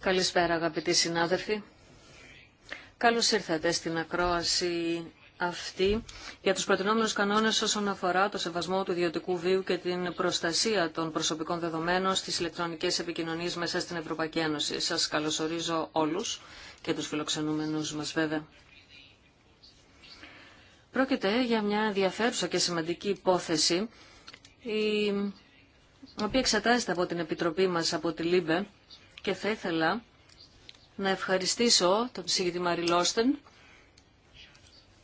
Καλησπέρα αγαπητοί συνάδελφοι. Καλώς ήρθατε στην ακρόαση αυτή για τους προτινόμενους κανόνες όσον αφορά το σεβασμό του ιδιωτικού βίου και την προστασία των προσωπικών δεδομένων στις ηλεκτρονικές επικοινωνίες μέσα στην Ευρωπαϊκή Ένωση. Σας καλωσορίζω όλους και τους φιλοξενούμενους μας βέβαια. Πρόκειται για μια ενδιαφέρουσα και σημαντική υπόθεση η η οποία εξετάζεται από την Επιτροπή μας από τη ΛΥΜΠΕ και θα ήθελα να ευχαριστήσω τον συγητή Μαριλόστεν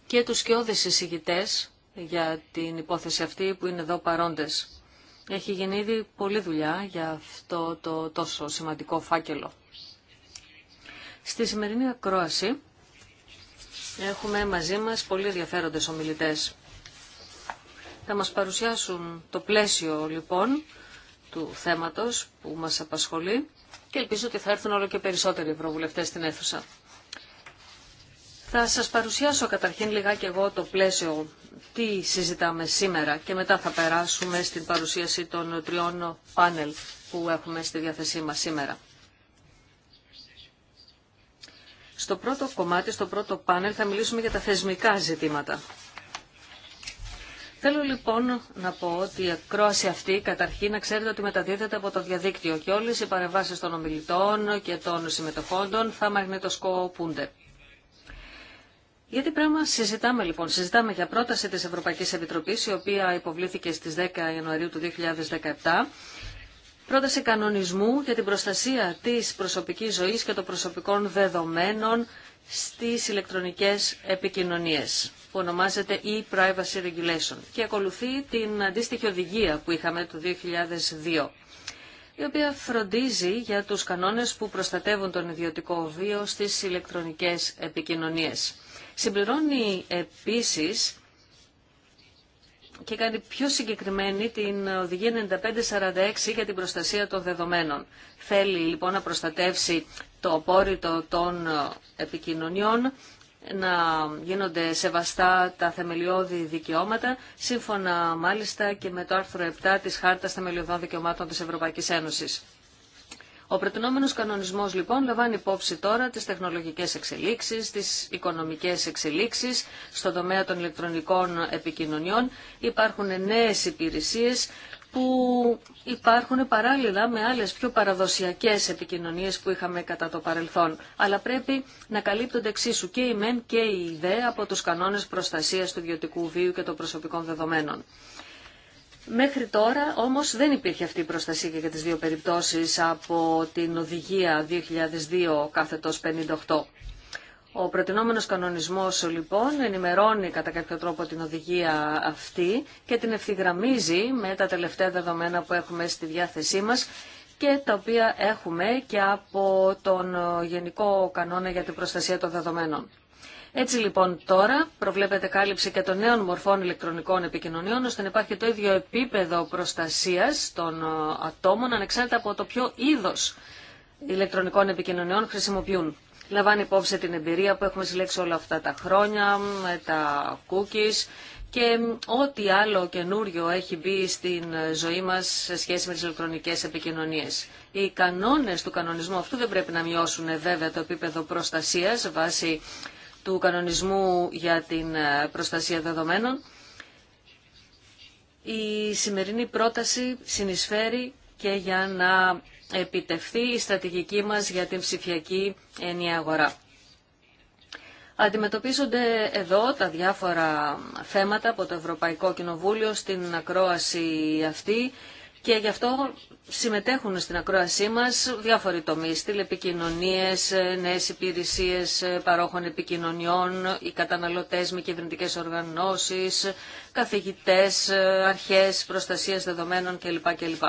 και τους σκιώδες συγητές για την υπόθεση αυτή που είναι εδώ παρόντες. Έχει γίνει ήδη πολλή δουλειά για αυτό το τόσο σημαντικό φάκελο. Στη σημερινή ακρόαση έχουμε μαζί μας πολύ ενδιαφέροντες ομιλητές. Θα μας παρουσιάσουν το πλαίσιο λοιπόν του θέματος που μας απασχολεί και ελπίζω ότι θα έρθουν όλο και περισσότεροι ευρωβουλευτές στην αίθουσα. Θα σας παρουσιάσω καταρχήν λιγάκι εγώ το πλαίσιο τι συζητάμε σήμερα και μετά θα περάσουμε στην παρουσίαση των τριών πάνελ που έχουμε στη διάθεσή μας σήμερα. Στο πρώτο κομμάτι, στο πρώτο πάνελ θα μιλήσουμε για τα θεσμικά ζητήματα. Θέλω λοιπόν να πω ότι η ακρόαση αυτή καταρχήν να ξέρετε ότι μεταδίδεται από το διαδίκτυο και όλε, οι παρεμβάσει των ομιλητών και των συμμετοχών, θα μαγνητοσκοπούνται. Γιατί πράγμα συζητάμε λοιπόν. Συζητάμε για πρόταση της Ευρωπαϊκής Επιτροπής η οποία υποβλήθηκε στις 10 Ιανουαρίου του 2017 πρόταση κανονισμού για την προστασία της προσωπικής ζωής και των προσωπικών δεδομένων στις ηλεκτρονικές επικοινωνίες που ονομάζεται e-Privacy Regulation και ακολουθεί την αντίστοιχη οδηγία που είχαμε το 2002 η οποία φροντίζει για τους κανόνες που προστατεύουν τον ιδιωτικό βίο στις ηλεκτρονικές επικοινωνίες. Συμπληρώνει επίσης και κάνει πιο συγκεκριμένη την Οδηγία 9546 για την προστασία των δεδομένων. Θέλει λοιπόν να προστατεύσει το απόρριτο των επικοινωνιών να γίνονται σεβαστά τα θεμελιώδη δικαιώματα, σύμφωνα μάλιστα και με το άρθρο 7 της Χάρτας Θεμελιωδών Δικαιωμάτων της Ευρωπαϊκής Ένωσης. Ο προτινόμενος κανονισμός λοιπόν λαμβάνει υπόψη τώρα τις τεχνολογικές εξελίξεις, τις οικονομικές εξελίξεις στον τομέα των ηλεκτρονικών επικοινωνιών. Υπάρχουν νέες υπηρεσίες που υπάρχουν παράλληλα με άλλες πιο παραδοσιακές επικοινωνίες που είχαμε κατά το παρελθόν. Αλλά πρέπει να καλύπτονται εξίσου και η ΜΕΝ και η ιδέα από τους κανόνες προστασίας του ιδιωτικού βίου και των προσωπικών δεδομένων. Μέχρι τώρα όμως δεν υπήρχε αυτή η προστασία και για τις δύο περιπτώσεις από την Οδηγία 2002 58. Ο προτινόμενος κανονισμός λοιπόν ενημερώνει κατά κάποιο τρόπο την οδηγία αυτή και την ευθυγραμμίζει με τα τελευταία δεδομένα που έχουμε στη διάθεσή μας και τα οποία έχουμε και από τον Γενικό Κανόνα για την Προστασία των Δεδομένων. Έτσι λοιπόν τώρα προβλέπεται κάλυψη και των νέων μορφών ηλεκτρονικών επικοινωνιών ώστε να υπάρχει το ίδιο επίπεδο προστασίας των ε, ατόμων ανεξάρτητα από το ποιο είδος ηλεκτρονικών επικοινωνιών χρησιμοποιούν λαμβάνει υπόψη την εμπειρία που έχουμε συλλέξει όλα αυτά τα χρόνια με τα cookies και ό,τι άλλο καινούριο έχει μπει στην ζωή μας σε σχέση με τις ηλεκτρονικές επικοινωνίες. Οι κανόνες του κανονισμού αυτού δεν πρέπει να μειώσουν ε, βέβαια το επίπεδο προστασίας βάσει του κανονισμού για την ε, προστασία δεδομένων. Η σημερινή πρόταση συνεισφέρει και για να Επιτευθεί η στρατηγική μας για την ψηφιακή ενιαία αγορά. Αντιμετωπίζονται εδώ τα διάφορα θέματα από το Ευρωπαϊκό Κοινοβούλιο στην ακρόαση αυτή και γι' αυτό συμμετέχουν στην ακρόασή μας διάφοροι τομείς, τηλεπικοινωνίες, νέες υπηρεσίες παρόχων επικοινωνιών, οι καταναλωτές με κυβερνητικές οργανώσεις, καθηγητές, αρχές προστασίας δεδομένων κλπ.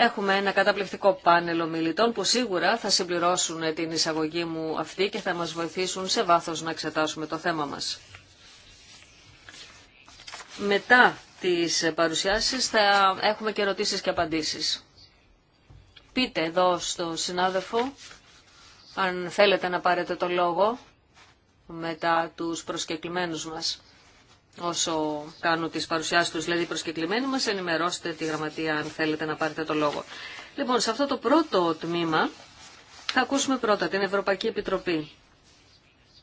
Έχουμε ένα καταπληκτικό πάνελ ομιλητών που σίγουρα θα συμπληρώσουν την εισαγωγή μου αυτή και θα μας βοηθήσουν σε βάθος να εξετάσουμε το θέμα μας. Μετά τις παρουσιάσεις θα έχουμε και ερωτήσεις και απαντήσεις. Πείτε εδώ στο συνάδελφο αν θέλετε να πάρετε το λόγο μετά τους προσκεκλημένους μας όσο κάνουν τις παρουσιάσεις τους, δηλαδή προσκεκλημένοι μας, ενημερώστε τη γραμματεία αν θέλετε να πάρετε το λόγο. Λοιπόν, σε αυτό το πρώτο τμήμα θα ακούσουμε πρώτα την Ευρωπαϊκή Επιτροπή.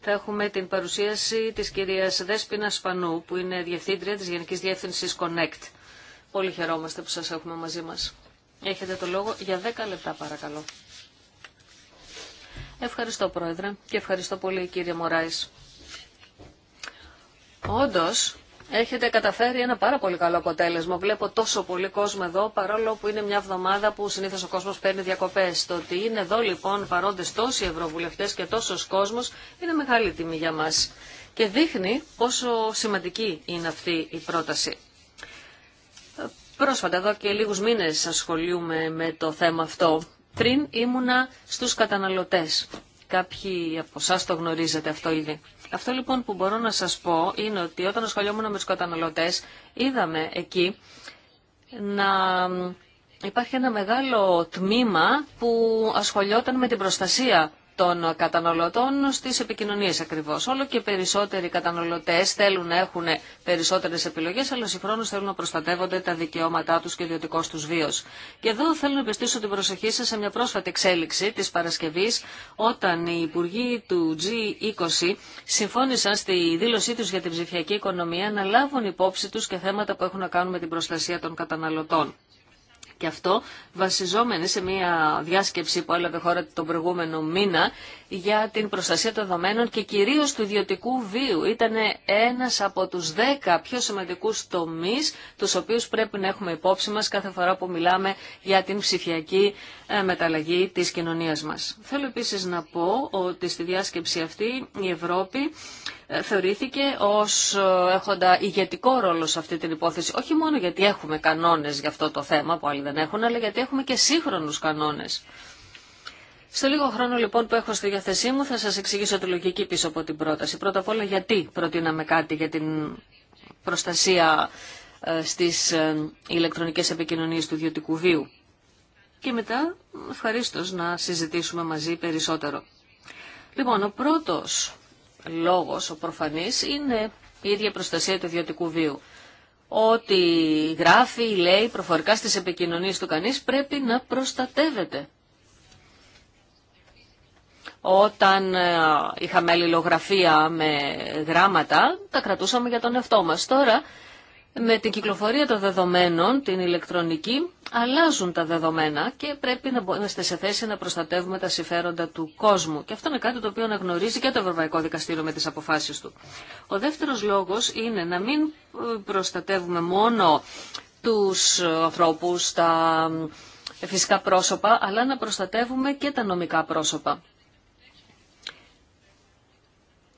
Θα έχουμε την παρουσίαση της κυρίας Δέσποινα Σπανού, που είναι Διευθύντρια της Γενικής Διεύθυνσης Connect. Πολύ χαιρόμαστε που σας έχουμε μαζί μας. Έχετε το λόγο για 10 λεπτά παρακαλώ. Ευχαριστώ Πρόεδρε και ευχαριστώ πολύ κύριε Μωράης. Όντω έχετε καταφέρει ένα πάρα πολύ καλό αποτέλεσμα. Βλέπω τόσο πολύ κόσμο εδώ, παρόλο που είναι μια εβδομάδα που συνήθως ο κόσμος παίρνει διακοπές. Το ότι είναι εδώ λοιπόν παρόντε τόσοι ευρωβουλευτές και τόσος κόσμος είναι μεγάλη τιμή για μας. Και δείχνει πόσο σημαντική είναι αυτή η πρόταση. Πρόσφατα εδώ και λίγους μήνες ασχολούμαι με το θέμα αυτό. Πριν ήμουνα στους καταναλωτές Κάποιοι από εσά το γνωρίζετε αυτό ήδη. Αυτό λοιπόν που μπορώ να σας πω είναι ότι όταν ασχολιόμουν με τους καταναλωτές είδαμε εκεί να υπάρχει ένα μεγάλο τμήμα που ασχολιόταν με την προστασία των καταναλωτών στις επικοινωνίες ακριβώς. Όλο και περισσότεροι καταναλωτές θέλουν να έχουν περισσότερες επιλογές, αλλά συγχρόνως θέλουν να προστατεύονται τα δικαιώματά τους και ο ιδιωτικό τους βίος. Και εδώ θέλω να επιστήσω την προσοχή σας σε μια πρόσφατη εξέλιξη της Παρασκευής, όταν οι υπουργοί του G20 συμφώνησαν στη δήλωσή τους για την ψηφιακή οικονομία να λάβουν υπόψη τους και θέματα που έχουν να κάνουν με την προστασία των καταναλωτών. Και αυτό βασιζόμενοι σε μια διάσκεψη που έλαβε χώρα τον προηγούμενο μήνα για την προστασία των δεδομένων και κυρίως του ιδιωτικού βίου. Ήταν ένας από τους δέκα πιο σημαντικούς τομείς, τους οποίους πρέπει να έχουμε υπόψη μας κάθε φορά που μιλάμε για την ψηφιακή ε, μεταλλαγή της κοινωνίας μας. Θέλω επίσης να πω ότι στη διάσκεψη αυτή η Ευρώπη ε, θεωρήθηκε ως ε, έχοντα ηγετικό ρόλο σε αυτή την υπόθεση, όχι μόνο γιατί έχουμε κανόνες για αυτό το θέμα που άλλοι δεν έχουν, αλλά γιατί έχουμε και σύγχρονους κανόνες. Στο λίγο χρόνο λοιπόν που έχω στη διάθεσή μου θα σας εξηγήσω τη λογική πίσω από την πρόταση. Πρώτα απ' όλα γιατί προτείναμε κάτι για την προστασία ε, στις ε, ηλεκτρονικές επικοινωνίες του ιδιωτικού βίου. Και μετά ευχαριστώ να συζητήσουμε μαζί περισσότερο. Λοιπόν, ο πρώτος λόγος, ο προφανής, είναι η ίδια προστασία του ιδιωτικού βίου. Ό,τι γράφει, λέει προφορικά στις επικοινωνίες του κανείς πρέπει να προστατεύεται. Όταν ε, είχαμε αλληλογραφία με γράμματα, τα κρατούσαμε για τον εαυτό μας. Τώρα, με την κυκλοφορία των δεδομένων, την ηλεκτρονική, αλλάζουν τα δεδομένα και πρέπει να είμαστε σε θέση να προστατεύουμε τα συμφέροντα του κόσμου. Και αυτό είναι κάτι το οποίο αναγνωρίζει και το Ευρωπαϊκό Δικαστήριο με τις αποφάσεις του. Ο δεύτερος λόγος είναι να μην ε, προστατεύουμε μόνο τους ανθρώπους, τα ε, φυσικά πρόσωπα, αλλά να προστατεύουμε και τα νομικά πρόσωπα.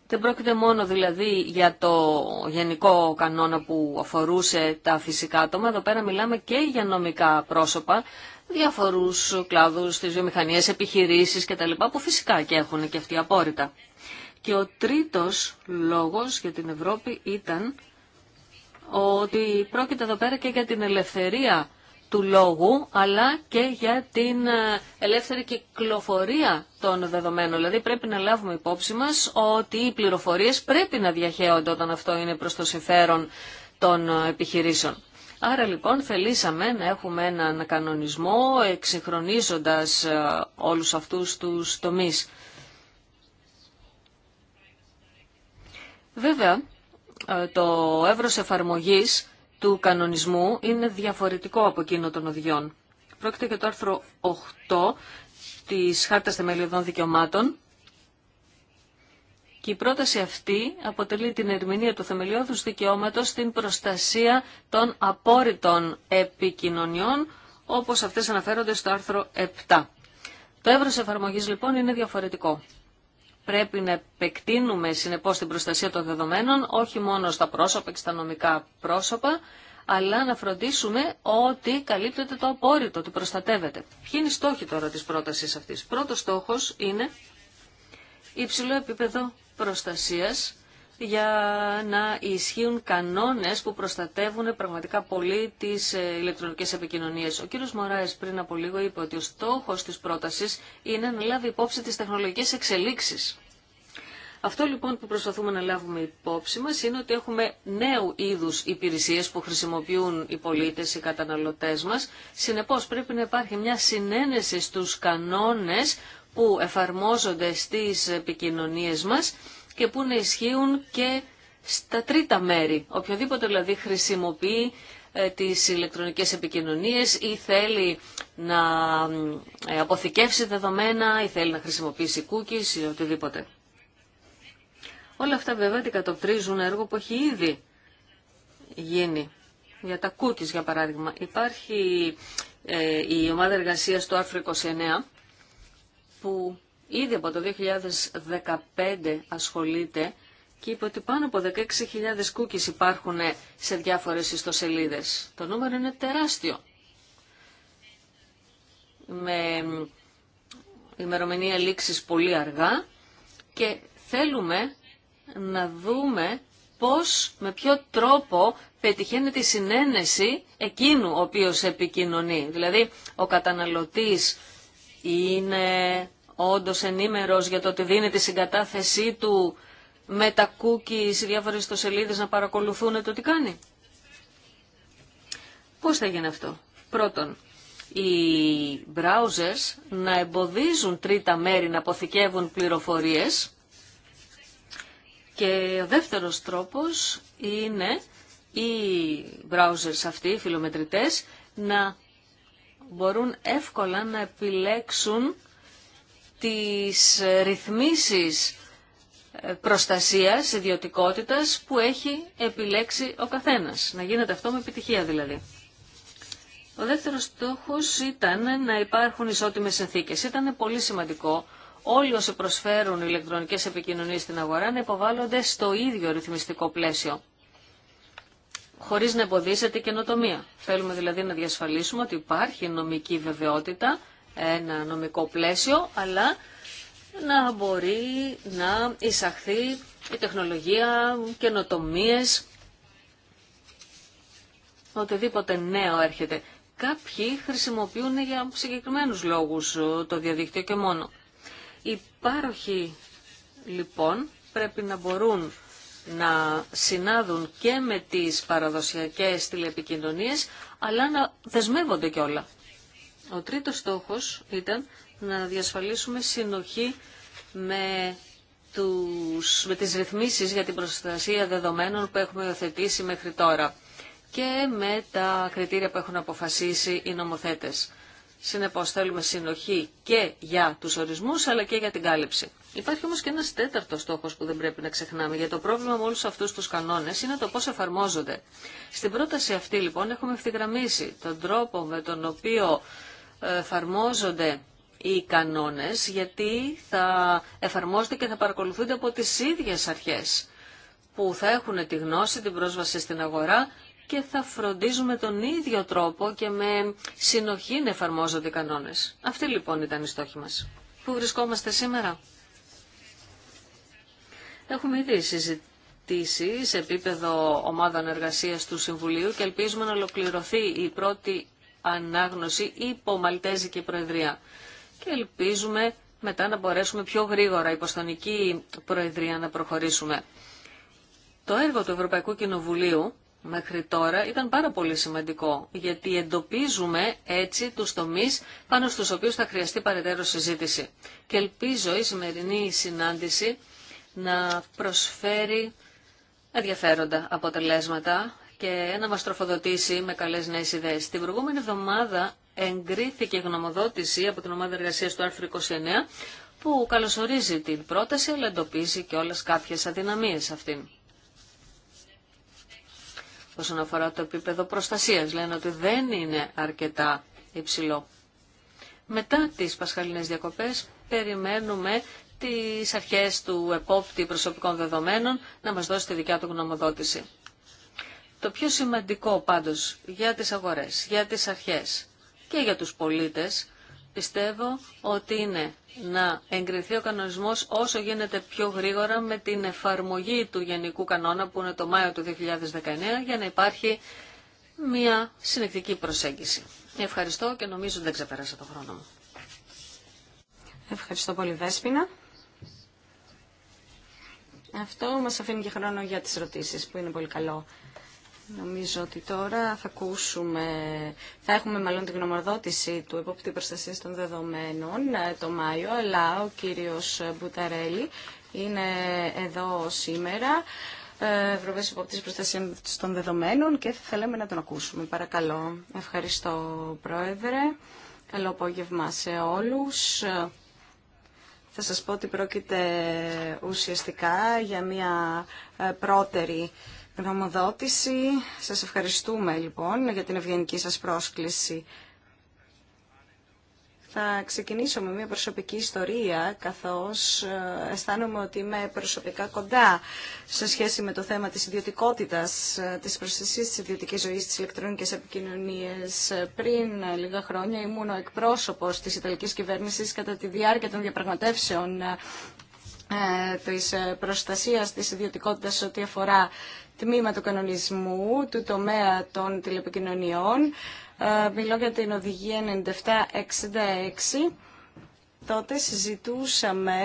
Δεν πρόκειται μόνο δηλαδή για το γενικό κανόνα που αφορούσε τα φυσικά άτομα. Εδώ πέρα μιλάμε και για νομικά πρόσωπα, διαφορούς κλάδους τις βιομηχανίες, επιχειρήσεις κτλ. που φυσικά και έχουν και αυτοί απόρριτα. Και ο τρίτος λόγος για την Ευρώπη ήταν ότι πρόκειται εδώ πέρα και για την ελευθερία του λόγου, αλλά και για την ε, ελεύθερη κυκλοφορία των δεδομένων. Δηλαδή πρέπει να λάβουμε υπόψη μας ότι οι πληροφορίες πρέπει να διαχέονται όταν αυτό είναι προς το συμφέρον των ε, επιχειρήσεων. Άρα λοιπόν θελήσαμε να έχουμε έναν κανονισμό εξυγχρονίζοντας ε, όλους αυτούς τους τομείς. Βέβαια, το εύρος εφαρμογής του κανονισμού είναι διαφορετικό από εκείνο των οδηγιών. Πρόκειται για το άρθρο 8 της Χάρτας Θεμελιωδών Δικαιωμάτων και η πρόταση αυτή αποτελεί την ερμηνεία του θεμελιώδους δικαιώματος στην προστασία των απόρριτων επικοινωνιών όπως αυτές αναφέρονται στο άρθρο 7. Το έβρος εφαρμογής λοιπόν είναι διαφορετικό πρέπει να επεκτείνουμε συνεπώς την προστασία των δεδομένων όχι μόνο στα πρόσωπα και στα νομικά πρόσωπα, αλλά να φροντίσουμε ότι καλύπτεται το απόρριτο, ότι προστατεύεται. Ποιοι είναι οι στόχοι τώρα τη πρόταση αυτή. Πρώτος στόχος είναι υψηλό επίπεδο προστασίας για να ισχύουν κανόνες που προστατεύουν πραγματικά πολύ τις ε, ηλεκτρονικές επικοινωνίες. Ο κύριος Μωράης πριν από λίγο είπε ότι ο στόχος της πρότασης είναι να λάβει υπόψη τις τεχνολογικές εξελίξεις. Αυτό λοιπόν που προσπαθούμε να λάβουμε υπόψη μας είναι ότι έχουμε νέου είδους υπηρεσίες που χρησιμοποιούν οι πολίτες, οι καταναλωτές μας. Συνεπώς πρέπει να υπάρχει μια συνένεση στους κανόνες που εφαρμόζονται στις επικοινωνίες μας και που να ισχύουν και στα τρίτα μέρη. Οποιοδήποτε δηλαδή χρησιμοποιεί ε, τις ηλεκτρονικές επικοινωνίες ή θέλει να ε, αποθηκεύσει δεδομένα ή θέλει να χρησιμοποιήσει cookies ή οτιδήποτε. Όλα αυτά βέβαια αντικατοπτρίζουν έργο που έχει ήδη γίνει. Για τα cookies για παράδειγμα. Υπάρχει ε, η ομάδα εργασίας του άρθρου 29 που ήδη από το 2015 ασχολείται και είπε ότι πάνω από 16.000 cookies υπάρχουν σε διάφορες ιστοσελίδες. Το νούμερο είναι τεράστιο. Με ημερομηνία λήξης πολύ αργά και θέλουμε να δούμε πώς, με ποιο τρόπο πετυχαίνει τη συνένεση εκείνου ο οποίος επικοινωνεί. Δηλαδή, ο καταναλωτής είναι όντως ενήμερος για το ότι δίνει τη συγκατάθεσή του με τα κούκκι σε διάφορες να παρακολουθούν το τι κάνει. Πώς θα γίνει αυτό. Πρώτον, οι browsers να εμποδίζουν τρίτα μέρη να αποθηκεύουν πληροφορίες και ο δεύτερος τρόπος είναι οι browsers αυτοί, οι φιλομετρητές, να μπορούν εύκολα να επιλέξουν τις ρυθμίσεις προστασίας, ιδιωτικότητας που έχει επιλέξει ο καθένας. Να γίνεται αυτό με επιτυχία δηλαδή. Ο δεύτερος στόχος ήταν να υπάρχουν ισότιμες συνθήκες. Ήταν πολύ σημαντικό όλοι όσοι προσφέρουν ηλεκτρονικές επικοινωνίες στην αγορά να υποβάλλονται στο ίδιο ρυθμιστικό πλαίσιο χωρίς να εμποδίσεται η καινοτομία. Θέλουμε δηλαδή να διασφαλίσουμε ότι υπάρχει νομική βεβαιότητα ένα νομικό πλαίσιο, αλλά να μπορεί να εισαχθεί η τεχνολογία, καινοτομίε, οτιδήποτε νέο έρχεται. Κάποιοι χρησιμοποιούν για συγκεκριμένους λόγους το διαδίκτυο και μόνο. Οι πάροχοι λοιπόν πρέπει να μπορούν να συνάδουν και με τις παραδοσιακές τηλεπικοινωνίες, αλλά να δεσμεύονται κιόλα. Ο τρίτος στόχος ήταν να διασφαλίσουμε συνοχή με, τους, με τις ρυθμίσεις για την προστασία δεδομένων που έχουμε υιοθετήσει μέχρι τώρα και με τα κριτήρια που έχουν αποφασίσει οι νομοθέτες. Συνεπώς θέλουμε συνοχή και για τους ορισμούς αλλά και για την κάλυψη. Υπάρχει όμως και ένας τέταρτος στόχος που δεν πρέπει να ξεχνάμε για το πρόβλημα με όλους αυτούς τους κανόνες είναι το πώς εφαρμόζονται. Στην πρόταση αυτή λοιπόν έχουμε ευθυγραμμίσει τον τρόπο με τον οποίο εφαρμόζονται οι κανόνες γιατί θα εφαρμόζονται και θα παρακολουθούνται από τις ίδιες αρχές που θα έχουν τη γνώση, την πρόσβαση στην αγορά και θα φροντίζουμε τον ίδιο τρόπο και με συνοχή να εφαρμόζονται οι κανόνες. Αυτή λοιπόν ήταν η στόχη μας. Πού βρισκόμαστε σήμερα? Έχουμε ήδη συζητήσει σε επίπεδο ομάδα εργασίας του Συμβουλίου και ελπίζουμε να ολοκληρωθεί η πρώτη ανάγνωση υπό Μαλτέζικη Προεδρία. Και ελπίζουμε μετά να μπορέσουμε πιο γρήγορα η Προεδρία να προχωρήσουμε. Το έργο του Ευρωπαϊκού Κοινοβουλίου μέχρι τώρα ήταν πάρα πολύ σημαντικό, γιατί εντοπίζουμε έτσι τους τομείς πάνω στους οποίους θα χρειαστεί παρετέρω συζήτηση. Και ελπίζω η σημερινή συνάντηση να προσφέρει ενδιαφέροντα αποτελέσματα και να μας τροφοδοτήσει με καλές νέες ιδέες. Την προηγούμενη εβδομάδα εγκρίθηκε γνωμοδότηση από την ομάδα εργασίας του άρθρου 29 που καλωσορίζει την πρόταση αλλά εντοπίζει και όλες κάποιες αδυναμίες αυτήν. Όσον αφορά το επίπεδο προστασίας, λένε ότι δεν είναι αρκετά υψηλό. Μετά τις πασχαλινές διακοπές περιμένουμε τις αρχές του επόπτη προσωπικών δεδομένων να μας δώσει τη δικιά του γνωμοδότηση. Το πιο σημαντικό πάντως για τις αγορές, για τις αρχές και για τους πολίτες πιστεύω ότι είναι να εγκριθεί ο κανονισμός όσο γίνεται πιο γρήγορα με την εφαρμογή του Γενικού Κανόνα που είναι το Μάιο του 2019 για να υπάρχει μια συνεκτική προσέγγιση. Ευχαριστώ και νομίζω δεν ξεπέρασα το χρόνο μου. Ευχαριστώ πολύ Βέσπινα. Αυτό μας αφήνει και χρόνο για τις ρωτήσεις που είναι πολύ καλό. Νομίζω ότι τώρα θα ακούσουμε, θα έχουμε μάλλον την γνωμοδότηση του Επόπτη Προστασία των Δεδομένων ε, το Μάιο, αλλά ο κύριος Μπουταρέλη είναι εδώ σήμερα, ε, Ευρωπαίος Επόπτης Προστασία των Δεδομένων και θα θέλαμε να τον ακούσουμε. Παρακαλώ. Ευχαριστώ Πρόεδρε. Καλό απόγευμα σε όλους. Θα σας πω ότι πρόκειται ουσιαστικά για μια ε, πρώτερη γνωμοδότηση. Σας ευχαριστούμε λοιπόν για την ευγενική σας πρόσκληση. Θα ξεκινήσω με μια προσωπική ιστορία, καθώς ε, αισθάνομαι ότι είμαι προσωπικά κοντά σε σχέση με το θέμα της ιδιωτικότητας, ε, της προστασίας της ιδιωτικής ζωής, της ηλεκτρονικές επικοινωνίες. Ε, πριν λίγα χρόνια ήμουν ο εκπρόσωπος της Ιταλικής κυβέρνησης κατά τη διάρκεια των διαπραγματεύσεων ε, της ε, προστασίας της ιδιωτικότητας ό,τι αφορά τμήμα του κανονισμού του τομέα των τηλεπικοινωνιών. Ε, μιλώ για την οδηγία 9766. Τότε συζητούσαμε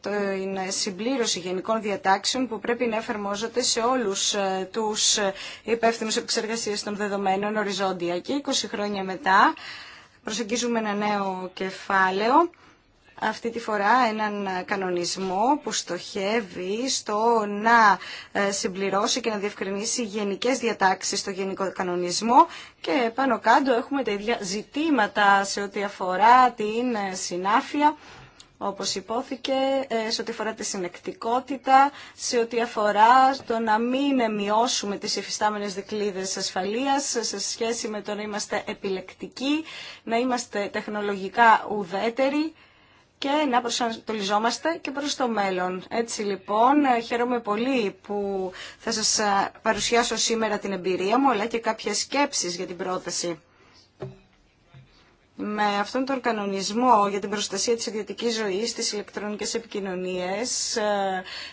την συμπλήρωση γενικών διατάξεων που πρέπει να εφαρμόζονται σε όλους τους υπεύθυνους επεξεργασίας των δεδομένων οριζόντια. Και 20 χρόνια μετά προσεγγίζουμε ένα νέο κεφάλαιο αυτή τη φορά έναν κανονισμό που στοχεύει στο να ε, συμπληρώσει και να διευκρινίσει γενικές διατάξεις στο γενικό κανονισμό και πάνω κάτω έχουμε τα ίδια ζητήματα σε ό,τι αφορά την ε, συνάφεια όπως υπόθηκε, ε, σε ό,τι αφορά τη συνεκτικότητα, σε ό,τι αφορά το να μην μειώσουμε τις υφιστάμενες δικλείδες ασφαλείας σε σχέση με το να είμαστε επιλεκτικοί, να είμαστε τεχνολογικά ουδέτεροι και να προσανατολιζόμαστε και προς το μέλλον. Έτσι λοιπόν, χαίρομαι πολύ που θα σας παρουσιάσω σήμερα την εμπειρία μου, αλλά και κάποιες σκέψεις για την πρόταση. Με αυτόν τον κανονισμό για την προστασία της ιδιωτικής ζωής της ηλεκτρονικές επικοινωνίες,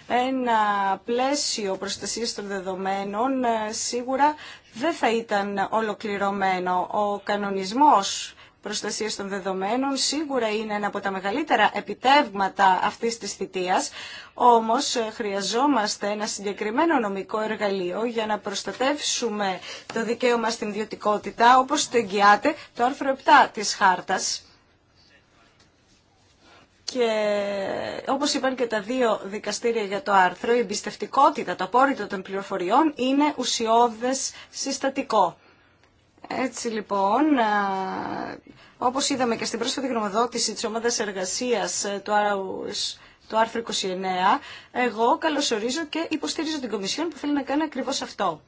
ένα πλαίσιο προστασίας των δεδομένων σίγουρα δεν θα ήταν ολοκληρωμένο. Ο κανονισμός προστασία των δεδομένων σίγουρα είναι ένα από τα μεγαλύτερα επιτεύγματα αυτή τη θητεία. Όμω ε, χρειαζόμαστε ένα συγκεκριμένο νομικό εργαλείο για να προστατεύσουμε το δικαίωμα στην ιδιωτικότητα, όπω το εγγυάται το άρθρο 7 τη χάρτα. Και όπως είπαν και τα δύο δικαστήρια για το άρθρο, η εμπιστευτικότητα, το απόρριτο των πληροφοριών είναι ουσιώδες συστατικό. Έτσι λοιπόν, όπως είδαμε και στην πρόσφατη γνωμοδότηση της ομάδας εργασίας ε, του Άρθρου το 29, εγώ καλωσορίζω και υποστηρίζω την Κομισιόν που θέλει να κάνει ακριβώς αυτό.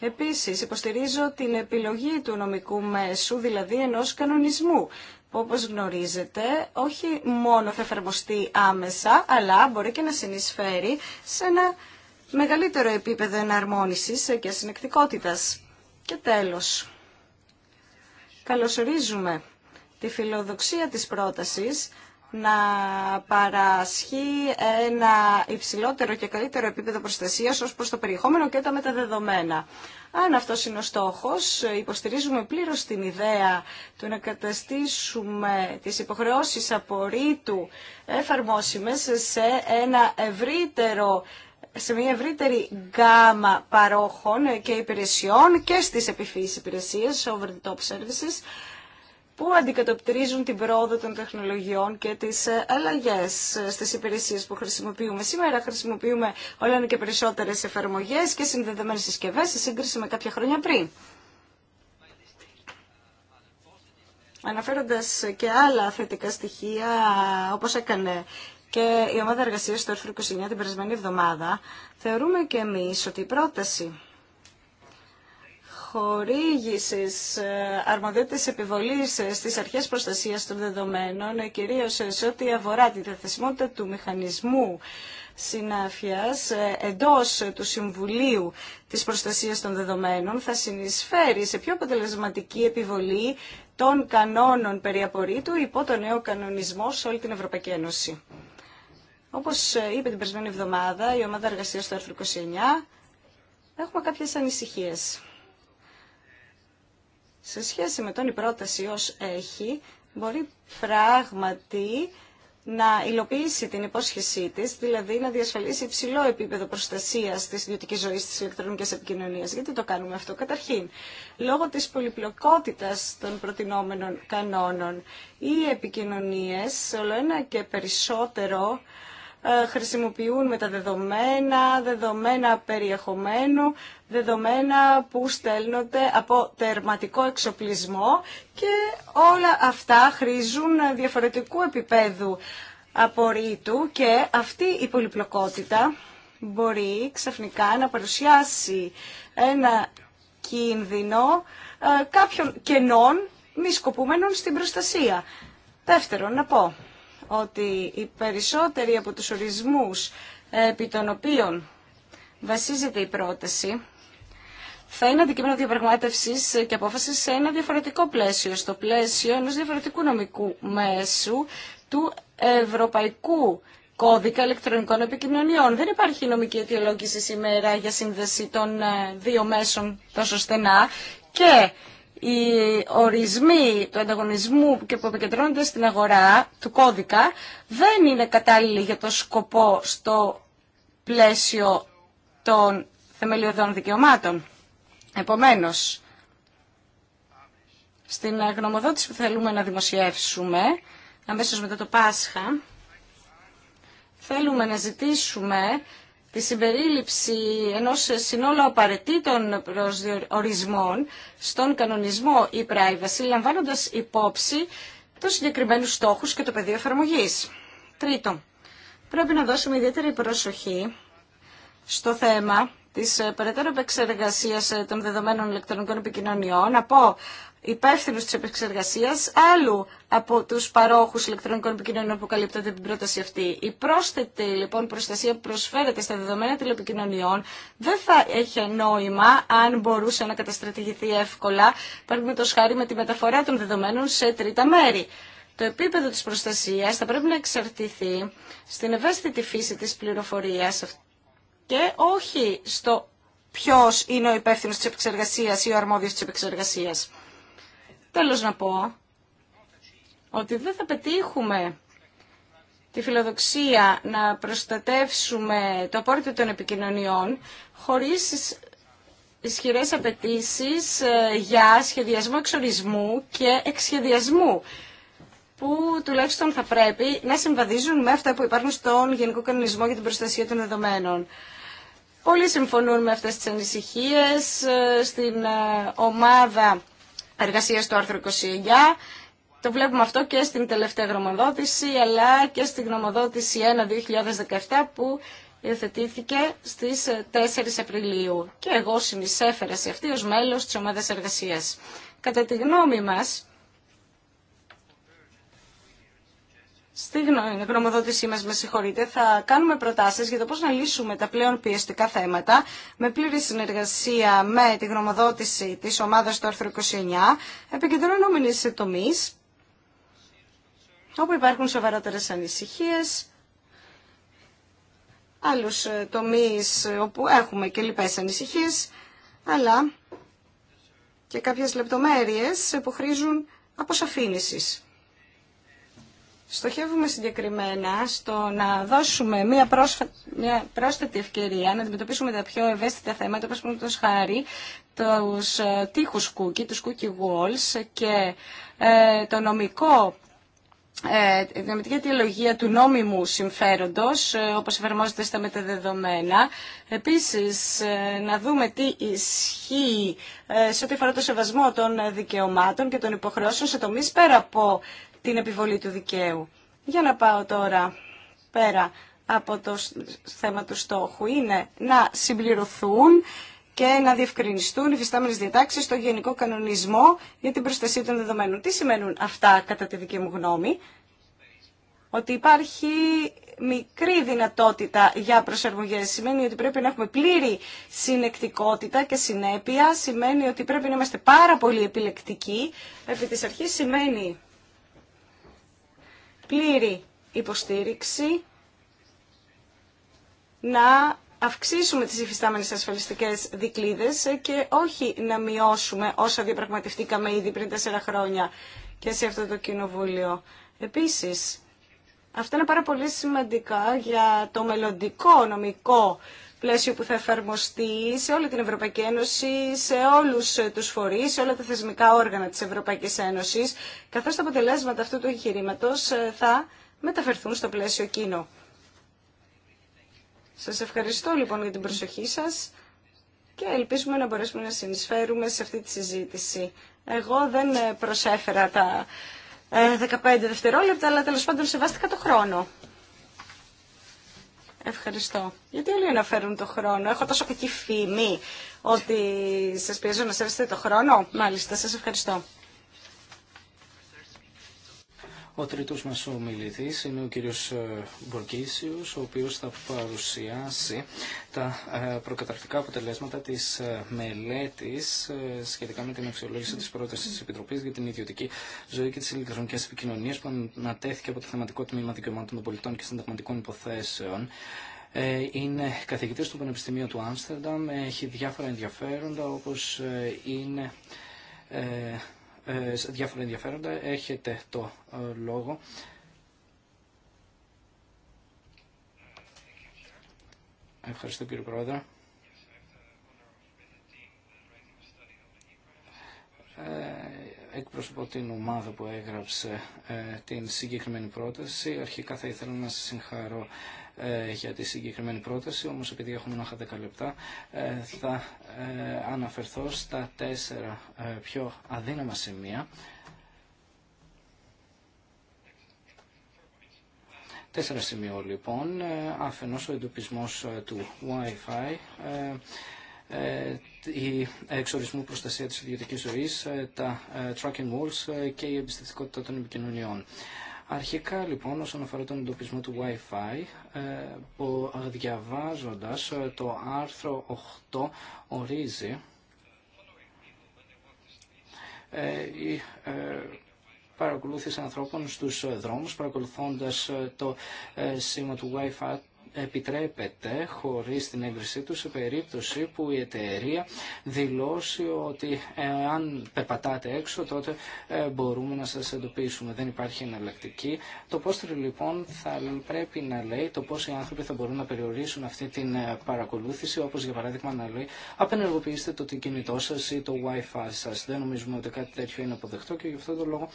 Επίσης, υποστηρίζω την επιλογή του νομικού μέσου, δηλαδή ενός κανονισμού, που όπως γνωρίζετε, όχι μόνο θα εφαρμοστεί άμεσα, αλλά μπορεί και να συνεισφέρει σε ένα μεγαλύτερο επίπεδο εναρμόνισης και συνεκτικότητας. Και τέλος, Καλωσορίζουμε τη φιλοδοξία της πρότασης να παρασχεί ένα υψηλότερο και καλύτερο επίπεδο προστασίας ως προς το περιεχόμενο και τα μεταδεδομένα. Αν αυτό είναι ο στόχος, υποστηρίζουμε πλήρως την ιδέα του να καταστήσουμε τις υποχρεώσεις απορρίτου εφαρμόσιμες σε ένα ευρύτερο σε μια ευρύτερη γκάμα παρόχων και υπηρεσιών και στις επιφύσεις υπηρεσίες, over the top services, που αντικατοπτρίζουν την πρόοδο των τεχνολογιών και τις ε, αλλαγές ε, στις υπηρεσίες που χρησιμοποιούμε. Σήμερα χρησιμοποιούμε όλα και περισσότερες εφαρμογές και συνδεδεμένες συσκευές σε σύγκριση με κάποια χρόνια πριν. Αναφέροντας και άλλα θετικά στοιχεία, όπως έκανε και η ομάδα εργασία του έρθρου 29 την περασμένη εβδομάδα, θεωρούμε και εμεί ότι η πρόταση χορήγηση ε, αρμοδιότητας επιβολή ε, στι αρχέ προστασία των δεδομένων, ε, κυρίω σε ό,τι αφορά τη διαθεσιμότητα του μηχανισμού συνάφεια εντό του Συμβουλίου τη προστασία των Δεδομένων θα συνεισφέρει σε πιο αποτελεσματική επιβολή των κανόνων περί απορρίτου υπό το νέο κανονισμό σε όλη την Ευρωπαϊκή Ένωση. Όπω είπε την περσμένη εβδομάδα η ομάδα εργασία του άρθρου 29, έχουμε κάποιε ανησυχίε. Σε σχέση με τον η πρόταση ω έχει, μπορεί πράγματι να υλοποιήσει την υπόσχεσή τη, δηλαδή να διασφαλίσει υψηλό επίπεδο προστασία τη ιδιωτική ζωή τη ηλεκτρονική επικοινωνία. Γιατί το κάνουμε αυτό, Καταρχήν, λόγω τη πολυπλοκότητα των προτινόμενων κανόνων, οι επικοινωνίε όλο ένα και περισσότερο ε, χρησιμοποιούν με τα δεδομένα, δεδομένα περιεχομένου, δεδομένα που στέλνονται από τερματικό εξοπλισμό και όλα αυτά χρήζουν διαφορετικού επίπεδου απορρίτου και αυτή η πολυπλοκότητα μπορεί ξαφνικά να παρουσιάσει ένα κίνδυνο ε, κάποιων κενών μη στην προστασία. Δεύτερον, να πω ότι οι περισσότεροι από τους ορισμούς επί των οποίων βασίζεται η πρόταση θα είναι αντικείμενο διαπραγμάτευση και απόφαση σε ένα διαφορετικό πλαίσιο, στο πλαίσιο ενό διαφορετικού νομικού μέσου του Ευρωπαϊκού Κώδικα Ελεκτρονικών Επικοινωνιών. Δεν υπάρχει νομική αιτιολόγηση σήμερα για σύνδεση των ε, δύο μέσων τόσο στενά και οι ορισμοί του ανταγωνισμού και που επικεντρώνονται στην αγορά του κώδικα δεν είναι κατάλληλοι για το σκοπό στο πλαίσιο των θεμελιωδών δικαιωμάτων. Επομένως, στην γνωμοδότηση που θέλουμε να δημοσιεύσουμε, αμέσως μετά το Πάσχα, θέλουμε να ζητήσουμε τη συμπερίληψη ενός συνόλου απαραίτητων ορισμών στον κανονισμό e-privacy, λαμβάνοντας υπόψη τους συγκεκριμένους στόχους και το πεδίο εφαρμογή. Τρίτον, πρέπει να δώσουμε ιδιαίτερη προσοχή στο θέμα της περαιτέρω επεξεργασίας των δεδομένων ηλεκτρονικών επικοινωνιών από υπεύθυνου τη επεξεργασία άλλου από του παρόχου ηλεκτρονικών επικοινωνιών που καλύπτονται την πρόταση αυτή. Η πρόσθετη λοιπόν προστασία που προσφέρεται στα δεδομένα τηλεπικοινωνιών δεν θα έχει νόημα αν μπορούσε να καταστρατηγηθεί εύκολα, παραδείγματο χάρη με τη μεταφορά των δεδομένων σε τρίτα μέρη. Το επίπεδο της προστασία θα πρέπει να εξαρτηθεί στην ευαίσθητη φύση της πληροφορίας και όχι στο ποιος είναι ο υπεύθυνος της επεξεργασίας ή ο αρμόδιος της επεξεργασίας. Τέλος να πω ότι δεν θα πετύχουμε τη φιλοδοξία να προστατεύσουμε το απόρριτο των επικοινωνιών χωρίς ισχυρές απαιτήσει ε, για σχεδιασμό εξορισμού και εξχεδιασμού που τουλάχιστον θα πρέπει να συμβαδίζουν με αυτά που υπάρχουν στον Γενικό Κανονισμό για την Προστασία των Δεδομένων. Πολλοί συμφωνούν με αυτές τις ανησυχίες ε, στην ε, ομάδα εργασία στο άρθρο 29. Το βλέπουμε αυτό και στην τελευταία γνωμοδότηση, αλλά και στην γνωμοδότηση 1-2017 που υιοθετήθηκε στις 4 Απριλίου. Και εγώ συνεισέφερα σε αυτή ως μέλος της ομάδας εργασίας. Κατά τη γνώμη μας, Στη γνωμοδότησή μας, με συγχωρείτε, θα κάνουμε προτάσεις για το πώ να λύσουμε τα πλέον πιεστικά θέματα με πλήρη συνεργασία με τη γνωμοδότηση της ομάδας του άρθρου 29, επικεντρωνόμενη σε τομεί όπου υπάρχουν σοβαρότερες ανησυχίες, άλλους ε, τομεί όπου έχουμε και λοιπέ ανησυχίες, αλλά και κάποιες λεπτομέρειες που χρήζουν αποσαφήνισης στοχεύουμε συγκεκριμένα στο να δώσουμε μια, πρόσφα... μια πρόσθετη ευκαιρία να αντιμετωπίσουμε τα πιο ευαίσθητα θέματα, όπως πούμε το σχάρι, τους ε, τείχους κούκι, τους cookie walls και ε, το νομικό ε, δυναμική αιτιολογία του νόμιμου συμφέροντος, ε, όπως εφαρμόζεται στα μεταδεδομένα. Επίσης, ε, να δούμε τι ισχύει σε ό,τι αφορά το σεβασμό των δικαιωμάτων και των υποχρεώσεων σε τομείς πέρα από την επιβολή του δικαίου. Για να πάω τώρα πέρα από το θέμα του στόχου είναι να συμπληρωθούν και να διευκρινιστούν οι φυστάμενες διατάξεις στο γενικό κανονισμό για την προστασία των δεδομένων. Τι σημαίνουν αυτά κατά τη δική μου γνώμη, ότι υπάρχει μικρή δυνατότητα για προσαρμογές. Σημαίνει ότι πρέπει να έχουμε πλήρη συνεκτικότητα και συνέπεια. Σημαίνει ότι πρέπει να είμαστε πάρα πολύ επιλεκτικοί. Επί της αρχής σημαίνει πλήρη υποστήριξη να αυξήσουμε τις υφιστάμενες ασφαλιστικές δικλίδες και όχι να μειώσουμε όσα διαπραγματευτήκαμε ήδη πριν τέσσερα χρόνια και σε αυτό το κοινοβούλιο. Επίσης, αυτά είναι πάρα πολύ σημαντικά για το μελλοντικό νομικό πλαίσιο που θα εφαρμοστεί σε όλη την Ευρωπαϊκή Ένωση, σε όλου του φορεί, σε όλα τα θεσμικά όργανα τη Ευρωπαϊκή Ένωση, καθώ τα αποτελέσματα αυτού του εγχειρήματο ε, θα μεταφερθούν στο πλαίσιο εκείνο. Σας ευχαριστώ λοιπόν για την προσοχή σας και ελπίζουμε να μπορέσουμε να συνεισφέρουμε σε αυτή τη συζήτηση. Εγώ δεν ε, προσέφερα τα 15 ε, δευτερόλεπτα, αλλά τέλος πάντων σεβάστηκα το χρόνο. Ευχαριστώ. Γιατί όλοι αναφέρουν το χρόνο. Έχω τόσο κακή φήμη ότι σας πιέζω να σέβεστε το χρόνο. Μάλιστα, σας ευχαριστώ. Ο τρίτος μας ομιλητής είναι ο κύριος ε, Μπορκίσιος, ο οποίος θα παρουσιάσει τα ε, προκαταρκτικά αποτελέσματα της ε, μελέτης σχετικά με την αξιολόγηση της πρότασης της Επιτροπής για την ιδιωτική ζωή και τις ηλεκτρονικέ επικοινωνίες που ανατέθηκε από το θεματικό τμήμα δικαιωμάτων των πολιτών και συνταγματικών υποθέσεων. Είναι καθηγητής του Πανεπιστημίου του Άμστερνταμ, έχει διάφορα ενδιαφέροντα όπως είναι ε, διάφορα ενδιαφέροντα. Έχετε το ε, λόγο. Ευχαριστώ κύριε Πρόεδρε. Ε, εκπροσωπώ την ομάδα που έγραψε την συγκεκριμένη πρόταση. Αρχικά θα ήθελα να σας συγχαρώ ε, για τη συγκεκριμένη πρόταση, όμως επειδή έχουμε μόνο 10 λεπτά ε, θα ε, αναφερθώ στα τέσσερα πιο αδύναμα σημεία. Τέσσερα σημεία λοιπόν, αφενός ο εντοπισμός του Wi-Fi, η εξορισμού προστασία της ιδιωτικής ζωής, τα tracking walls και η εμπιστευτικότητα των επικοινωνιών. Αρχικά λοιπόν όσον αφορά τον εντοπισμό του Wi-Fi, ε, που διαβάζοντας ε, το άρθρο 8 ορίζει ε, η παρακολούθηση ανθρώπων στους δρόμους παρακολουθώντας το σήμα του Wi-Fi επιτρέπεται χωρίς την έγκρισή του σε περίπτωση που η εταιρεία δηλώσει ότι αν πεπατάτε έξω τότε ε, μπορούμε να σας εντοπίσουμε. Δεν υπάρχει εναλλακτική. Το πόστρο λοιπόν θα πρέπει να λέει το πώς οι άνθρωποι θα μπορούν να περιορίσουν αυτή την ε, παρακολούθηση όπως για παράδειγμα να λέει απενεργοποιήστε το κινητό σας ή το wifi σας. Δεν νομίζουμε ότι κάτι τέτοιο είναι αποδεκτό και γι' αυτό το λόγο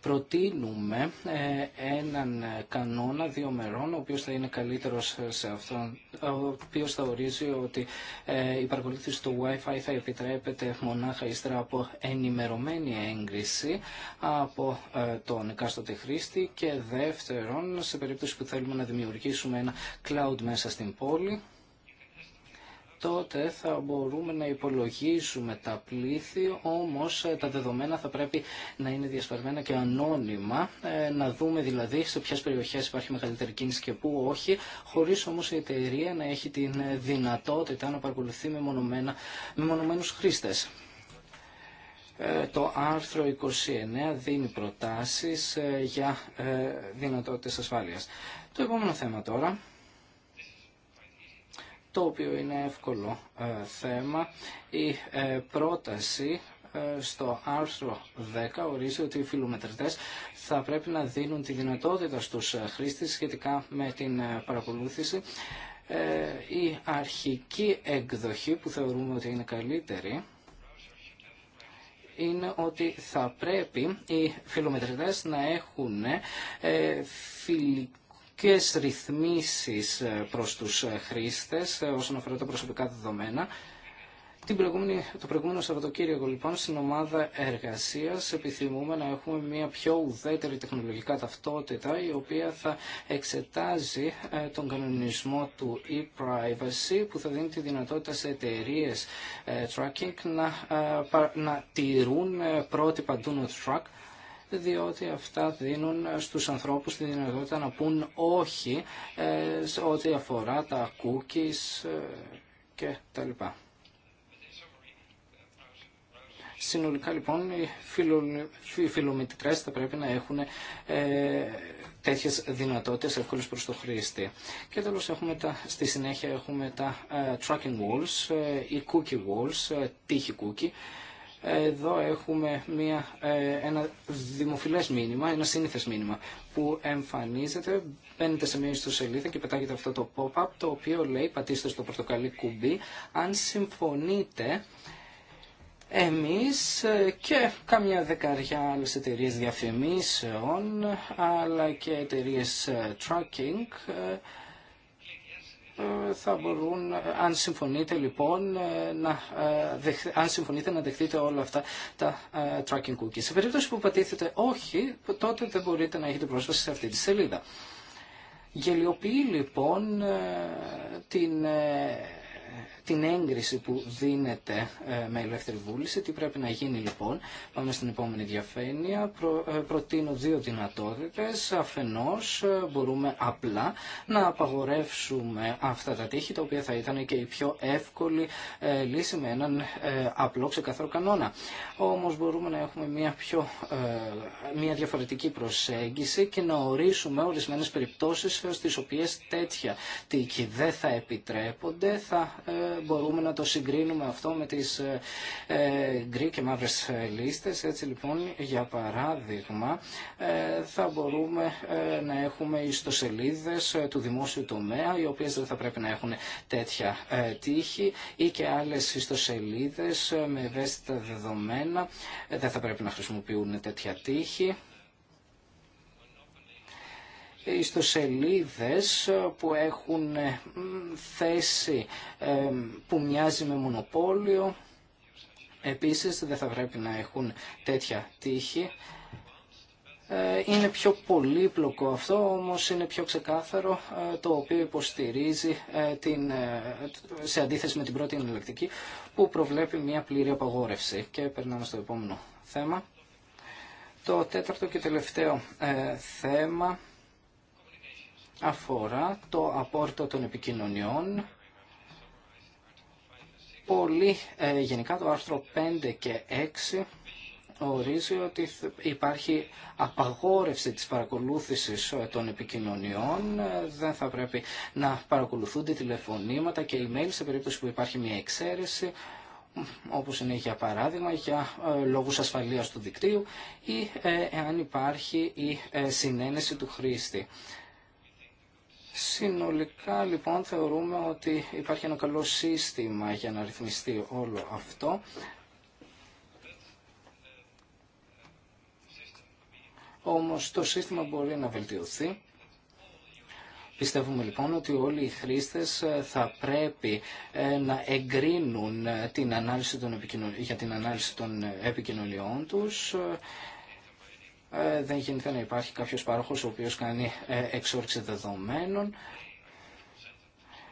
προτείνουμε ε, έναν κανόνα δύο μερών, ο οποίος θα είναι καλύτερος σε αυτόν, ο οποίος θα ορίζει ότι ε, η παρακολούθηση του Wi-Fi θα επιτρέπεται μονάχα ύστερα από ενημερωμένη έγκριση από ε, τον εκάστοτε χρήστη και δεύτερον, σε περίπτωση που θέλουμε να δημιουργήσουμε ένα cloud μέσα στην πόλη, τότε θα μπορούμε να υπολογίσουμε τα πλήθη, όμως ε, τα δεδομένα θα πρέπει να είναι διασπαρμένα και ανώνυμα, ε, να δούμε δηλαδή σε ποιες περιοχές υπάρχει μεγαλύτερη κίνηση και πού όχι, χωρίς όμως η εταιρεία να έχει την δυνατότητα να παρακολουθεί με μονομένους χρήστες. Ε, το άρθρο 29 δίνει προτάσεις για δυνατότητες ασφάλειας. Το επόμενο θέμα τώρα το οποίο είναι εύκολο ε, θέμα. Η ε, πρόταση ε, στο άρθρο 10 ορίζει ότι οι φιλομετρητές θα πρέπει να δίνουν τη δυνατότητα στους χρήστες σχετικά με την παρακολούθηση. Η αρχική εκδοχή που θεωρούμε ότι είναι καλύτερη είναι ότι θα πρέπει οι φιλομετρητές να έχουν φιλική και ρυθμίσεις ε, προς τους ε, χρήστες ε, όσον αφορά τα προσωπικά δεδομένα. Την προηγούμενη, το προηγούμενο Σαββατοκύριακο λοιπόν στην ομάδα εργασίας επιθυμούμε να έχουμε μια πιο ουδέτερη τεχνολογικά ταυτότητα η οποία θα εξετάζει τον κανονισμό του e-privacy που θα δίνει τη δυνατότητα σε εταιρείε tracking να, να τηρούν πρότυπα do track διότι αυτά δίνουν στους ανθρώπους τη δυνατότητα να πούν όχι σε ό,τι αφορά τα cookies ε, και τα λοιπά. Συνολικά λοιπόν οι φιλομητρές θα πρέπει να έχουν ε, τέτοιες δυνατότητες εύκολες προς το χρήστη. Και τέλος έχουμε τα, στη συνέχεια έχουμε τα ε, tracking walls, ε, οι cookie walls, ε, τύχη cookie, εδώ έχουμε μια, ε, ένα δημοφιλές μήνυμα, ένα σύνηθες μήνυμα που εμφανίζεται, μπαίνετε σε μια ιστοσελίδα και πετάγεται αυτό το pop-up το οποίο λέει πατήστε στο πορτοκαλί κουμπί αν συμφωνείτε εμείς ε, και καμιά δεκαριά άλλες εταιρείες διαφημίσεων αλλά και εταιρείες ε, tracking θα μπορούν, αν συμφωνείτε λοιπόν, ε, να, ε, αν συμφωνείτε να δεχτείτε όλα αυτά τα ε, tracking cookies. Σε περίπτωση που πατήθετε όχι, τότε δεν μπορείτε να έχετε πρόσβαση σε αυτή τη σελίδα. Γελιοποιεί λοιπόν την την έγκριση που δίνεται ε, με ελεύθερη βούληση. Τι πρέπει να γίνει λοιπόν. Πάμε στην επόμενη διαφένεια Προ, ε, προτείνω δύο δυνατότητες. Αφενός ε, μπορούμε απλά να απαγορεύσουμε αυτά τα τείχη τα οποία θα ήταν και η πιο εύκολη λύση με έναν απλό ξεκαθαρό κανόνα. Όμως μπορούμε να έχουμε μια, πιο, μια διαφορετική προσέγγιση και να ορίσουμε ορισμένες περιπτώσεις στις οποίες τέτοια τείχη δεν θα επιτρέπονται θα μπορούμε να το συγκρίνουμε αυτό με τις ε, ε, γκρι και μαύρες λίστες. Έτσι λοιπόν, για παράδειγμα, ε, θα μπορούμε να έχουμε ιστοσελίδες του δημόσιου τομέα, οι οποίες δεν θα πρέπει να έχουν τέτοια τύχη ή και άλλες ιστοσελίδες με ευαίσθητα δεδομένα, δεν θα πρέπει να χρησιμοποιούν τέτοια τύχη σελίδες που έχουν ε, θέση ε, που μοιάζει με μονοπόλιο. Επίσης δεν θα πρέπει να έχουν τέτοια τύχη. Ε, είναι πιο πολύπλοκο αυτό, όμως είναι πιο ξεκάθαρο, το οποίο υποστηρίζει την, σε αντίθεση με την πρώτη εναλλακτική που προβλέπει μια πλήρη απαγόρευση. Και περνάμε στο επόμενο θέμα. Το τέταρτο και τελευταίο θέμα αφορά το απόρτο των επικοινωνιών. Πολύ ε, γενικά το άρθρο 5 και 6 ορίζει ότι υπάρχει απαγόρευση της παρακολούθησης ε, των επικοινωνιών, ε, δεν θα πρέπει να παρακολουθούνται τηλεφωνήματα και email σε περίπτωση που υπάρχει μια εξαίρεση, όπως είναι για παράδειγμα για λόγους ασφαλείας του δικτύου ή εάν υπάρχει η συνένεση του χρήστη. Συνολικά λοιπόν θεωρούμε ότι υπάρχει ένα καλό σύστημα για να ρυθμιστεί όλο αυτό. Όμως το σύστημα μπορεί να βελτιωθεί. Πιστεύουμε λοιπόν ότι όλοι οι χρήστες ε, θα πρέπει ε, να εγκρίνουν την ανάλυση των για την ανάλυση των ε, επικοινωνιών τους ε, δεν γίνεται να υπάρχει κάποιος πάροχος ο οποίος κάνει ε, εξόρυξη δεδομένων.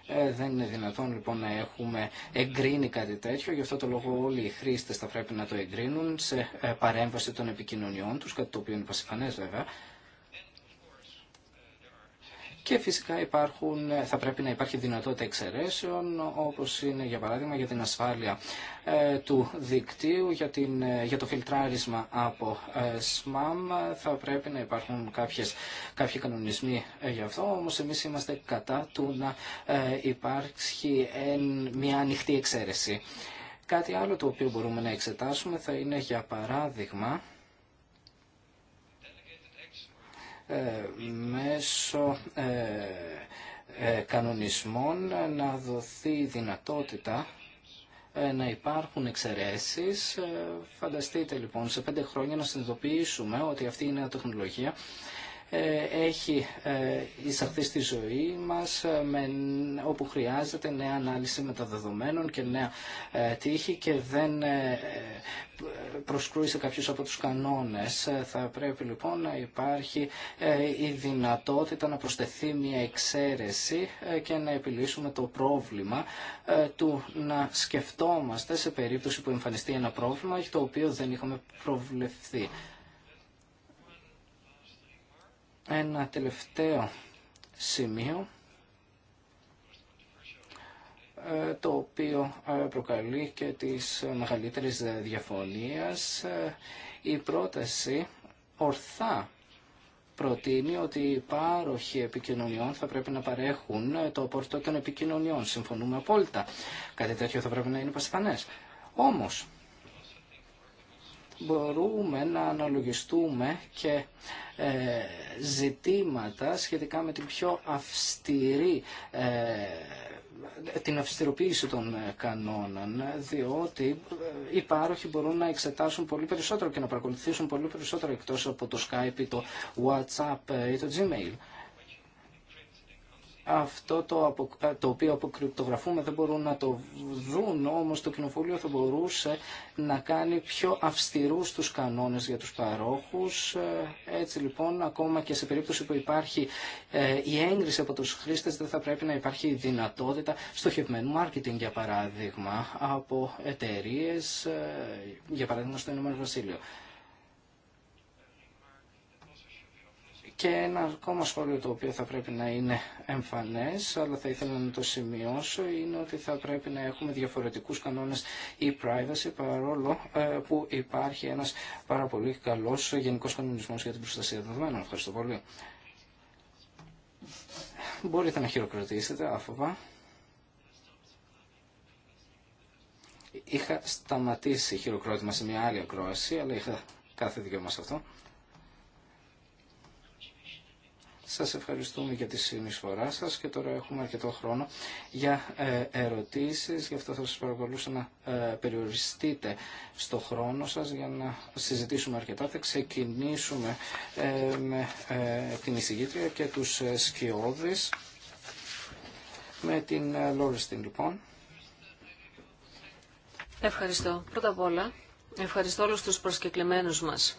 Ε, δεν είναι δυνατόν λοιπόν να έχουμε εγκρίνει κάτι τέτοιο, γι' αυτό το λόγο όλοι οι χρήστες θα πρέπει να το εγκρίνουν σε παρέμβαση των επικοινωνιών τους, κάτι το οποίο είναι πασιφανές βέβαια. Και φυσικά υπάρχουν, ε, θα πρέπει να υπάρχει δυνατότητα εξαιρέσεων, όπως είναι για παράδειγμα για την ασφάλεια ε, του δικτύου, για, την, ε, για το φιλτράρισμα από ε, SMAM. Θα πρέπει να υπάρχουν κάποιες, κάποιοι κανονισμοί για αυτό, όμως εμείς είμαστε κατά του να υπάρξει μια ανοιχτή εξαίρεση. Κάτι άλλο το οποίο μπορούμε να εξετάσουμε θα είναι για παράδειγμα Ε, μέσω ε, ε, κανονισμών να δοθεί δυνατότητα να υπάρχουν εξαιρέσει. Φανταστείτε λοιπόν σε πέντε χρόνια να συνειδητοποιήσουμε ότι αυτή η νέα τεχνολογία ε, έχει ε, εισαχθεί στη ζωή μας ε, με, όπου χρειάζεται νέα ανάλυση μεταδεδομένων και νέα τύχη και δεν προσκρούει σε κάποιους από τους κανόνες. Θα πρέπει λοιπόν να υπάρχει η δυνατότητα να προσθεθεί μια εξαίρεση και να επιλύσουμε το πρόβλημα του να σκεφτόμαστε σε περίπτωση που εμφανιστεί ένα πρόβλημα το οποίο δεν είχαμε προβλεφθεί. Ένα τελευταίο σημείο ε, το οποίο ε, προκαλεί και τις μεγαλύτερες διαφωνίες. Ε, η πρόταση ορθά προτείνει ότι οι πάροχοι επικοινωνιών θα πρέπει να παρέχουν το πορτό των επικοινωνιών. Συμφωνούμε απόλυτα. Κάτι τέτοιο θα πρέπει να είναι πασφανές. Όμως, μπορούμε να αναλογιστούμε και ε, ζητήματα σχετικά με την πιο αυστηρή ε, την αυστηροποίηση των ε, κανόνων, διότι οι πάροχοι μπορούν να εξετάσουν πολύ περισσότερο και να παρακολουθήσουν πολύ περισσότερο εκτός από το Skype ή το WhatsApp ή το Gmail αυτό το, ε, το οποίο αποκρυπτογραφούμε δεν μπορούν να το δουν, όμως το κοινοβούλιο θα μπορούσε να κάνει πιο αυστηρούς τους κανόνες για τους παρόχους. Ε, έτσι λοιπόν, ακόμα και σε περίπτωση που υπάρχει ε, η έγκριση από τους χρήστες, δεν θα πρέπει να υπάρχει δυνατότητα δυνατότητα στοχευμένου marketing, για παράδειγμα, από εταιρείε, για παράδειγμα στο Ηνωμένο Βασίλειο. Και ένα ακόμα σχόλιο το οποίο θα πρέπει να είναι εμφανές, αλλά θα ήθελα να το σημειώσω, είναι ότι θα πρέπει να έχουμε διαφορετικούς κανόνες e-privacy, παρόλο ε, που υπάρχει ένας πάρα πολύ καλός γενικός κανονισμός για την προστασία δεδομένων. Ευχαριστώ πολύ. Μπορείτε να χειροκροτήσετε, άφοβα. Είχα σταματήσει χειροκρότημα σε μια άλλη ακρόαση, αλλά είχα κάθε δικαίωμα σε αυτό. Σας ευχαριστούμε για τη συνεισφορά σας και τώρα έχουμε αρκετό χρόνο για ε, ερωτήσεις. Γι' αυτό θα σας παρακολούσα να ε, περιοριστείτε στο χρόνο σας για να συζητήσουμε αρκετά. Θα ξεκινήσουμε ε, με την εισηγήτρια και τους σκιώδεις. Με την Λόριστιν λοιπόν. Ευχαριστώ. Πρώτα απ' όλα, ευχαριστώ όλους τους προσκεκλημένους μας.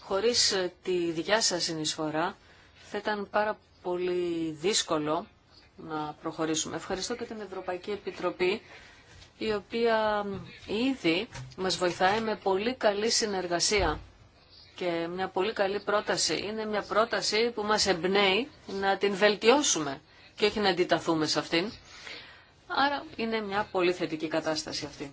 Χωρίς τη δικιά σας συνεισφορά, θα ήταν πάρα πολύ δύσκολο να προχωρήσουμε. Ευχαριστώ και την Ευρωπαϊκή Επιτροπή, η οποία ήδη μας βοηθάει με πολύ καλή συνεργασία και μια πολύ καλή πρόταση. Είναι μια πρόταση που μας εμπνέει να την βελτιώσουμε και όχι να αντιταθούμε σε αυτήν. Άρα είναι μια πολύ θετική κατάσταση αυτή.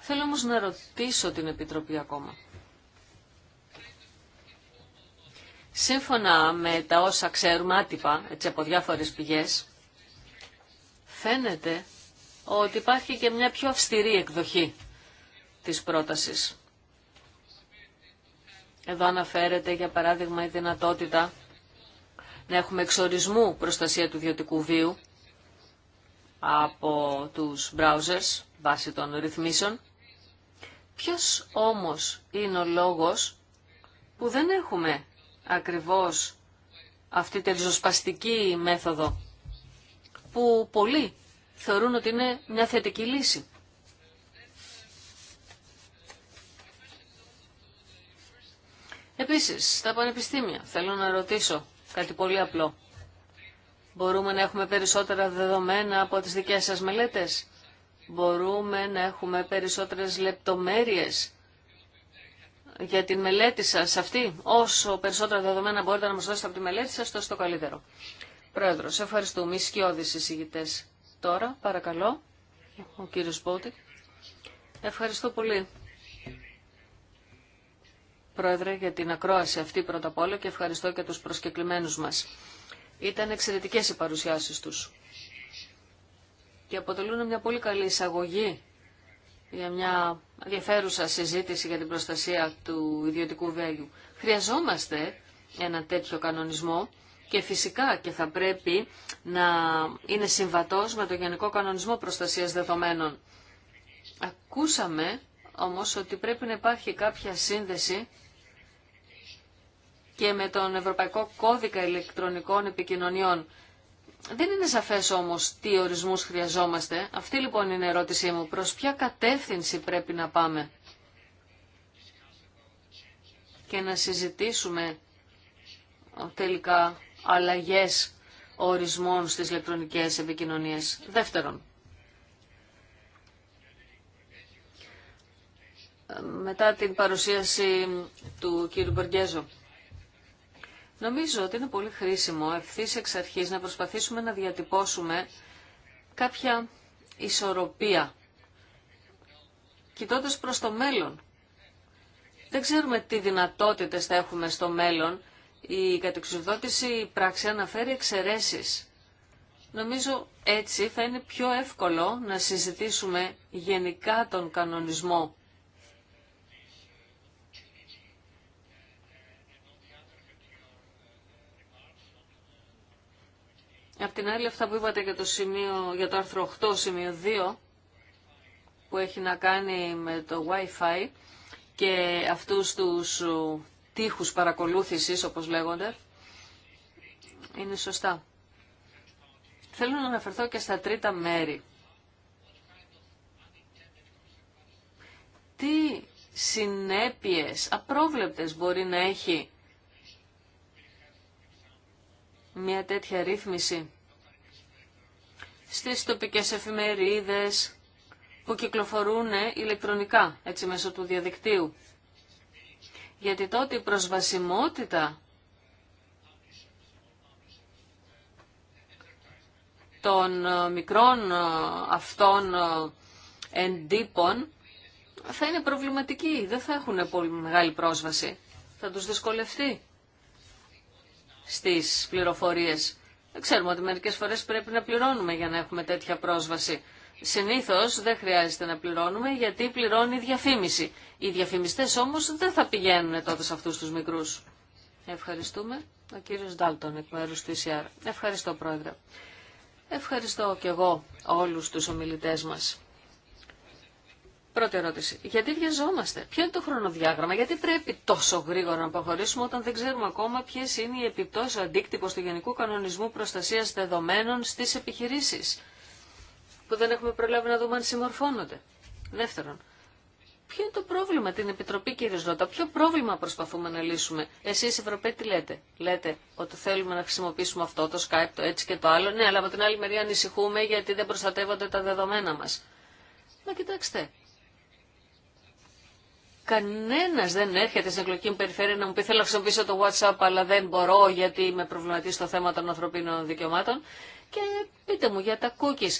Θέλω όμως να ρωτήσω την Επιτροπή ακόμα. Σύμφωνα με τα όσα ξέρουμε άτυπα, έτσι από διάφορες πηγές, φαίνεται ότι υπάρχει και μια πιο αυστηρή εκδοχή της πρότασης. Εδώ αναφέρεται για παράδειγμα η δυνατότητα να έχουμε εξορισμού προστασία του ιδιωτικού βίου από τους browsers βάσει των ρυθμίσεων. Ποιος όμως είναι ο λόγος που δεν έχουμε ακριβώς αυτή τη ριζοσπαστική μέθοδο που πολλοί θεωρούν ότι είναι μια θετική λύση. Επίσης, στα πανεπιστήμια θέλω να ρωτήσω κάτι πολύ απλό. Μπορούμε να έχουμε περισσότερα δεδομένα από τις δικές σας μελέτες. Μπορούμε να έχουμε περισσότερες λεπτομέρειες για την μελέτη σας αυτή. Όσο περισσότερα δεδομένα μπορείτε να μας δώσετε από τη μελέτη σας, τόσο το καλύτερο. Πρόεδρος, ευχαριστούμε. Οι σκιώδεις εισηγητές. Τώρα, παρακαλώ, ο κύριος Πότη. Ευχαριστώ πολύ. Πρόεδρε, για την ακρόαση αυτή πρώτα απ' όλα και ευχαριστώ και τους προσκεκλημένους μας. Ήταν εξαιρετικές οι παρουσιάσεις τους και αποτελούν μια πολύ καλή εισαγωγή για μια ενδιαφέρουσα συζήτηση για την προστασία του ιδιωτικού βέλιου. Χρειαζόμαστε ένα τέτοιο κανονισμό και φυσικά και θα πρέπει να είναι συμβατός με το Γενικό Κανονισμό Προστασίας Δεδομένων. Ακούσαμε όμως ότι πρέπει να υπάρχει κάποια σύνδεση και με τον Ευρωπαϊκό Κώδικα Ηλεκτρονικών Επικοινωνιών δεν είναι σαφέ όμω τι ορισμού χρειαζόμαστε. Αυτή λοιπόν είναι η ερώτησή μου. Προς ποια κατεύθυνση πρέπει να πάμε και να συζητήσουμε τελικά αλλαγέ ορισμών στι ηλεκτρονικές επικοινωνίες. Δεύτερον, μετά την παρουσίαση του κύριου Μπεργκέζο. Νομίζω ότι είναι πολύ χρήσιμο ευθύ εξ αρχής να προσπαθήσουμε να διατυπώσουμε κάποια ισορροπία, κοιτώντας προς το μέλλον. Δεν ξέρουμε τι δυνατότητες θα έχουμε στο μέλλον. Η κατεξουδότηση πράξη αναφέρει εξαιρέσεις. Νομίζω έτσι θα είναι πιο εύκολο να συζητήσουμε γενικά τον κανονισμό Απ' την άλλη αυτά που είπατε για το, σημείο, για το άρθρο 8 σημείο 2 που έχει να κάνει με το Wi-Fi και αυτούς τους τείχους παρακολούθησης όπως λέγονται είναι σωστά. Θέλω να αναφερθώ και στα τρίτα μέρη. Τι συνέπειες απρόβλεπτες μπορεί να έχει μια τέτοια ρύθμιση στις τοπικές εφημερίδες που κυκλοφορούν ηλεκτρονικά, έτσι μέσω του διαδικτύου. Γιατί τότε η προσβασιμότητα των ε, μικρών ε, αυτών ε, εντύπων θα είναι προβληματική, δεν θα έχουν πολύ μεγάλη πρόσβαση, θα τους δυσκολευτεί στις πληροφορίες. Ξέρουμε ότι μερικές φορές πρέπει να πληρώνουμε για να έχουμε τέτοια πρόσβαση. Συνήθως δεν χρειάζεται να πληρώνουμε γιατί πληρώνει η διαφήμιση. Οι διαφημιστές όμως δεν θα πηγαίνουν τότε σε αυτούς τους μικρούς. Ευχαριστούμε. Ο κύριος Ντάλτον εκ μέρου του ΙΣΙΑΡ. Ευχαριστώ πρόεδρε. Ευχαριστώ και εγώ όλους τους ομιλητές μας. Πρώτη ερώτηση. Γιατί βιαζόμαστε, ποιο είναι το χρονοδιάγραμμα, γιατί πρέπει τόσο γρήγορα να αποχωρήσουμε όταν δεν ξέρουμε ακόμα ποιε είναι οι επιπτώσει, ο αντίκτυπο του Γενικού Κανονισμού Προστασία Δεδομένων στι επιχειρήσει, που δεν έχουμε προλάβει να δούμε αν συμμορφώνονται. Δεύτερον, ποιο είναι το πρόβλημα, την Επιτροπή κύριε Ζώτα, ποιο πρόβλημα προσπαθούμε να λύσουμε. Εσεί Ευρωπαίοι τι λέτε, λέτε ότι θέλουμε να χρησιμοποιήσουμε αυτό, το Skype, το έτσι και το άλλο, ναι, αλλά από την άλλη μεριά ανησυχούμε γιατί δεν προστατεύονται τα δεδομένα μα. Μα κοιτάξτε, Κανένα δεν έρχεται στην εκλογική μου περιφέρεια να μου πει θέλω να χρησιμοποιήσω το WhatsApp αλλά δεν μπορώ γιατί με προβληματίζει το θέμα των ανθρωπίνων δικαιωμάτων. Και πείτε μου για τα cookies.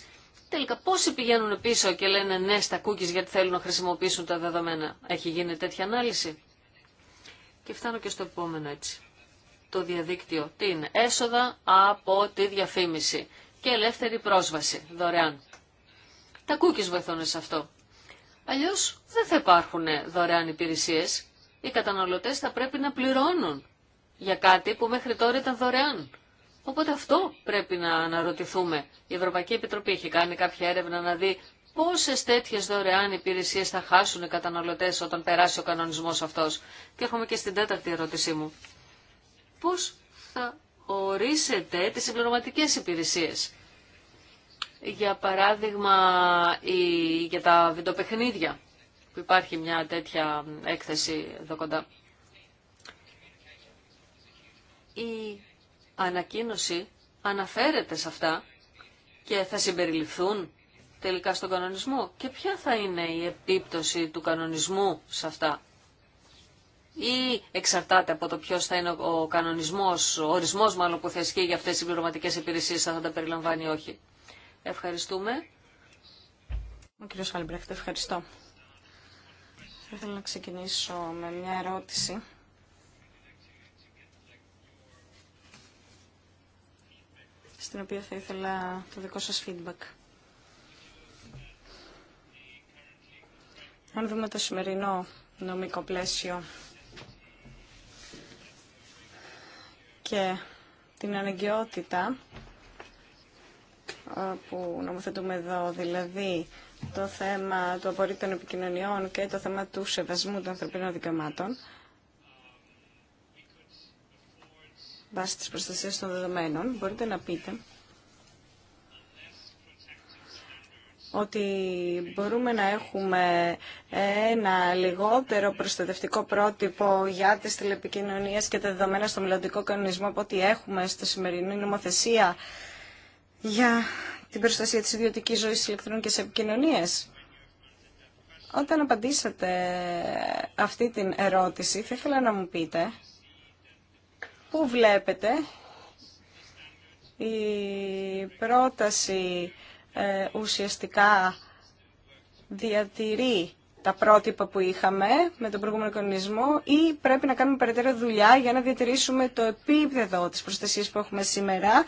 Τελικά πόσοι πηγαίνουν πίσω και λένε ναι στα cookies γιατί θέλουν να χρησιμοποιήσουν τα δεδομένα. Έχει γίνει τέτοια ανάλυση. Και φτάνω και στο επόμενο έτσι. Το διαδίκτυο. Τι είναι. Έσοδα από τη διαφήμιση. Και ελεύθερη πρόσβαση. Δωρεάν. Τα cookies βοηθούν σε αυτό. Αλλιώς δεν θα υπάρχουν δωρεάν υπηρεσίες. Οι καταναλωτές θα πρέπει να πληρώνουν για κάτι που μέχρι τώρα ήταν δωρεάν. Οπότε αυτό πρέπει να αναρωτηθούμε. Η Ευρωπαϊκή Επιτροπή έχει κάνει κάποια έρευνα να δει πόσε τέτοιε δωρεάν υπηρεσίε θα χάσουν οι καταναλωτέ όταν περάσει ο κανονισμό αυτό. Και έχουμε και στην τέταρτη ερώτησή μου. Πώ θα ορίσετε τι συμπληρωματικέ υπηρεσίε για παράδειγμα για τα βιντεοπαιχνίδια που υπάρχει μια τέτοια έκθεση εδώ κοντά. Η ανακοίνωση αναφέρεται σε αυτά και θα συμπεριληφθούν τελικά στον κανονισμό και ποια θα είναι η επίπτωση του κανονισμού σε αυτά ή εξαρτάται από το ποιο θα είναι ο κανονισμός, ο ορισμός μάλλον που θα ισχύει για αυτές τις πληρωματικές υπηρεσίε, αν θα τα περιλαμβάνει ή όχι. Ευχαριστούμε. Ο κύριο Χαλμπρέχτ, ευχαριστώ. Θα ήθελα να ξεκινήσω με μια ερώτηση. στην οποία θα ήθελα το δικό σας feedback. Αν δούμε το σημερινό νομικό πλαίσιο και την αναγκαιότητα που νομοθετούμε εδώ, δηλαδή το θέμα του απορρίτου επικοινωνιών και το θέμα του σεβασμού των ανθρωπίνων δικαιωμάτων, βάσει της προστασίας των δεδομένων, μπορείτε να πείτε ότι μπορούμε να έχουμε ένα λιγότερο προστατευτικό πρότυπο για τις τηλεπικοινωνίες και τα δεδομένα στο μελλοντικό κανονισμό από ό,τι έχουμε στη σημερινή νομοθεσία για την προστασία της ιδιωτικής ζωής στις ηλεκτρονικές επικοινωνίες. Όταν απαντήσατε αυτή την ερώτηση, θα ήθελα να μου πείτε πού βλέπετε η πρόταση ε, ουσιαστικά διατηρεί τα πρότυπα που βλεπετε η προταση ουσιαστικα διατηρει τα προτυπα που ειχαμε με τον προηγούμενο κανονισμό ή πρέπει να κάνουμε περαιτέρω δουλειά για να διατηρήσουμε το επίπεδο της προστασίας που έχουμε σήμερα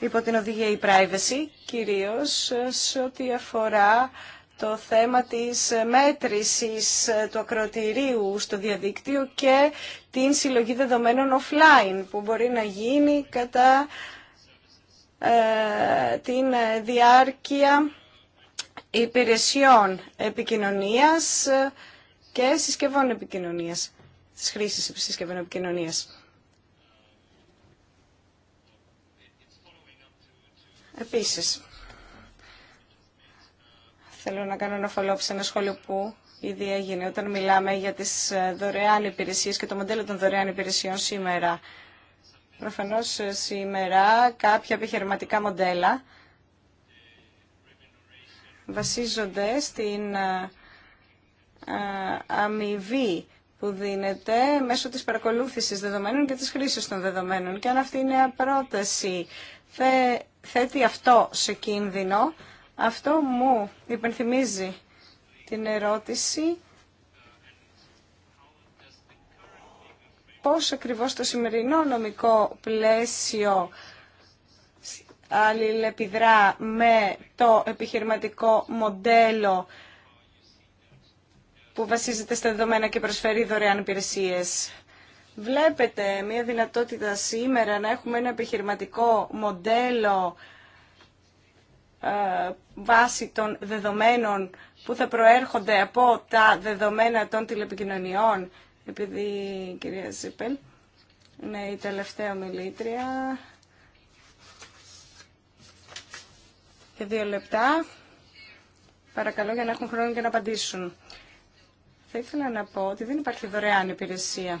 υπό την οδηγία η privacy, κυρίως σε ό,τι αφορά το θέμα της μέτρησης του ακροτηρίου στο διαδίκτυο και την συλλογή δεδομένων offline που μπορεί να γίνει κατά ε, την διάρκεια υπηρεσιών επικοινωνίας και συσκευών επικοινωνίας, της χρήσης συσκευών επικοινωνίας. Επίσης, θέλω να κάνω ένα σε ένα σχόλιο που ήδη έγινε όταν μιλάμε για τις ε, δωρεάν υπηρεσίες και το μοντέλο των δωρεάν υπηρεσιών σήμερα. Προφανώς ε, σήμερα κάποια επιχειρηματικά μοντέλα βασίζονται στην ε, αμοιβή που δίνεται μέσω της παρακολούθησης δεδομένων και της χρήσης των δεδομένων. Και αν αυτή είναι η πρόταση, θέτει αυτό σε κίνδυνο, αυτό μου υπενθυμίζει την ερώτηση πώς ακριβώς το σημερινό νομικό πλαίσιο αλληλεπιδρά με το επιχειρηματικό μοντέλο που βασίζεται στα δεδομένα και προσφέρει δωρεάν υπηρεσίες. Βλέπετε μια δυνατότητα σήμερα να έχουμε ένα επιχειρηματικό μοντέλο ε, βάση των δεδομένων που θα προέρχονται από τα δεδομένα των τηλεπικοινωνιών. Επειδή η κυρία Ζίπελ είναι η τελευταία μιλήτρια. Και δύο λεπτά. Παρακαλώ για να έχουν χρόνο και να απαντήσουν. Θα ήθελα να πω ότι δεν υπάρχει δωρεάν υπηρεσία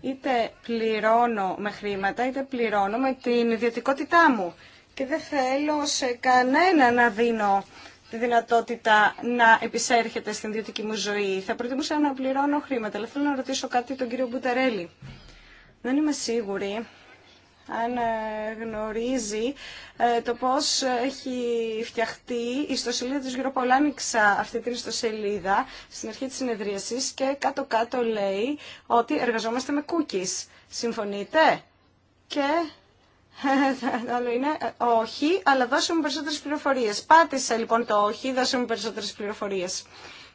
είτε πληρώνω με χρήματα, είτε πληρώνω με την ιδιωτικότητά μου. Και δεν θέλω σε κανένα να δίνω τη δυνατότητα να επισέρχεται στην ιδιωτική μου ζωή. Θα προτιμούσα να πληρώνω χρήματα. Αλλά θέλω να ρωτήσω κάτι τον κύριο Μπουταρέλη. Δεν είμαι σίγουρη αν ε, γνωρίζει ε, το πώς έχει φτιαχτεί η ιστοσελίδα της Γιώργο Άνοιξα αυτή την ιστοσελίδα στην αρχή της συνεδρίασης και κάτω-κάτω λέει ότι εργαζόμαστε με cookies. Συμφωνείτε? Και ε, Άλλο είναι όχι, αλλά δώσε μου περισσότερες πληροφορίες. Πάτησα λοιπόν το όχι, δώσε μου περισσότερες πληροφορίες.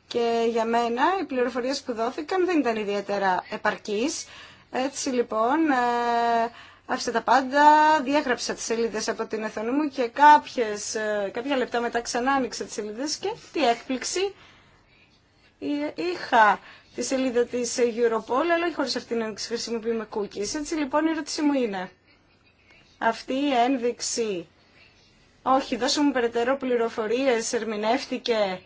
Και για μένα οι πληροφορίες που δόθηκαν δεν ήταν ιδιαίτερα επαρκείς. Έτσι λοιπόν άφησα τα πάντα, διέγραψα τις σελίδες από την εθονή μου και κάποιες, ε, κάποια λεπτά μετά ξανά άνοιξα τις σελίδες και τι έκπληξη ε, είχα τη σελίδα της Europol, αλλά όχι χωρίς αυτήν να χρησιμοποιούμε cookies. Έτσι λοιπόν η ερώτησή μου είναι, αυτή η ένδειξη, όχι δώσε μου περαιτέρω πληροφορίες, ερμηνεύτηκε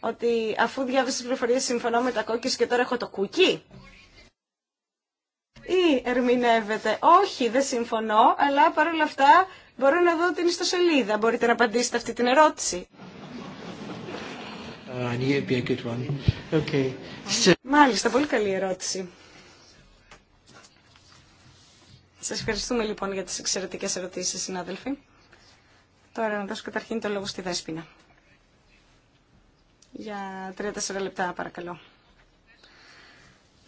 ότι αφού διάβασα τις πληροφορίες συμφωνώ με τα cookies και τώρα έχω το cookie ή ερμηνεύεται όχι δεν συμφωνώ αλλά παρόλα αυτά μπορώ να δω την ιστοσελίδα. Μπορείτε να απαντήσετε αυτή την ερώτηση. Uh, Μάλιστα, πολύ καλή ερώτηση. Σας ευχαριστούμε λοιπόν για τις εξαιρετικές ερωτήσεις συνάδελφοι. Τώρα να δώσω καταρχήν το λόγο στη Δέσποινα. Για 3-4 λεπτά παρακαλώ.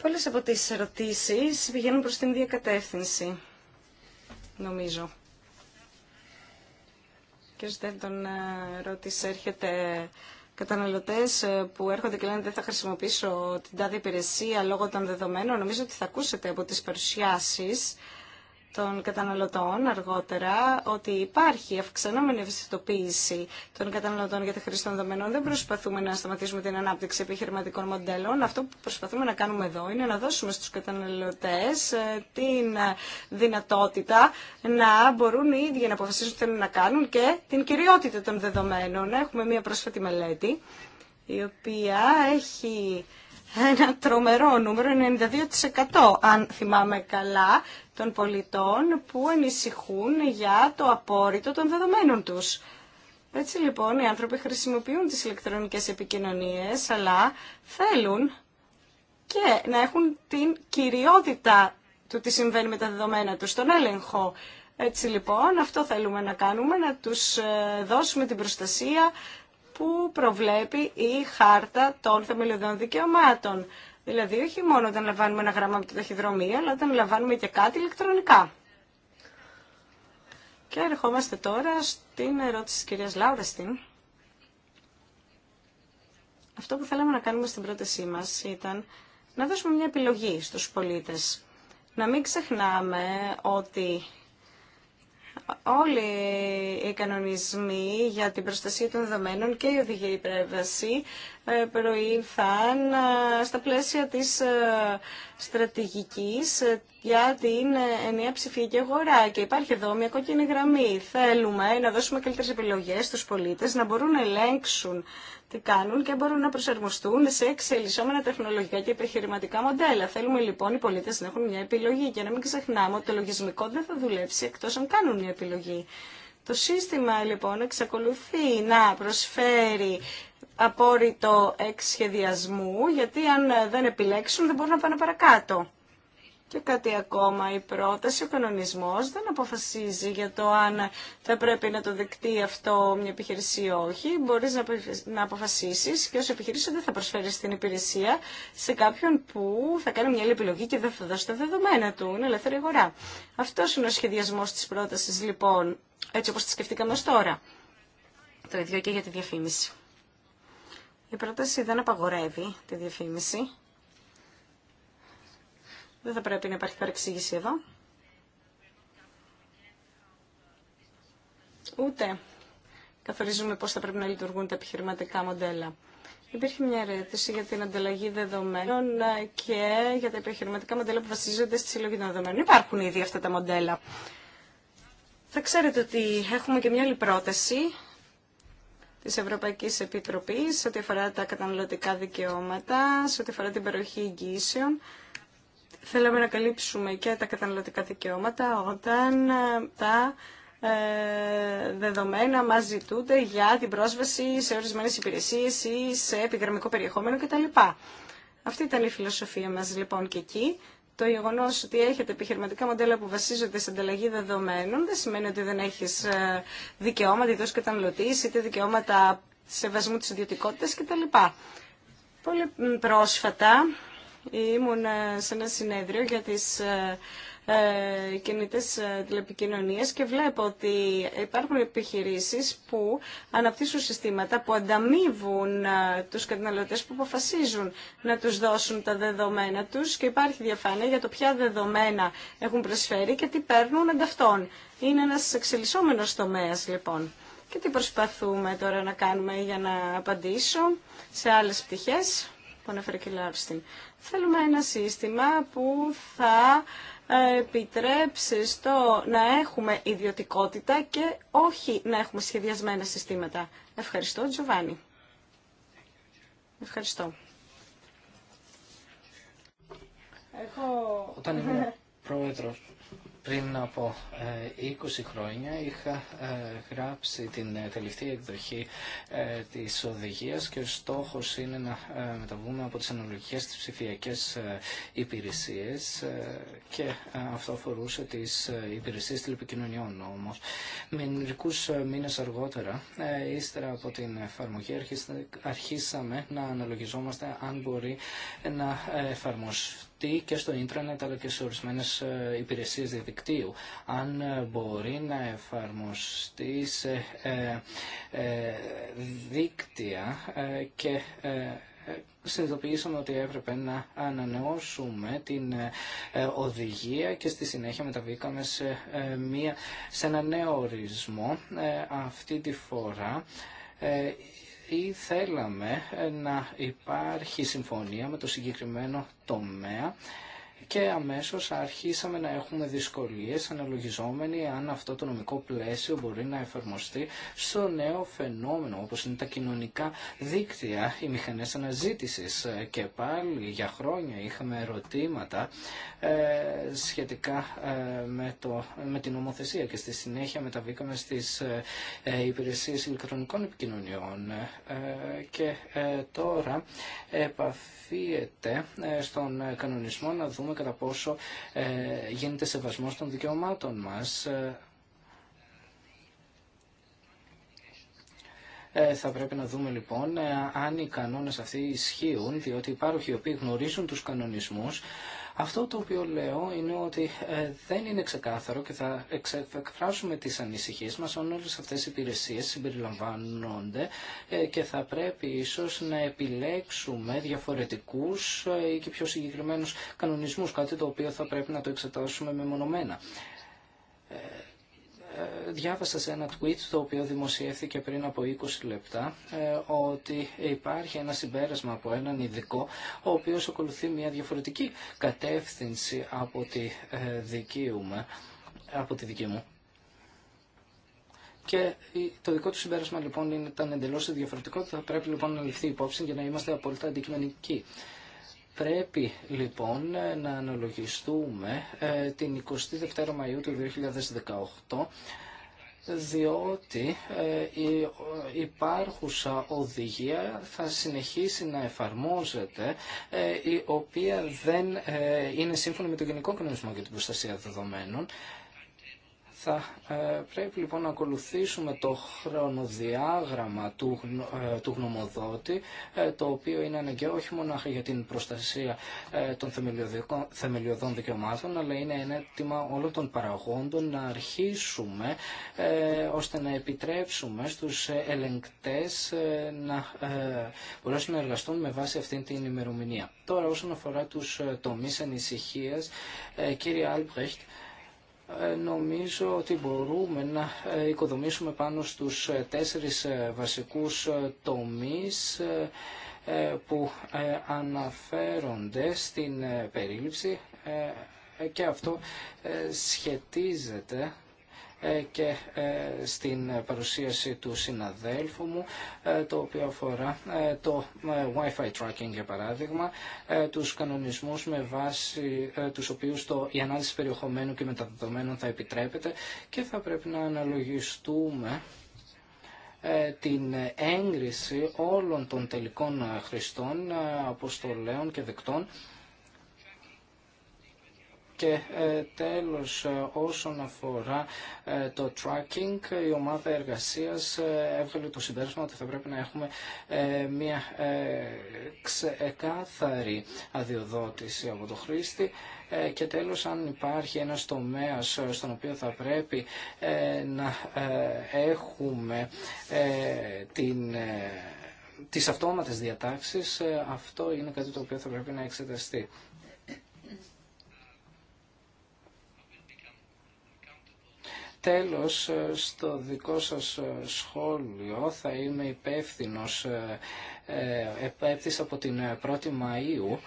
Πολλές από τις ερωτήσεις πηγαίνουν προς την διακατεύθυνση, νομίζω. Και τον ε, ρώτησε, έρχεται καταναλωτές ε, που έρχονται και λένε δεν θα χρησιμοποιήσω την τάδε υπηρεσία λόγω των δεδομένων. Νομίζω ότι θα ακούσετε από τις παρουσιάσεις των καταναλωτών αργότερα ότι υπάρχει αυξανόμενη ευαισθητοποίηση των καταναλωτών για τη χρήση των δεδομένων. Δεν προσπαθούμε να σταματήσουμε την ανάπτυξη επιχειρηματικών μοντέλων. Αυτό που προσπαθούμε να κάνουμε εδώ είναι να δώσουμε στους καταναλωτές ε, την δυνατότητα να μπορούν οι ίδιοι να αποφασίσουν τι θέλουν να κάνουν και την κυριότητα των δεδομένων. Έχουμε μία πρόσφατη μελέτη η οποία έχει ένα τρομερό νούμερο, 92% αν θυμάμαι καλά, των πολιτών που ανησυχούν για το απόρριτο των δεδομένων τους. Έτσι λοιπόν οι άνθρωποι χρησιμοποιούν τις ηλεκτρονικές επικοινωνίες, αλλά θέλουν και να έχουν την κυριότητα του τι συμβαίνει με τα δεδομένα τους, τον έλεγχο. Έτσι λοιπόν αυτό θέλουμε να κάνουμε, να τους ε, δώσουμε την προστασία που προβλέπει η χάρτα των θεμελιωδών δικαιωμάτων. Δηλαδή, όχι μόνο όταν λαμβάνουμε ένα γράμμα από την ταχυδρομία, αλλά όταν λαμβάνουμε και κάτι ηλεκτρονικά. Και ερχόμαστε τώρα στην ερώτηση της κυρίας Λάουρεστιν. Αυτό που θέλαμε να κάνουμε στην πρότασή μας ήταν να δώσουμε μια επιλογή στους πολίτες. Να μην ξεχνάμε ότι όλοι οι κανονισμοί για την προστασία των δεδομένων και η οδηγία υπέρβαση ε, προήλθαν ε, στα πλαίσια της ε, στρατηγικής για την ενιαία ψηφιακή αγορά. Και υπάρχει εδώ μια κόκκινη γραμμή. Θέλουμε να δώσουμε καλύτερες επιλογές στους πολίτες, να μπορούν να ελέγξουν τι κάνουν και μπορούν να προσαρμοστούν σε εξελισσόμενα τεχνολογικά και επιχειρηματικά μοντέλα. Θέλουμε λοιπόν οι πολίτε να έχουν μια επιλογή και να μην ξεχνάμε ότι το λογισμικό δεν θα δουλέψει εκτό αν κάνουν μια επιλογή. Το σύστημα λοιπόν εξακολουθεί να προσφέρει απόρριτο εξ σχεδιασμού γιατί αν δεν επιλέξουν δεν μπορούν να πάνε παρακάτω. Και κάτι ακόμα, η πρόταση, ο κανονισμό δεν αποφασίζει για το αν θα πρέπει να το δεκτεί αυτό μια επιχειρήση ή όχι. Μπορείς να αποφασίσεις και ω επιχειρήση δεν θα προσφέρει την υπηρεσία σε κάποιον που θα κάνει μια άλλη επιλογή και δεν θα δώσει τα δεδομένα του. Είναι ελεύθερη αγορά. Αυτό είναι ο σχεδιασμός της πρότασης λοιπόν, έτσι όπως τη σκεφτήκαμε ως τώρα. Το ίδιο και για τη διαφήμιση. Η πρόταση δεν απαγορεύει τη διαφήμιση. Δεν θα πρέπει να υπάρχει παρεξήγηση εδώ. Ούτε καθορίζουμε πώς θα πρέπει να λειτουργούν τα επιχειρηματικά μοντέλα. Υπήρχε μια ερώτηση για την ανταλλαγή δεδομένων και για τα επιχειρηματικά μοντέλα που βασίζονται στη συλλογή των δεδομένων. Υπάρχουν ήδη αυτά τα μοντέλα. Θα ξέρετε ότι έχουμε και μια άλλη πρόταση της Ευρωπαϊκής Επιτροπής σε ό,τι αφορά τα καταναλωτικά δικαιώματα, σε ό,τι αφορά την περιοχή εγγύσεων. Θέλαμε να καλύψουμε και τα καταναλωτικά δικαιώματα όταν ε, τα ε, δεδομένα μας ζητούνται για την πρόσβαση σε ορισμένες υπηρεσίες ή σε επιγραμμικό περιεχόμενο κτλ. Αυτή ήταν η φιλοσοφία μας λοιπόν και εκεί το γεγονό ότι έχετε επιχειρηματικά μοντέλα που βασίζονται σε ανταλλαγή δεδομένων δεν σημαίνει ότι δεν έχει ε, δικαιώματα, είτε ω καταναλωτή, είτε δικαιώματα σεβασμού τη ιδιωτικότητα κτλ. Πολύ πρόσφατα ήμουν ε, σε ένα συνέδριο για τις ε, ε, κινητές ε, τηλεπικοινωνίες και βλέπω ότι υπάρχουν επιχειρήσεις που αναπτύσσουν συστήματα που ανταμείβουν ε, τους καταναλωτές που αποφασίζουν να τους δώσουν τα δεδομένα τους και υπάρχει διαφάνεια για το ποια δεδομένα έχουν προσφέρει και τι παίρνουν ανταυτόν. Είναι ένας εξελισσόμενος τομέας λοιπόν. Και τι προσπαθούμε τώρα να κάνουμε για να απαντήσω σε άλλες πτυχές που ανέφερε και Θέλουμε ένα σύστημα που θα επιτρέψει στο να έχουμε ιδιωτικότητα και όχι να έχουμε σχεδιασμένα συστήματα. Ευχαριστώ, Τζοβάνι. Ευχαριστώ. Όταν ήμουν πρόεδρος πριν από 20 ε, χρόνια είχα ε, γράψει την ε, τελευταία εκδοχή της οδηγίας και ο στόχος είναι να μεταβούμε από τις αναλογικές στις ψηφιακές υπηρεσίες και αυτό αφορούσε τις υπηρεσίες τηλεπικοινωνιών όμως. Με μερικούς μήνες αργότερα, ύστερα από την εφαρμογή, αρχίσαμε να αναλογιζόμαστε αν μπορεί να εφαρμοστεί και στο ίντρανετ αλλά και σε ορισμένε ε, υπηρεσίες διαδικτύου. Αν ε, μπορεί να εφαρμοστεί σε ε, δίκτυα και συνειδητοποιήσαμε ότι έπρεπε να ανανεώσουμε την οδηγία και στη συνέχεια μεταβήκαμε σε, μία, σε ένα νέο ορισμό αυτή τη φορά ή θέλαμε να υπάρχει συμφωνία με το συγκεκριμένο τομέα και αμέσως αρχίσαμε να έχουμε δυσκολίες αναλογιζόμενοι αν αυτό το νομικό πλαίσιο μπορεί να εφαρμοστεί στο νέο φαινόμενο όπως είναι τα κοινωνικά δίκτυα, οι μηχανές αναζήτησης και πάλι για χρόνια είχαμε ερωτήματα ε, σχετικά ε, με, το, με την νομοθεσία και στη συνέχεια μεταβήκαμε στις ε, ε υπηρεσίες ηλεκτρονικών επικοινωνιών και τώρα επαφίεται στον κανονισμό να δούμε δούμε κατά πόσο ε, γίνεται σεβασμός των δικαιωμάτων μας. Ε, ε, θα πρέπει να δούμε λοιπόν αν οι κανόνες αυτοί ισχύουν, διότι υπάρχουν οι οποίοι γνωρίζουν τους κανονισμούς, αυτό το οποίο λέω είναι ότι ε, δεν είναι ξεκάθαρο και θα εκφράσουμε τις ανησυχίες μας αν όλες αυτές οι υπηρεσίες συμπεριλαμβάνονται ε, και θα πρέπει ίσως να επιλέξουμε διαφορετικούς ε, ή και πιο συγκεκριμένους κανονισμούς, κάτι το οποίο θα πρέπει να το εξετάσουμε μεμονωμένα. Ε, διάβασα σε ένα tweet το οποίο δημοσιεύθηκε πριν από 20 λεπτά ε, ότι υπάρχει ένα συμπέρασμα από έναν ειδικό ο οποίος ακολουθεί μια διαφορετική κατεύθυνση από τη ε, δική μου. Από τη δική μου. Και το δικό του συμπέρασμα λοιπόν ήταν εντελώς διαφορετικό. Θα πρέπει λοιπόν να ληφθεί υπόψη για να είμαστε απόλυτα αντικειμενικοί. Πρέπει λοιπόν να αναλογιστούμε ε, την 22 Μαΐου του 2018 διότι ε, η ε, υπάρχουσα οδηγία θα συνεχίσει να εφαρμόζεται η οποία δεν είναι σύμφωνη με το Γενικό Κοινωνισμό για την Προστασία Δεδομένων θα ε, πρέπει λοιπόν να ακολουθήσουμε το χρονοδιάγραμμα του, ε, του γνωμοδότη, ε, το οποίο είναι αναγκαίο όχι μόνο για την προστασία των θεμελιωδών δικαιωμάτων, αλλά είναι ένα έτοιμα όλων των παραγόντων να αρχίσουμε ώστε να επιτρέψουμε στους ελεγκτές να μπορέσουν να εργαστούν με βάση αυτή την ημερομηνία. Τώρα όσον αφορά τους τομείς ανησυχίας, κύριε Άλμπρεχτ, ε, νομίζω ότι μπορούμε να ε, οικοδομήσουμε πάνω στους ε, τέσσερις βασικούς τομείς που αναφέρονται στην περίληψη και αυτό σχετίζεται ε, και ε, στην παρουσίαση του συναδέλφου μου, ε, το οποίο αφορά το Wi-Fi tracking για παράδειγμα, τους κανονισμούς με βάση τους οποίους το, η ανάλυση περιεχομένου και μεταδεδομένων θα επιτρέπεται και θα πρέπει να αναλογιστούμε την έγκριση όλων των τελικών χρηστών, αποστολέων και δεκτών και ε, τέλος ε, όσον αφορά ε, το tracking, η ομάδα εργασίας έβγαλε το συμπέρασμα ότι θα πρέπει να έχουμε μια ξεκάθαρη αδειοδότηση από το χρήστη και τέλος αν υπάρχει ένας τομέας στον οποίο θα πρέπει να έχουμε την τις αυτόματες διατάξεις, αυτό είναι κάτι το οποίο θα πρέπει να εξεταστεί. Τέλος, στο δικό σας ε, σχόλιο θα είμαι υπεύθυνος ε, ε, επέπτης από την 1η Μαΐου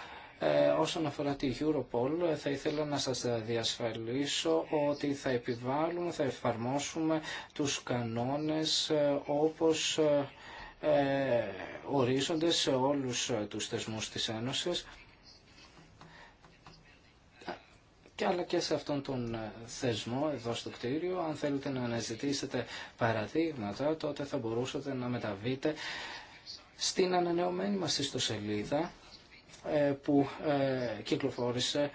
όσον αφορά τη Europol, θα ήθελα να σας διασφαλίσω ότι θα επιβάλλουμε, θα εφαρμόσουμε τους κανόνες όπως ορίζονται σε όλους τους θεσμούς της Ένωσης και αλλά και σε αυτόν τον ε, θεσμό εδώ στο κτίριο. Αν θέλετε να αναζητήσετε παραδείγματα, τότε θα μπορούσατε να μεταβείτε στην ανανεωμένη μας ιστοσελίδα ε, που ε, κυκλοφόρησε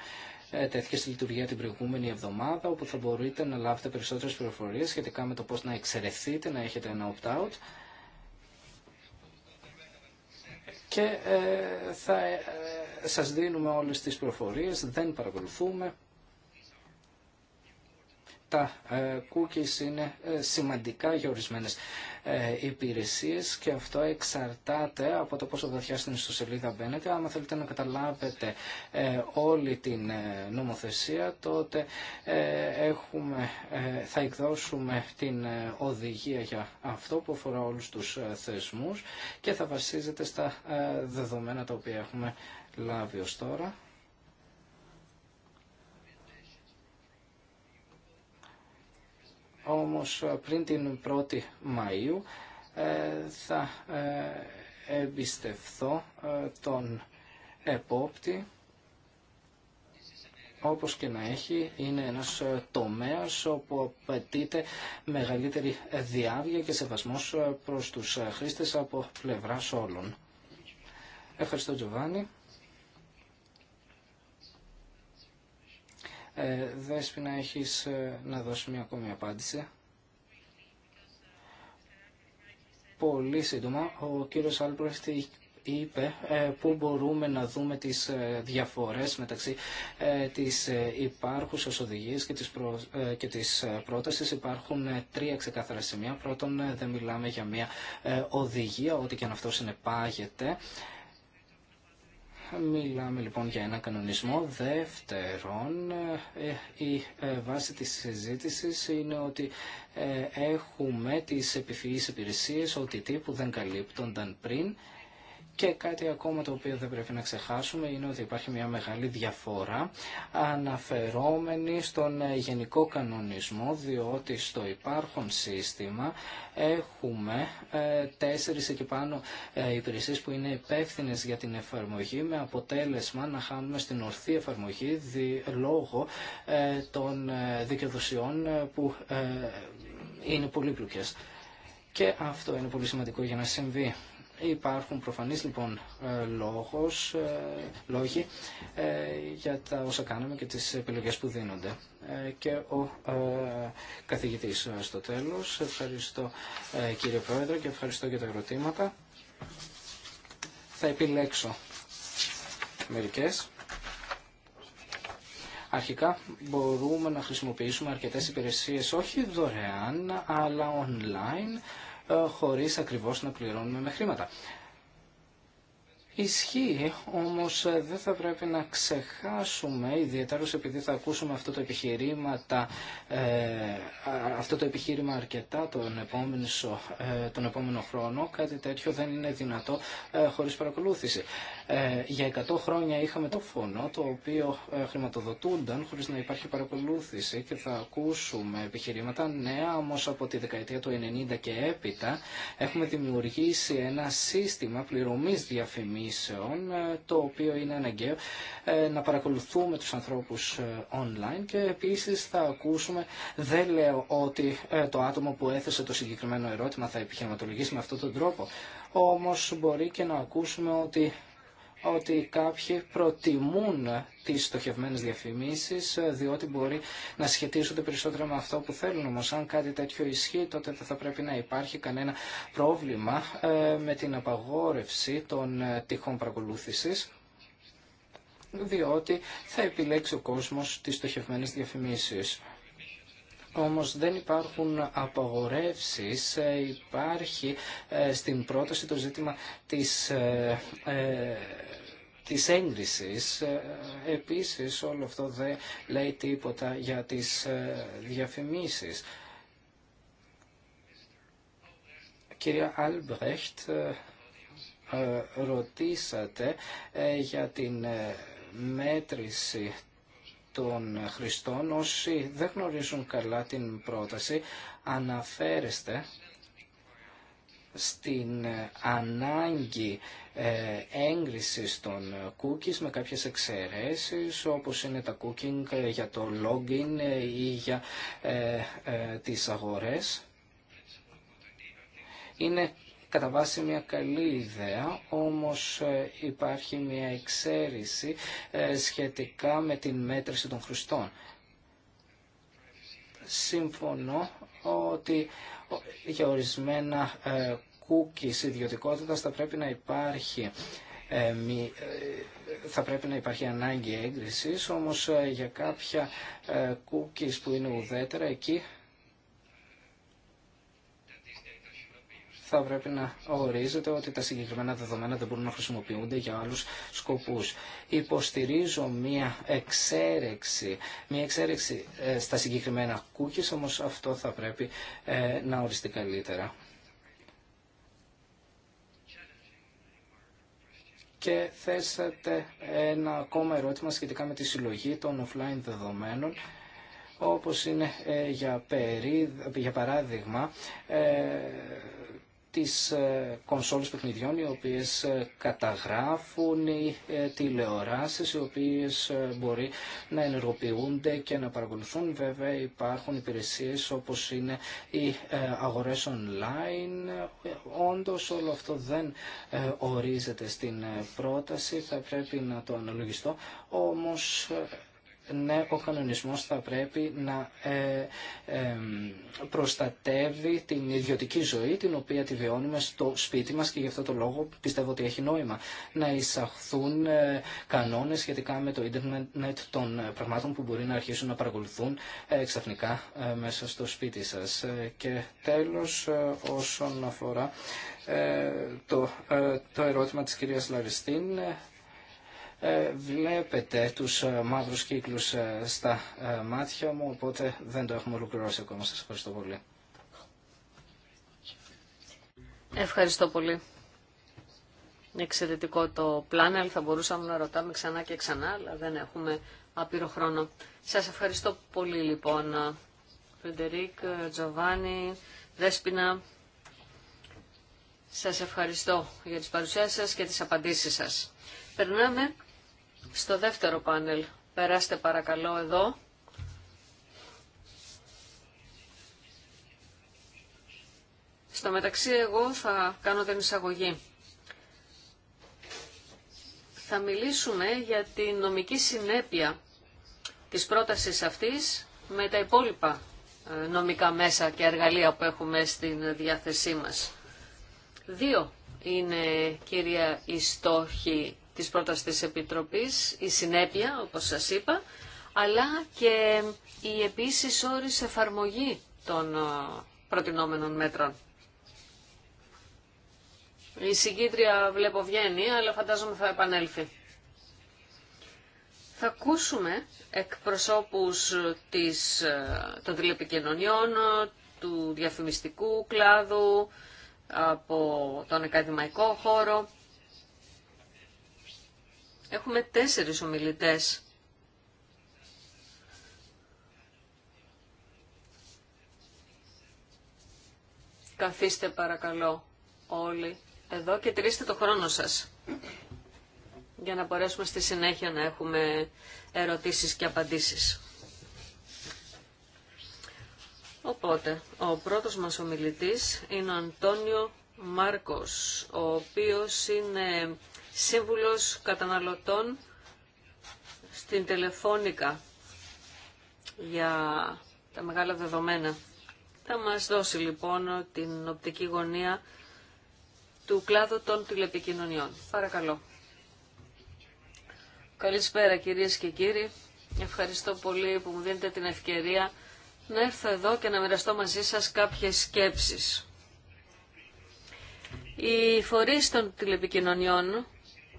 τέτοια στη λειτουργία την προηγούμενη εβδομάδα, όπου θα μπορείτε να λάβετε περισσότερες πληροφορίες σχετικά με το πώς να εξαιρεθείτε, να έχετε ένα opt-out και θα σας δίνουμε όλες τις πληροφορίες, δεν παρακολουθούμε, τα ε, cookies είναι ε, σημαντικά για ορισμένες ε, υπηρεσίες και αυτό εξαρτάται από το πόσο βαθιά στην ιστοσελίδα μπαίνετε. Αν θέλετε να καταλάβετε όλη την νομοθεσία, τότε έχουμε, θα εκδώσουμε την οδηγία για αυτό που αφορά όλους τους θεσμούς και θα βασίζεται στα δεδομένα τα οποία έχουμε λάβει ως τώρα. όμως ε, πριν την 1η Μαΐου ε, θα ε, εμπιστευθώ τον επόπτη όπως και να έχει, είναι ένας τομέας όπου απαιτείται μεγαλύτερη διάβια και σεβασμός προς τους χρήστες από πλευράς όλων. Ευχαριστώ Τζοβάνι. Ε, Δέσποινα, έχεις ε, να δώσει μια ακόμη απάντηση. Πολύ σύντομα, ο κύριος Άλπρεχτ είπε ε, πού μπορούμε να δούμε τις ε, διαφορές μεταξύ της υπάρχουσας οδηγίας και της, προ... και της πρότασης. Υπάρχουν τρία ξεκάθαρα σημεία. Πρώτον, δεν μιλάμε για μια οδηγία, ό,τι και αν αυτό συνεπάγεται. Μιλάμε λοιπόν για ένα κανονισμό. Δεύτερον, ε, η ε, βάση της συζήτηση είναι ότι ε, έχουμε τις επιφυείς υπηρεσίες, ότι τύπου δεν καλύπτονταν πριν και κάτι ακόμα το οποίο δεν πρέπει να ξεχάσουμε είναι ότι υπάρχει μια μεγάλη διαφορά αναφερόμενη στον γενικό κανονισμό διότι στο υπάρχον σύστημα έχουμε ε, τέσσερις εκεί πάνω ε, υπηρεσίες που είναι υπεύθυνε για την εφαρμογή με αποτέλεσμα να χάνουμε στην ορθή εφαρμογή λόγω ε, των δικαιοδοσιών που είναι πολύπλοκες. Και αυτό είναι πολύ σημαντικό για να συμβεί Υπάρχουν προφανείς λοιπόν ε, λόγος, ε, λόγοι ε, για τα όσα κάνουμε και τις επιλογές που δίνονται. Και ο καθηγητής στο τέλος. Ευχαριστώ κύριε Πρόεδρε και ευχαριστώ για τα ερωτήματα. Θα επιλέξω μερικές. Αρχικά μπορούμε να χρησιμοποιήσουμε αρκετές υπηρεσίες όχι δωρεάν αλλά online ε, χωρίς ακριβώς να πληρώνουμε με χρήματα. Ισχύει, όμως ε, δεν θα πρέπει να ξεχάσουμε, ιδιαίτερως επειδή θα ακούσουμε αυτό το, επιχειρήμα, ε, αυτό το επιχείρημα αρκετά τον επόμενο, τον επόμενο χρόνο, κάτι τέτοιο δεν είναι δυνατό χωρίς παρακολούθηση. Ε, για 100 χρόνια είχαμε το φωνό το οποίο ε, χρηματοδοτούνταν χωρίς να υπάρχει παρακολούθηση και θα ακούσουμε επιχειρήματα νέα όμως από τη δεκαετία του 90 και έπειτα έχουμε δημιουργήσει ένα σύστημα πληρωμής διαφημίσεων ε, το οποίο είναι αναγκαίο να παρακολουθούμε τους ανθρώπους online και επίσης θα ακούσουμε δεν λέω ότι το άτομο που έθεσε το συγκεκριμένο ερώτημα θα επιχειρηματολογήσει με αυτόν τον τρόπο όμως μπορεί και να ακούσουμε ότι ότι κάποιοι προτιμούν τις στοχευμένες διαφημίσεις διότι μπορεί να σχετίζονται περισσότερο με αυτό που θέλουν. Όμως αν κάτι τέτοιο ισχύει τότε δεν θα πρέπει να υπάρχει κανένα πρόβλημα ε, με την απαγόρευση των ε, τυχών παρακολούθησης διότι θα επιλέξει ο κόσμος τις στοχευμένες διαφημίσεις. Όμως δεν υπάρχουν απαγορεύσεις, ε, υπάρχει στην πρόταση το ζήτημα της της έγκρισης. Ε, επίσης όλο αυτό δεν λέει τίποτα για τις ε, διαφημίσεις. Κυρία Αλμπρέχτ, ε, ρωτήσατε για την μέτρηση των χρηστών. Όσοι δεν γνωρίζουν καλά την πρόταση, αναφέρεστε στην ανάγκη ε, έγκριση των cookies με κάποιες εξαιρέσεις όπως είναι τα cooking για το login ή για ε, ε, τις αγορές. Είναι κατά βάση μια καλή ιδέα, όμως υπάρχει μια εξαίρεση σχετικά με την μέτρηση των χρηστών. Σύμφωνο ότι για ορισμένα cookies ιδιωτικότητα θα πρέπει να υπάρχει ε, ε, θα πρέπει να υπάρχει ανάγκη έγκρισης, όμως ε, για κάποια cookies που είναι ουδέτερα εκεί θα πρέπει να ορίζεται ότι τα συγκεκριμένα δεδομένα δεν μπορούν να χρησιμοποιούνται για άλλους σκοπούς. Υποστηρίζω μία εξέρεξη, μία εξέρεξη στα συγκεκριμένα cookies, όμως αυτό θα πρέπει να οριστεί καλύτερα. και θέσατε ένα ακόμα ερώτημα σχετικά με τη συλλογή των offline δεδομένων όπως είναι ε, για, περί, για παράδειγμα ε, τις ε, κονσόλες παιχνιδιών οι οποίες ε, καταγράφουν οι ε, τηλεοράσεις οι οποίες μπορεί να ενεργοποιούνται και να παρακολουθούν. Βέβαια υπάρχουν υπηρεσίες όπως είναι οι αγορές online. Όντως όλο αυτό δεν ορίζεται στην πρόταση, θα πρέπει να το αναλογιστώ. Όμως ναι, ο κανονισμός θα πρέπει να ε, ε, προστατεύει την ιδιωτική ζωή την οποία τη βιώνουμε στο σπίτι μας και γι' αυτό το λόγο πιστεύω ότι έχει νόημα να εισαχθούν ε, κανόνες σχετικά με το ίντερνετ των πραγμάτων που μπορεί να αρχίσουν να παρακολουθούν ξαφνικά μέσα στο σπίτι σας. Και τέλος όσον αφορά το ερώτημα της κυρίας Λαριστίν ε, βλέπετε τους ε, μαύρους κύκλους ε, στα μάτια μου, οπότε δεν το έχουμε ολοκληρώσει ακόμα. Σας ευχαριστώ πολύ. Ευχαριστώ πολύ. Εξαιρετικό το πλάνελ. Θα μπορούσαμε να ρωτάμε ξανά και ξανά, αλλά δεν έχουμε άπειρο χρόνο. Σας ευχαριστώ πολύ λοιπόν. Φεντερίκ, Τζοβάνι, Δέσποινα. Σας ευχαριστώ για τις παρουσίες σας και τις απαντήσεις σας. Περνάμε στο δεύτερο πάνελ. Περάστε παρακαλώ εδώ. Στο μεταξύ εγώ θα κάνω την εισαγωγή. Θα μιλήσουμε για την νομική συνέπεια της πρότασης αυτής με τα υπόλοιπα ε, νομικά μέσα και εργαλεία που έχουμε στην διάθεσή μας. Δύο είναι, κυρία, οι στόχοι της πρόταση της Επιτροπής, η συνέπεια, όπως σας είπα, αλλά και η επίσης όρης εφαρμογή των ε, προτινόμενων μέτρων. Η συγκίτρια βλέπω βγαίνει, αλλά φαντάζομαι θα επανέλθει. Θα ακούσουμε εκπροσώπους της, ε, των τηλεπικοινωνιών, του διαφημιστικού κλάδου, από τον ακαδημαϊκό χώρο. Έχουμε τέσσερις ομιλητές. Καθίστε παρακαλώ όλοι εδώ και τρίστε το χρόνο σας για να μπορέσουμε στη συνέχεια να έχουμε ερωτήσεις και απαντήσεις. Οπότε, ο πρώτος μας ομιλητής είναι ο Αντώνιο Μάρκος, ο οποίος είναι σύμβουλος καταναλωτών στην τηλεφώνικα για τα μεγάλα δεδομένα. Θα μας δώσει λοιπόν την οπτική γωνία του κλάδου των τηλεπικοινωνιών. Παρακαλώ. Καλησπέρα κυρίες και κύριοι. Ευχαριστώ πολύ που μου δίνετε την ευκαιρία να έρθω εδώ και να μοιραστώ μαζί σας κάποιες σκέψεις. Οι φορείς των τηλεπικοινωνιών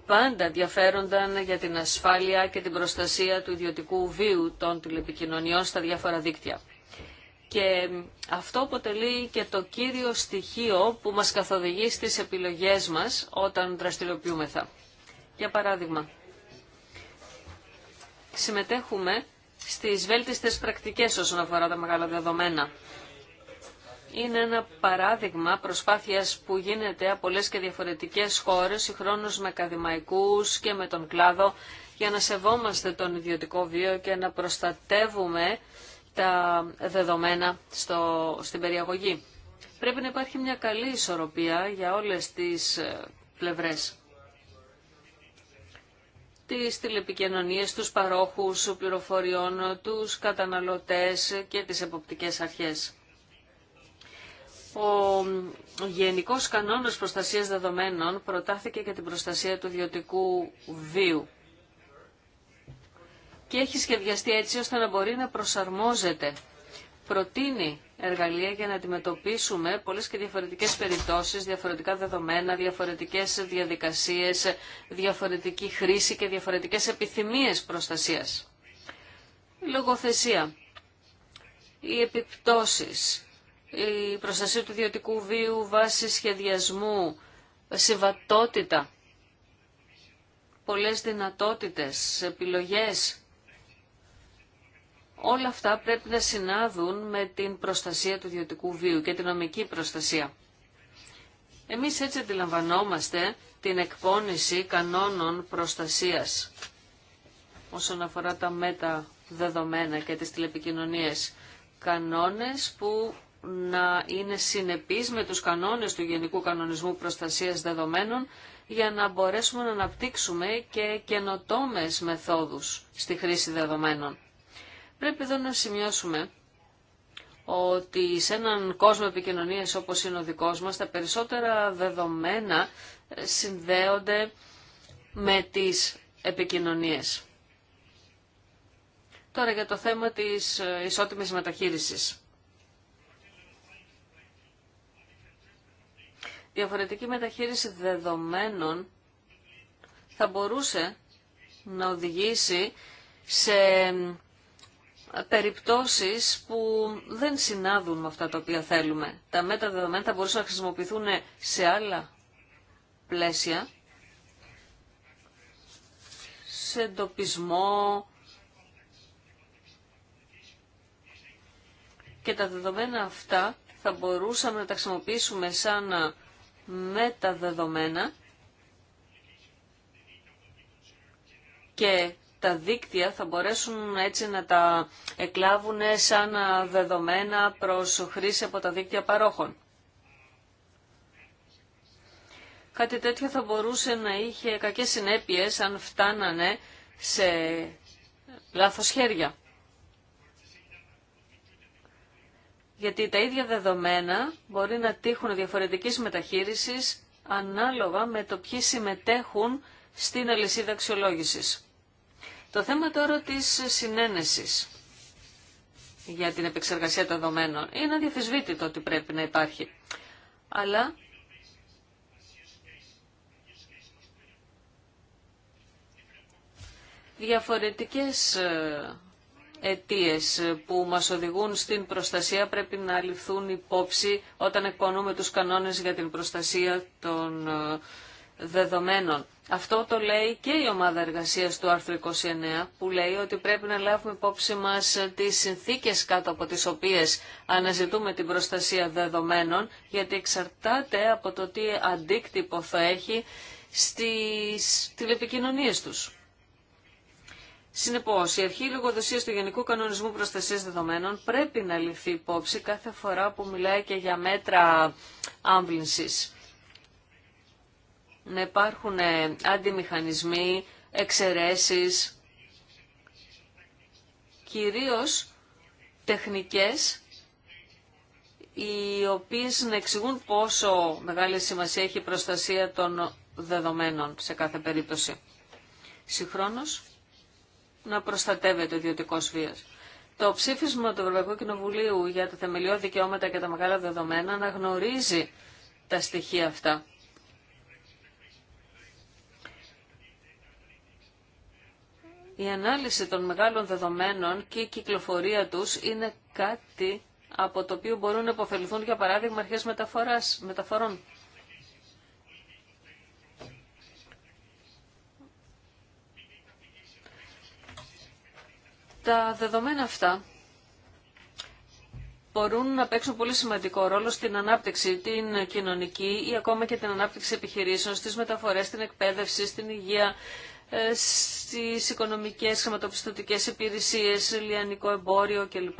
πάντα ενδιαφέρονταν για την ασφάλεια και την προστασία του ιδιωτικού βίου των τηλεπικοινωνιών στα διάφορα δίκτυα. Και αυτό αποτελεί και το κύριο στοιχείο που μας καθοδηγεί στις επιλογές μας όταν δραστηριοποιούμεθα. Για παράδειγμα, συμμετέχουμε στις βέλτιστες πρακτικές όσον αφορά τα μεγάλα δεδομένα είναι ένα παράδειγμα προσπάθειας που γίνεται από και διαφορετικές χώρες, συγχρόνως με ακαδημαϊκούς και με τον κλάδο, για να σεβόμαστε τον ιδιωτικό βίο και να προστατεύουμε τα δεδομένα στο, στην περιαγωγή. Πρέπει να υπάρχει μια καλή ισορροπία για όλες τις ε, πλευρές. Τις τηλεπικοινωνίες, τους παρόχους πληροφοριών, τους καταναλωτές και τις εποπτικές αρχές. Ο Γενικός Κανόνας Προστασίας Δεδομένων προτάθηκε για την προστασία του ιδιωτικού βίου και έχει σχεδιαστεί έτσι ώστε να μπορεί να προσαρμόζεται. Προτείνει εργαλεία για να αντιμετωπίσουμε πολλές και διαφορετικές περιπτώσεις, διαφορετικά δεδομένα, διαφορετικές διαδικασίες, διαφορετική χρήση και διαφορετικές επιθυμίες προστασίας. λογοθεσία, οι επιπτώσεις, η προστασία του ιδιωτικού βίου βάσει σχεδιασμού, συμβατότητα, πολλές δυνατότητες, επιλογές. Όλα αυτά πρέπει να συνάδουν με την προστασία του ιδιωτικού βίου και την νομική προστασία. Εμείς έτσι αντιλαμβανόμαστε την εκπόνηση κανόνων προστασίας όσον αφορά τα μεταδεδομένα και τις τηλεπικοινωνίες. Κανόνες που να είναι συνεπείς με τους κανόνες του Γενικού Κανονισμού Προστασίας Δεδομένων για να μπορέσουμε να αναπτύξουμε και καινοτόμες μεθόδους στη χρήση δεδομένων. Πρέπει εδώ να σημειώσουμε ότι σε έναν κόσμο επικοινωνίας όπως είναι ο δικός μας, τα περισσότερα δεδομένα ε, συνδέονται με τις επικοινωνίες. Τώρα για το θέμα της ε, ισότιμης μεταχείρισης. διαφορετική μεταχείριση δεδομένων θα μπορούσε να οδηγήσει σε περιπτώσεις που δεν συνάδουν με αυτά τα οποία θέλουμε. Τα μέτρα δεδομένα θα μπορούσαν να χρησιμοποιηθούν σε άλλα πλαίσια, σε εντοπισμό και τα δεδομένα αυτά θα μπορούσαμε να τα χρησιμοποιήσουμε σαν με τα δεδομένα και τα δίκτυα θα μπορέσουν έτσι να τα εκλάβουν σαν δεδομένα προς χρήση από τα δίκτυα παρόχων. Κάτι τέτοιο θα μπορούσε να είχε κακές συνέπειες αν φτάνανε σε λάθος χέρια. γιατί τα ίδια δεδομένα μπορεί να τύχουν διαφορετικής μεταχείρισης ανάλογα με το ποιοι συμμετέχουν στην αλυσίδα αξιολόγηση. Το θέμα τώρα της συνένεσης για την επεξεργασία των δεδομένων είναι αδιαφεσβήτητο ότι πρέπει να υπάρχει. Αλλά διαφορετικές ε, αιτίες που μας οδηγούν στην προστασία πρέπει να ληφθούν υπόψη όταν εκπονούμε τους κανόνες για την προστασία των ε, δεδομένων. Αυτό το λέει και η ομάδα εργασίας του άρθρου 29 που λέει ότι πρέπει να λάβουμε υπόψη μας τις συνθήκες κάτω από τις οποίες αναζητούμε την προστασία δεδομένων γιατί εξαρτάται από το τι αντίκτυπο θα έχει στις τηλεπικοινωνίες τους. Συνεπώς, η αρχή λογοδοσία του Γενικού Κανονισμού Προστασία Δεδομένων πρέπει να ληφθεί υπόψη κάθε φορά που μιλάει και για μέτρα άμβληση. Να υπάρχουν ε, αντιμηχανισμοί, εξαιρεσει κυρίως τεχνικές οι οποίες να εξηγούν πόσο μεγάλη σημασία έχει η προστασία των δεδομένων σε κάθε περίπτωση. Συγχρόνως, να προστατεύεται ο ιδιωτικό βία. Το ψήφισμα του Ευρωπαϊκού Κοινοβουλίου για τα θεμελιώδη δικαιώματα και τα μεγάλα δεδομένα αναγνωρίζει τα στοιχεία αυτά. Η ανάλυση των μεγάλων δεδομένων και η κυκλοφορία τους είναι κάτι από το οποίο μπορούν να υποφεληθούν για παράδειγμα αρχές μεταφορών. Τα δεδομένα αυτά μπορούν να παίξουν πολύ σημαντικό ρόλο στην ανάπτυξη, την κοινωνική ή ακόμα και την ανάπτυξη επιχειρήσεων, στις μεταφορές, στην εκπαίδευση, στην υγεία, ε, στις οικονομικές χρηματοπιστωτικές υπηρεσίες, λιανικό εμπόριο κλπ.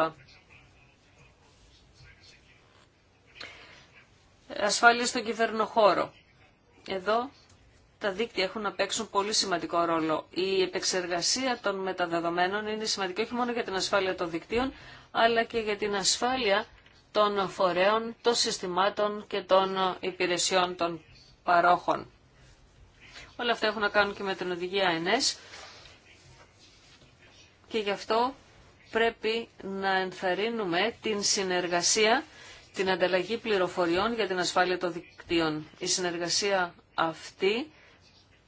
Ασφάλεια στον κυβερνοχώρο. Εδώ τα δίκτυα έχουν να παίξουν πολύ σημαντικό ρόλο. Η επεξεργασία των μεταδεδομένων είναι σημαντική όχι μόνο για την ασφάλεια των δικτύων, αλλά και για την ασφάλεια των φορέων, των συστημάτων και των υπηρεσιών των παρόχων. Όλα αυτά έχουν να κάνουν και με την οδηγία ΕΝΕΣ και γι' αυτό πρέπει να ενθαρρύνουμε την συνεργασία, την ανταλλαγή πληροφοριών για την ασφάλεια των δικτύων. Η συνεργασία αυτή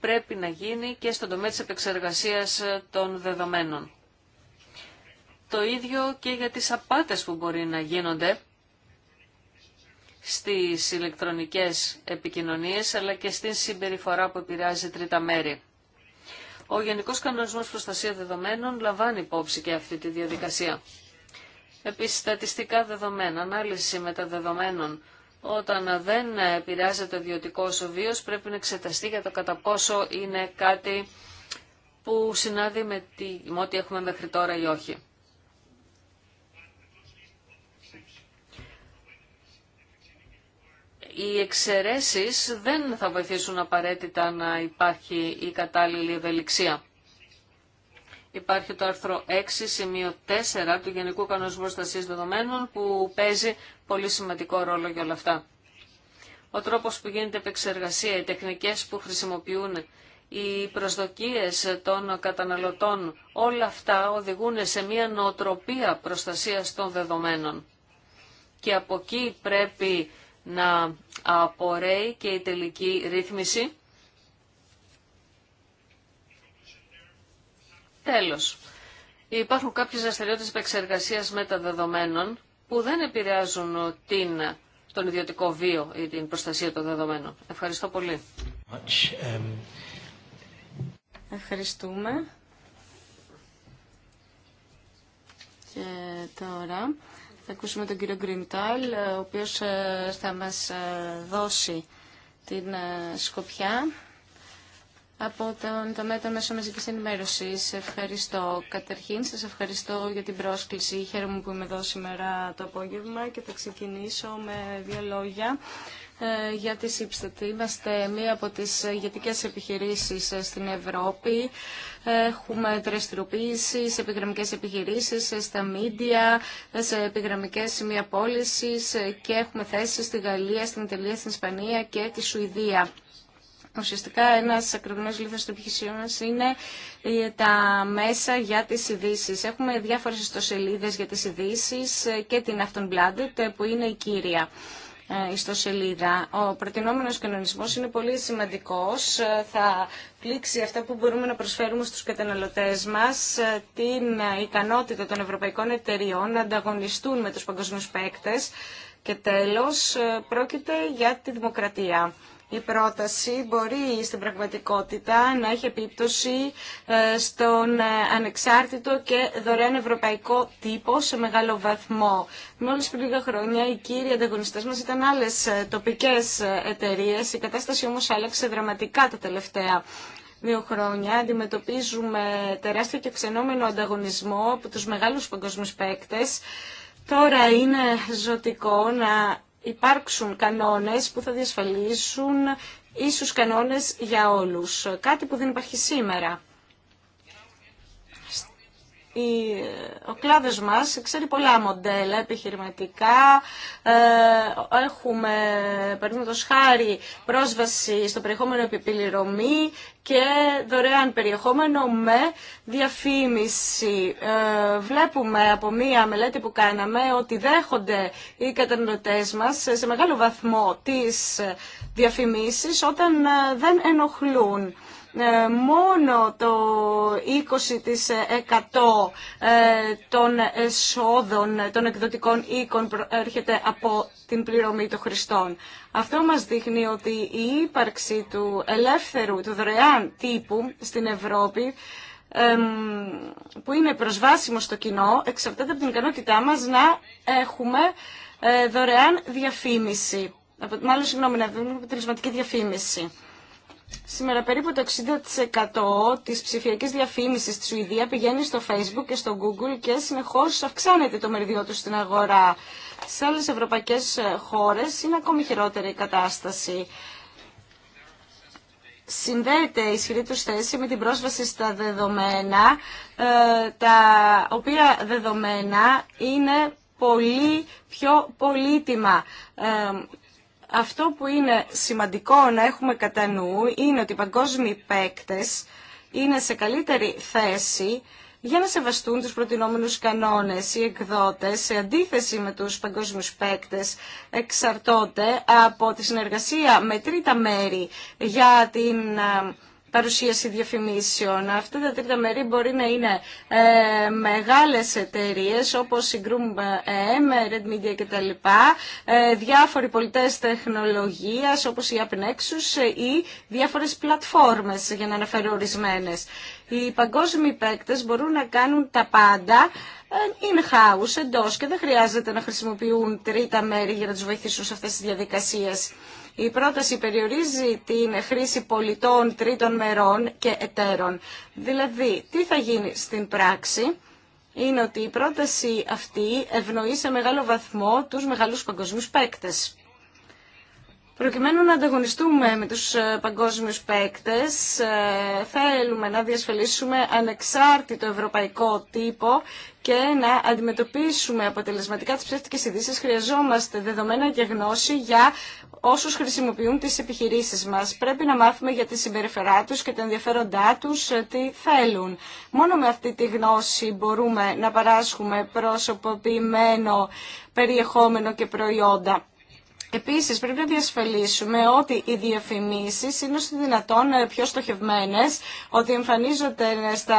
πρέπει να γίνει και στον τομέα της επεξεργασίας ε, των δεδομένων. Το ίδιο και για τις απάτες που μπορεί να γίνονται στις ηλεκτρονικές επικοινωνίες αλλά και στην συμπεριφορά που επηρεάζει τρίτα μέρη. Ο Γενικός Κανονισμός Προστασία Δεδομένων λαμβάνει υπόψη και αυτή τη διαδικασία. Επίσης, στατιστικά δεδομένα, ανάλυση μεταδεδομένων όταν δεν επηρεάζεται ο ιδιωτικό ο βίος πρέπει να εξεταστεί για το κατά πόσο είναι κάτι που συνάδει με, τη, με ό,τι έχουμε μέχρι τώρα ή όχι. Οι εξαιρεσει δεν θα βοηθήσουν απαραίτητα να υπάρχει η κατάλληλη ευελιξία. Υπάρχει το άρθρο 6, σημείο 4 του Γενικού Κανονισμού Προστασία Δεδομένων που παίζει πολύ σημαντικό ρόλο για όλα αυτά. Ο τρόπος που γίνεται επεξεργασία, οι τεχνικές που χρησιμοποιούν, οι προσδοκίες των καταναλωτών, όλα αυτά οδηγούν σε μια νοοτροπία προστασίας των δεδομένων. Και από εκεί πρέπει να απορρέει και η τελική ρύθμιση Τέλος, υπάρχουν κάποιες δραστηριότητε επεξεργασίας μεταδεδομένων που δεν επηρεάζουν την, τον ιδιωτικό βίο ή την προστασία των δεδομένων. Ευχαριστώ πολύ. Ευχαριστούμε. Και τώρα θα ακούσουμε τον κύριο Γκριμτάλ, ο οποίος ε, θα μας ε, δώσει την ε, σκοπιά από τον τομέα των μέσων μαζικής ενημέρωσης. Ευχαριστώ. Καταρχήν σας ευχαριστώ για την πρόσκληση. Χαίρομαι που είμαι εδώ σήμερα το απόγευμα και θα ξεκινήσω με δύο λόγια ε, για τη ΣΥΠΣΤΕΤ. Είμαστε μία από τις ηγετικέ επιχειρήσεις ε, στην Ευρώπη. Έχουμε δραστηριοποίηση σε επιγραμμικές επιχειρήσεις, ε, στα μίντια, σε επιγραμμικές σημεία πώληση και έχουμε θέσεις στη Γαλλία, στην Ιταλία, στην Ισπανία και τη Σουηδία. Ουσιαστικά ένα ακριβώς λίθος του επιχειρησιού μα είναι ε, τα μέσα για τι ειδήσει. Έχουμε διάφορε ιστοσελίδε για τι ειδήσει ε, και την Aftonbladet ε, που είναι η κύρια ιστοσελίδα. Ο προτινόμενος κανονισμός είναι πολύ σημαντικός. Θα πλήξει αυτά που μπορούμε να προσφέρουμε στους καταναλωτές μας, την ικανότητα των ευρωπαϊκών εταιριών να ανταγωνιστούν με τους παγκοσμίους παίκτες και τέλος πρόκειται για τη δημοκρατία η πρόταση μπορεί στην πραγματικότητα να έχει επίπτωση ε, στον ε, ανεξάρτητο και δωρεάν ευρωπαϊκό τύπο σε μεγάλο βαθμό. Μόλις πριν λίγα χρόνια οι κύριοι ανταγωνιστές μας ήταν άλλες ε, τοπικές εταιρείες. Η κατάσταση όμως άλλαξε δραματικά τα τελευταία δύο χρόνια αντιμετωπίζουμε τεράστιο και ξενόμενο ανταγωνισμό από τους μεγάλους παγκόσμιους παίκτες. Τώρα είναι ζωτικό να υπάρξουν κανόνες που θα διασφαλίσουν ίσους κανόνες για όλους. Κάτι που δεν υπάρχει σήμερα ο κλάδος μας ξέρει πολλά μοντέλα επιχειρηματικά. Ε, έχουμε, παραδείγματο χάρη, πρόσβαση στο περιεχόμενο επιπληρωμή και δωρεάν περιεχόμενο με διαφήμιση. Ε, βλέπουμε από μία μελέτη που κάναμε ότι δέχονται οι καταναλωτές μας σε μεγάλο βαθμό τις διαφημίσεις όταν ε, δεν ενοχλούν. Ε, μόνο το 20% ε, των εσόδων των εκδοτικών οίκων έρχεται από την πληρωμή των χρηστών. Αυτό μας δείχνει ότι η ύπαρξη του ελεύθερου, του δωρεάν τύπου στην Ευρώπη που είναι προσβάσιμο στο κοινό εξαρτάται από την ικανότητά μας να έχουμε ε, δωρεάν διαφήμιση. Μάλλον, συγγνώμη, να δούμε αποτελεσματική διαφήμιση. Σήμερα περίπου το 60% της ψηφιακής διαφήμισης στη Σουηδία πηγαίνει στο Facebook και στο Google και συνεχώς αυξάνεται το μεριδιό του στην αγορά. Σε άλλες ευρωπαϊκές ε, χώρες είναι ακόμη χειρότερη η κατάσταση. Συνδέεται η ισχυρή του θέση με την πρόσβαση στα δεδομένα, ε, τα οποία δεδομένα είναι πολύ πιο πολύτιμα ε, αυτό που είναι σημαντικό να έχουμε κατά νου είναι ότι οι παγκόσμιοι παίκτες είναι σε καλύτερη θέση για να σεβαστούν τους προτινόμενους κανόνες. Οι εκδότες, σε αντίθεση με τους παγκόσμιους παίκτες, εξαρτώνται από τη συνεργασία με τρίτα μέρη για την ε, παρουσίαση διαφημίσεων. Αυτά τα τρίτα μέρη μπορεί να είναι ε, μεγάλες εταιρείες όπως η Groom ε, M, Red Media κτλ. Ε, διάφοροι πολιτές τεχνολογίας όπως η AppNexus ε, ή διάφορες πλατφόρμες για να αναφέρω ορισμένε. Οι παγκόσμιοι παίκτες μπορούν να κάνουν τα πάντα in-house, εντός και δεν χρειάζεται να χρησιμοποιούν τρίτα μέρη για να τους βοηθήσουν σε αυτές τις διαδικασίες. Η πρόταση περιορίζει την χρήση πολιτών τρίτων μερών και εταίρων. Δηλαδή, τι θα γίνει στην πράξη είναι ότι η πρόταση αυτή ευνοεί σε μεγάλο βαθμό τους μεγάλους παγκοσμίους παίκτες. Προκειμένου να ανταγωνιστούμε με τους ε, παγκόσμιους παίκτες, ε, θέλουμε να διασφαλίσουμε ανεξάρτητο ευρωπαϊκό τύπο και να αντιμετωπίσουμε αποτελεσματικά τις ψεύτικες ειδήσει, χρειαζόμαστε δεδομένα και γνώση για όσους χρησιμοποιούν τις επιχειρήσεις μας. Πρέπει να μάθουμε για τη συμπεριφορά τους και τα ενδιαφέροντά τους ε, τι θέλουν. Μόνο με αυτή τη γνώση μπορούμε να παράσχουμε πρόσωποποιημένο περιεχόμενο και προϊόντα. Επίσης πρέπει να διασφαλίσουμε ότι οι διαφημίσεις είναι όσο δυνατόν ε, πιο στοχευμένες, ότι εμφανίζονται ε, στα,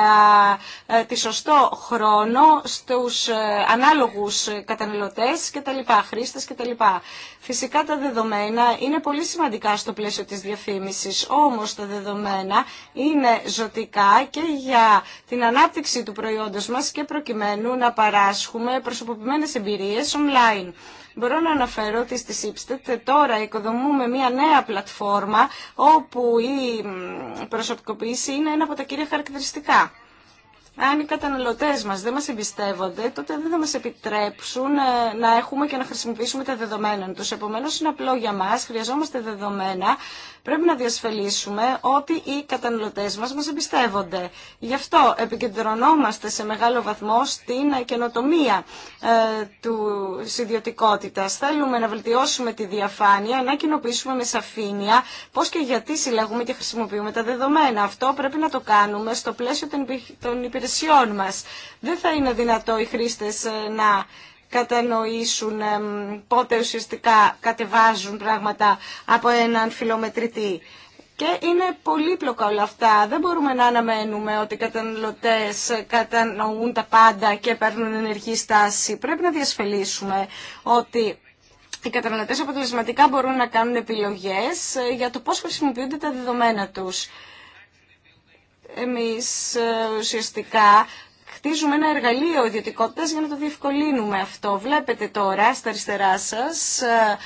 ε, τη σωστό χρόνο στους ανάλογους καταναλωτές και τα λοιπά, χρήστες και τα Φυσικά τα δεδομένα είναι πολύ σημαντικά στο πλαίσιο της διαφήμισης, όμως τα δεδομένα είναι ζωτικά και για την ανάπτυξη του προϊόντος μας και προκειμένου να παράσχουμε προσωποποιημένες εμπειρίες online. Μπορώ να αναφέρω ότι στη ΣΥΠΣΤΕΤ τώρα οικοδομούμε μια νέα πλατφόρμα όπου η προσωπικοποίηση είναι ένα από τα κύρια χαρακτηριστικά. Αν οι καταναλωτέ μα δεν μα εμπιστεύονται, τότε δεν θα μα επιτρέψουν ε, να έχουμε και να χρησιμοποιήσουμε τα δεδομένα του. Επομένω, είναι απλό για μα. Χρειαζόμαστε δεδομένα Πρέπει να διασφαλίσουμε ότι οι καταναλωτές μας μας εμπιστεύονται. Γι' αυτό επικεντρωνόμαστε σε μεγάλο βαθμό στην καινοτομία ε, του ιδιωτικότητα. Θέλουμε να βελτιώσουμε τη διαφάνεια, να κοινοποιήσουμε με σαφήνεια πώς και γιατί συλλαγούμε και χρησιμοποιούμε τα δεδομένα. Αυτό πρέπει να το κάνουμε στο πλαίσιο των υπηρεσιών μας. Δεν θα είναι δυνατό οι χρήστες ε, να κατανοήσουν πότε ουσιαστικά κατεβάζουν πράγματα από έναν φιλομετρητή. Και είναι πολύπλοκα όλα αυτά. Δεν μπορούμε να αναμένουμε ότι οι καταναλωτέ κατανοούν τα πάντα και παίρνουν ενεργή στάση. Πρέπει να διασφαλίσουμε ότι οι καταναλωτές αποτελεσματικά μπορούν να κάνουν επιλογές ε, για το πώ χρησιμοποιούνται τα δεδομένα του. Εμείς ε, ουσιαστικά χτίζουμε ένα εργαλείο ιδιωτικότητα για να το διευκολύνουμε αυτό. Βλέπετε τώρα στα αριστερά σα ε,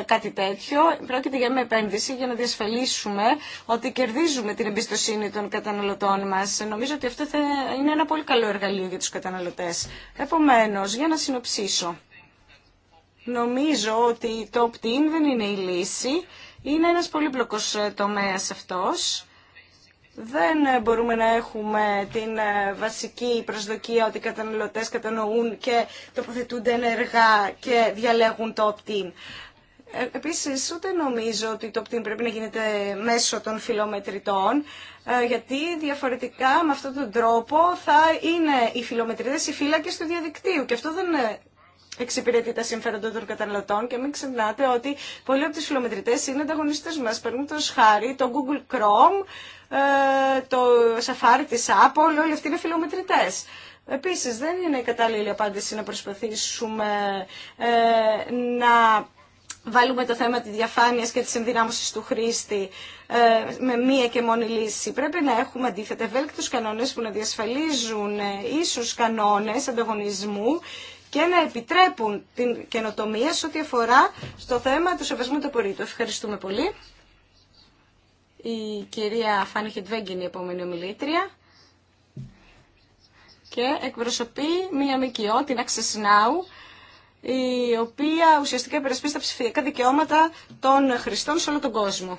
ε, κάτι τέτοιο. Πρόκειται για μια επένδυση για να διασφαλίσουμε ότι κερδίζουμε την εμπιστοσύνη των καταναλωτών μα. Νομίζω ότι αυτό θα είναι ένα πολύ καλό εργαλείο για του καταναλωτέ. Επομένω, για να συνοψίσω. Νομίζω ότι το opt-in δεν είναι η λύση. Είναι ένας πολύπλοκος ε, τομέας αυτός δεν μπορούμε να έχουμε την ε, βασική προσδοκία ότι οι καταναλωτές κατανοούν και τοποθετούνται ενεργά και διαλέγουν το opt-in. Ε, επίσης, ούτε νομίζω ότι το opt-in πρέπει να γίνεται μέσω των φιλομετρητών, ε, γιατί διαφορετικά με αυτόν τον τρόπο θα είναι οι φιλομετρητές οι φύλακες του διαδικτύου και αυτό δεν εξυπηρετεί τα συμφέροντα των καταναλωτών και μην ξεχνάτε ότι πολλοί από τους φιλομετρητές είναι ανταγωνιστές μας. Παίρνουν το σχάρι, το Google Chrome, ε, το Safari της Apple, όλοι αυτοί είναι φιλομετρητές. Επίσης δεν είναι η κατάλληλη απάντηση να προσπαθήσουμε ε, να βάλουμε το θέμα της διαφάνειας και της ενδυνάμωσης του χρήστη ε, με μία και μόνη λύση. Πρέπει να έχουμε αντίθετα ευέλικτους κανόνες που να διασφαλίζουν ίσους κανόνες ανταγωνισμού και να επιτρέπουν την καινοτομία σε ό,τι αφορά στο θέμα του σεβασμού του απορρίτου. Ευχαριστούμε πολύ. Η κυρία Φάνη Χετβέγγι είναι η επόμενη ομιλήτρια και εκπροσωπεί μία ΜΚΟ, την Access Now, η οποία ουσιαστικά υπερασπίζει τα ψηφιακά δικαιώματα των χρηστών σε όλο τον κόσμο.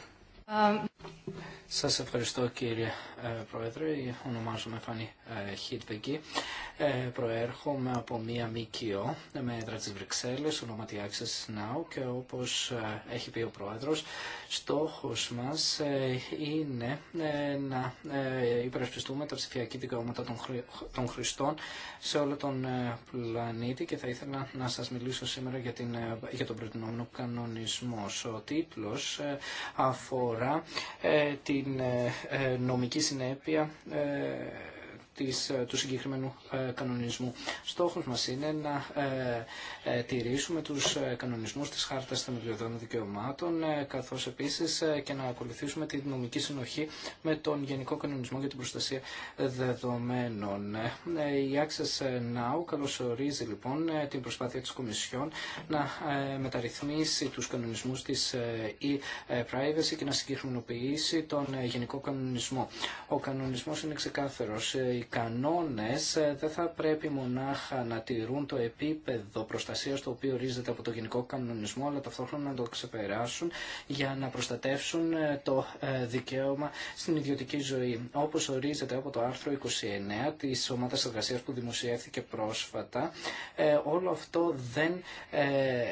Σας ευχαριστώ κύριε ε, Πρόεδρε. Ονομάζομαι Φανή ε, Χίτβεγκη. Ε, προέρχομαι από μία ΜΚΟ με έδρα της Βρυξέλλες, ονοματιάξης ΝΑΟ και όπως έχει πει ο Πρόεδρος, Στόχος μας ε, είναι ε, να ε, υπερασπιστούμε τα ψηφιακή δικαιώματα των Χριστών σε όλο τον πλανήτη και θα ήθελα να σας μιλήσω σήμερα για, την, για τον προτινόμενο κανονισμό. Ο τίτλος αφορά την νομική συνέπεια της, ε, του συγκεκριμένου ε, κανονισμού. Στόχος μας είναι να ε, τηρήσουμε τους κανονισμούς της Χάρτας Θεμελιωδών Δικαιωμάτων, καθώς επίσης και να ακολουθήσουμε τη νομική συνοχή με τον Γενικό Κανονισμό για την Προστασία Δεδομένων. Η Access Now καλωσορίζει λοιπόν την προσπάθεια της Κομισιόν να μεταρρυθμίσει τους κανονισμούς της e-Privacy και να συγκεκριμενοποιήσει τον Γενικό Κανονισμό. Ο κανονισμός είναι ξεκάθαρος κανόνες ε, δεν θα πρέπει μονάχα να τηρούν το επίπεδο προστασίας το οποίο ορίζεται από το γενικό κανονισμό αλλά ταυτόχρονα να το ξεπεράσουν για να προστατεύσουν ε, το ε, δικαίωμα στην ιδιωτική ζωή. Όπως ορίζεται από το άρθρο 29 της ομάδας εργασίας που δημοσιεύθηκε πρόσφατα όλο αυτό δεν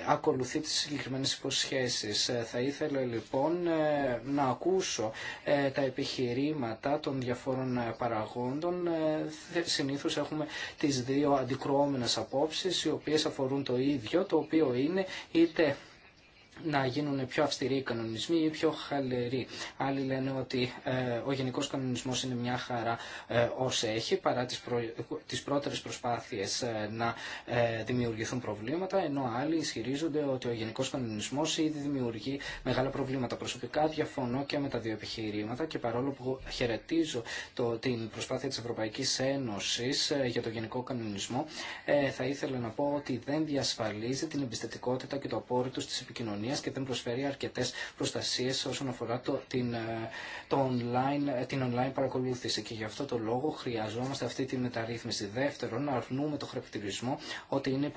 ακολουθεί τις συγκεκριμένες υποσχέσεις. Θα ήθελα λοιπόν να ακούσω τα επιχειρήματα των διαφόρων παραγόντων ε, συνήθως έχουμε τις δύο αντικρουόμενες απόψεις οι οποίες αφορούν το ίδιο το οποίο είναι είτε να γίνουν πιο αυστηροί οι κανονισμοί ή πιο χαλεροί. Άλλοι λένε ότι ε, ο γενικός κανονισμός είναι μια χαρά ε, όσο έχει παρά τις, προ... τις πρώτερες προσπάθειες ε, να δημιουργηθούν προβλήματα, ενώ άλλοι ισχυρίζονται ότι ο γενικός κανονισμός ήδη δημιουργεί μεγάλα προβλήματα. Προσωπικά διαφωνώ και με τα δύο επιχειρήματα και παρόλο που χαιρετίζω το, την προσπάθεια της Ευρωπαϊκής Ένωσης για το γενικό κανονισμό, θα ήθελα να πω ότι δεν διασφαλίζει την εμπιστευτικότητα και το απόρριτο τη επικοινωνία και δεν προσφέρει αρκετέ προστασίε όσον αφορά το, την, ε, το online, ε, την online παρακολούθηση και γι' αυτό το λόγο χρειαζόμαστε αυτή τη μεταρρύθμιση. Δεύτερον, να αρνούμε το χαρακτηρισμό ότι είναι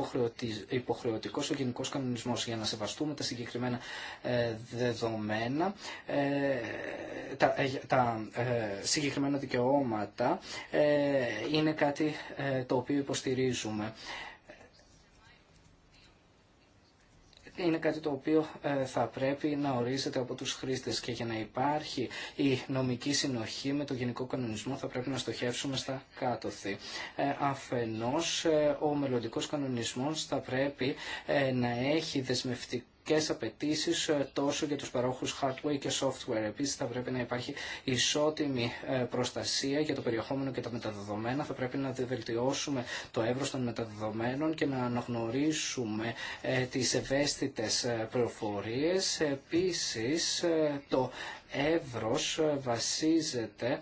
υποχρεωτικό ο γενικό κανονισμό για να σεβαστούμε τα συγκεκριμένα ε, δεδομένα, τα, τα συγκεκριμένα δικαιώματα είναι κάτι το οποίο υποστηρίζουμε. είναι κάτι το οποίο ε, θα πρέπει να ορίζεται από τους χρήστες και για να υπάρχει η νομική συνοχή με το γενικό κανονισμό θα πρέπει να στοχεύσουμε στα κάτωθη. Ε, αφενός, ε, ο μελλοντικός κανονισμός θα πρέπει να έχει δεσμευτικό και απαιτήσει ε, τόσο για τους παρόχους hardware και software. Επίσης θα πρέπει να υπάρχει ισότιμη ε, προστασία για το περιεχόμενο και τα μεταδεδομένα. Θα πρέπει να βελτιώσουμε το εύρος των μεταδεδομένων και να αναγνωρίσουμε ε, τις ευαίσθητες πληροφορίες. Επίσης το εύρος βασίζεται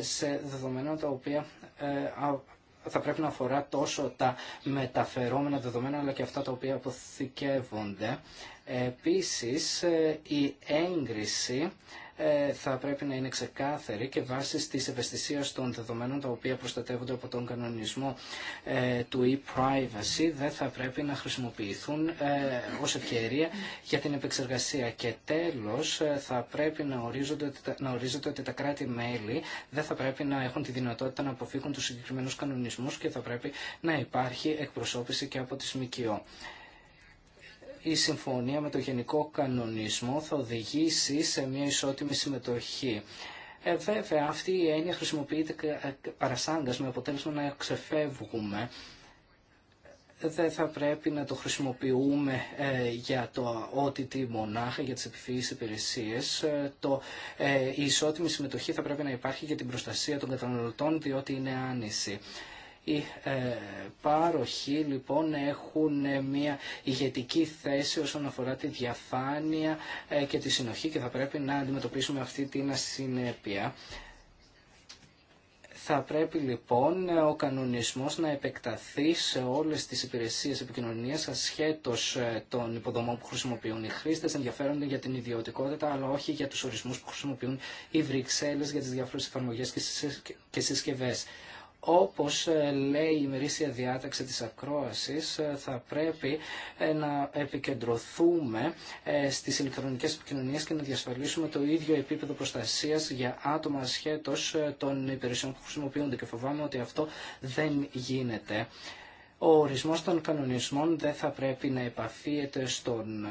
σε δεδομένα τα οποία θα πρέπει να αφορά τόσο τα μεταφερόμενα δεδομένα αλλά και αυτά τα οποία αποθηκεύονται. Επίσης, ε, η έγκριση ε, θα πρέπει να είναι ξεκάθαρη και βάσει τη ευαισθησία των δεδομένων τα οποία προστατεύονται από τον κανονισμό ε, του e-privacy δεν θα πρέπει να χρησιμοποιηθούν ε, ως ευκαιρία για την επεξεργασία. Και τέλος θα πρέπει να ορίζονται, να ορίζονται ότι τα κράτη-μέλη δεν θα πρέπει να έχουν τη δυνατότητα να αποφύγουν τους συγκεκριμένους κανονισμούς και θα πρέπει να υπάρχει εκπροσώπηση και από τις ΜΚΟ η συμφωνία με το γενικό κανονισμό θα οδηγήσει σε μια ισότιμη συμμετοχή. Ε, βέβαια αυτή η έννοια χρησιμοποιείται ε, παρασάγκας με αποτέλεσμα να ξεφεύγουμε δεν θα πρέπει να το χρησιμοποιούμε ε, για το OTT μονάχα, για τις επιφύγεις υπηρεσίες. Ε, το, ε, η ισότιμη συμμετοχή θα πρέπει να υπάρχει για την προστασία των καταναλωτών, διότι είναι άνηση. Οι ε, πάροχοι λοιπόν έχουν ε, μια ηγετική θέση όσον αφορά τη διαφάνεια ε, και τη συνοχή και θα πρέπει να αντιμετωπίσουμε αυτή την ασυνέπεια. Θα πρέπει λοιπόν ο κανονισμός να επεκταθεί σε όλες τις υπηρεσίες επικοινωνίας ασχέτως των υποδομών που χρησιμοποιούν οι χρήστες, ενδιαφέρονται για την ιδιωτικότητα αλλά όχι για τους ορισμούς που χρησιμοποιούν οι Βρυξέλλες για τις διάφορες εφαρμογές και συσκευές όπως ε, λέει η ημερήσια διάταξη της ακρόασης, ε, θα πρέπει ε, να επικεντρωθούμε στις ηλεκτρονικές επικοινωνίες και να διασφαλίσουμε το ίδιο επίπεδο προστασίας για άτομα ασχέτως των υπηρεσιών που χρησιμοποιούνται και φοβάμαι ότι αυτό δεν γίνεται. Ο ορισμός των κανονισμών δεν θα πρέπει να επαφίεται στον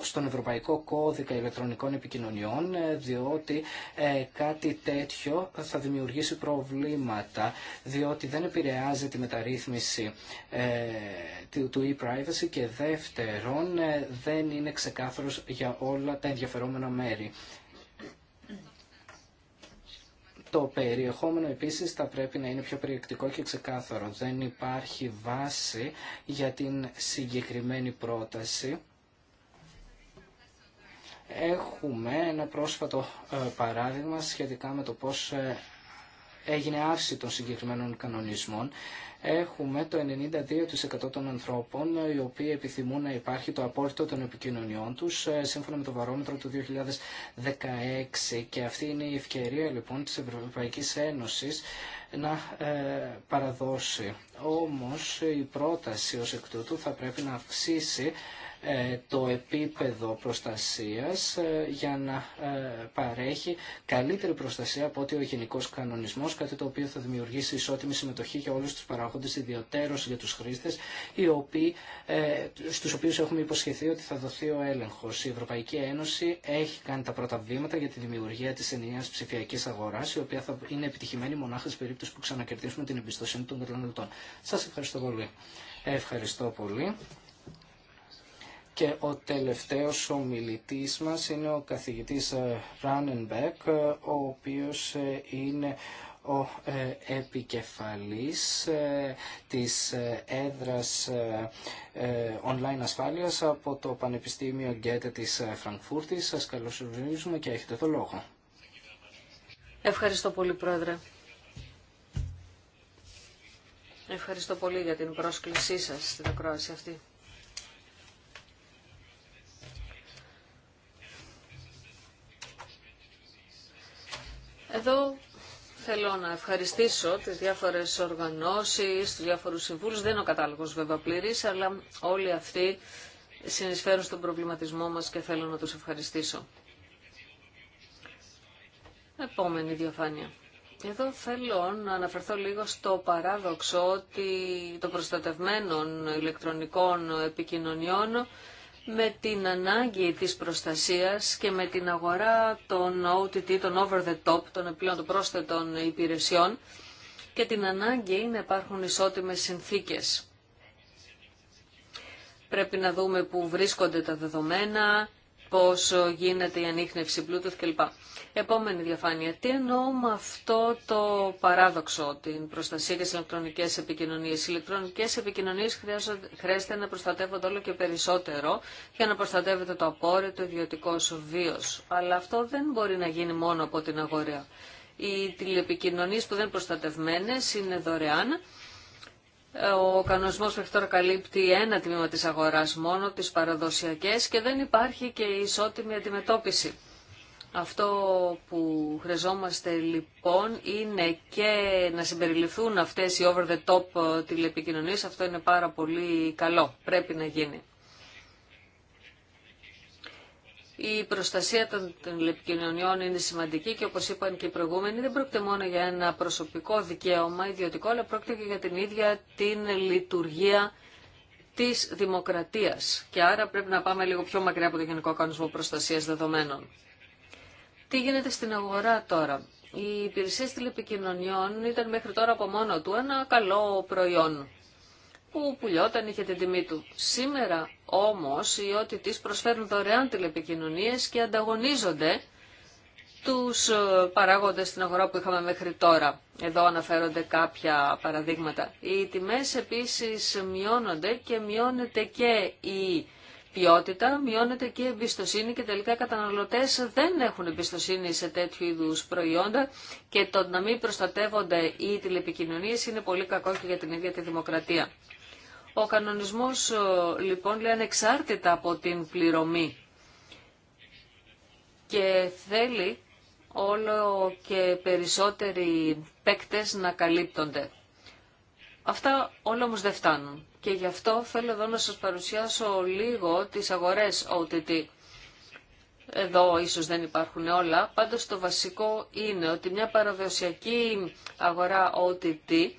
στον Ευρωπαϊκό Κώδικα Ηλεκτρονικών Επικοινωνιών, ε, διότι ε, κάτι τέτοιο θα δημιουργήσει προβλήματα, διότι δεν επηρεάζει τη μεταρρύθμιση ε, του e-privacy και δεύτερον δεν είναι ξεκάθαρος για όλα τα ενδιαφερόμενα μέρη. Το περιεχόμενο επίσης θα πρέπει να είναι πιο περιεκτικό και ξεκάθαρο. Δεν υπάρχει βάση για την συγκεκριμένη πρόταση Έχουμε ένα πρόσφατο ε, παράδειγμα σχετικά με το πώς ε, έγινε άφηση των συγκεκριμένων κανονισμών. Έχουμε το 92% των ανθρώπων ε, οι οποίοι επιθυμούν να υπάρχει το απόρριτο των επικοινωνιών τους σύμφωνα με το βαρόμετρο του 2016 και αυτή είναι η ευκαιρία λοιπόν της Ευρωπαϊκής Ένωσης να παραδώσει. Όμως η πρόταση ως εκ τούτου θα πρέπει να αυξήσει ε, το επίπεδο προστασίας ε, για να ε, παρέχει καλύτερη προστασία από ότι ο γενικός κανονισμός, κάτι το οποίο θα δημιουργήσει ισότιμη συμμετοχή για όλους τους παράγοντες, ιδιωτέρως για τους χρήστες, οι οποίοι, στους οποίους έχουμε υποσχεθεί ότι θα δοθεί ο έλεγχος. Η Ευρωπαϊκή Ένωση έχει κάνει τα πρώτα βήματα για τη δημιουργία της ενιαίας ψηφιακής αγοράς, η οποία θα είναι επιτυχημένη μονάχα σε περίπτωση που ξανακερδίσουμε την εμπιστοσύνη των καταναλωτών. Σας ευχαριστώ πολύ. Ευχαριστώ πολύ. Και ο τελευταίος ομιλητής μας είναι ο καθηγητής Ράνενμπεκ, ο οποίος ε, είναι ο ε, επικεφαλής ε, της έδρας online ασφάλειας από το Πανεπιστήμιο Γκέτε της Φραγκφούρτης. Σας καλωσορίζουμε και έχετε το λόγο. Ευχαριστώ πολύ, Πρόεδρε. Ευχαριστώ πολύ για την πρόσκλησή σας στην ακρόαση αυτή. Εδώ θέλω να ευχαριστήσω τις διάφορες οργανώσεις, του διάφορους συμβούλους. Δεν είναι ο κατάλογος βέβαια πλήρης, αλλά όλοι αυτοί συνεισφέρουν στον προβληματισμό μας και θέλω να τους ευχαριστήσω. Επόμενη διαφάνεια. Εδώ θέλω να αναφερθώ λίγο στο παράδοξο ότι των προστατευμένων ηλεκτρονικών επικοινωνιών με την ανάγκη της προστασίας και με την αγορά των OTT, των over the top, των επιπλέον των πρόσθετων υπηρεσιών και την ανάγκη να υπάρχουν ισότιμες συνθήκες. Πρέπει να δούμε πού βρίσκονται τα δεδομένα, ...πώς γίνεται η ανείχνευση Bluetooth κλπ. Επόμενη διαφάνεια. Τι εννοώ με αυτό το παράδοξο, την προστασία της ηλεκτρονικής επικοινωνίας. επικοινωνίε. Οι ηλεκτρονικέ επικοινωνίε χρειάζεται να προστατεύονται όλο και περισσότερο για να προστατεύεται το απόρριτο ιδιωτικό βίο. Αλλά αυτό δεν μπορεί να γίνει μόνο από την αγορά. Οι τηλεπικοινωνίε που δεν είναι προστατευμένε είναι δωρεάν ο κανονισμό μέχρι τώρα καλύπτει ένα τμήμα τη αγοράς μόνο, τι παραδοσιακές και δεν υπάρχει και ισότιμη αντιμετώπιση. Αυτό που χρειαζόμαστε λοιπόν είναι και να συμπεριληφθούν αυτές οι over the top τηλεπικοινωνίες. Αυτό είναι πάρα πολύ καλό. Πρέπει να γίνει. Η προστασία των λεπικοινωνιών είναι σημαντική και όπως είπαν και οι προηγούμενοι δεν πρόκειται μόνο για ένα προσωπικό δικαίωμα ιδιωτικό αλλά πρόκειται και για την ίδια την λειτουργία της δημοκρατίας και άρα πρέπει να πάμε λίγο πιο μακριά από το Γενικό Κανονισμό Προστασίας Δεδομένων. Τι γίνεται στην αγορά τώρα. Οι υπηρεσίε τηλεπικοινωνιών ήταν μέχρι τώρα από μόνο του ένα καλό προϊόν που πουλιόταν, είχε την τιμή του. Σήμερα όμως οι ότι προσφέρουν δωρεάν τηλεπικοινωνίες και ανταγωνίζονται τους ε, παράγοντες στην αγορά που είχαμε μέχρι τώρα. Εδώ αναφέρονται κάποια παραδείγματα. Οι τιμές επίσης μειώνονται και μειώνεται και η ποιότητα, μειώνεται και η εμπιστοσύνη και τελικά οι καταναλωτές δεν έχουν εμπιστοσύνη σε τέτοιου είδους προϊόντα και το να μην προστατεύονται οι τηλεπικοινωνίες είναι πολύ κακό και για την ίδια τη δημοκρατία. Ο κανονισμός λοιπόν λέει ανεξάρτητα από την πληρωμή και θέλει όλο και περισσότεροι παίκτες να καλύπτονται. Αυτά όλα όμως δεν φτάνουν και γι' αυτό θέλω εδώ να σας παρουσιάσω λίγο τις αγορές OTT. Εδώ ίσως δεν υπάρχουν όλα, πάντως το βασικό είναι ότι μια παραδοσιακή αγορά OTT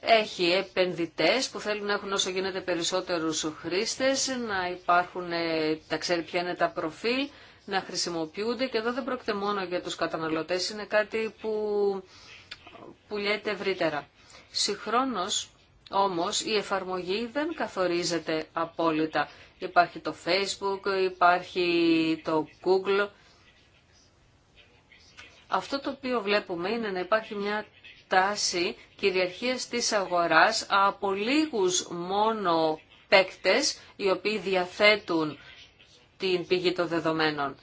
έχει επενδυτές που θέλουν να έχουν όσο γίνεται περισσότερους χρήστες, να υπάρχουν, ε, τα ξέρει ποια είναι τα προφίλ, να χρησιμοποιούνται και εδώ δεν πρόκειται μόνο για τους καταναλωτές, είναι κάτι που πουλιέται ευρύτερα. Συγχρόνως όμως η εφαρμογή δεν καθορίζεται απόλυτα. Υπάρχει το Facebook, υπάρχει το Google. Αυτό το οποίο βλέπουμε είναι να υπάρχει μια τάση κυριαρχίας της αγοράς από λίγους μόνο παίκτες οι οποίοι διαθέτουν την πηγή των δεδομένων.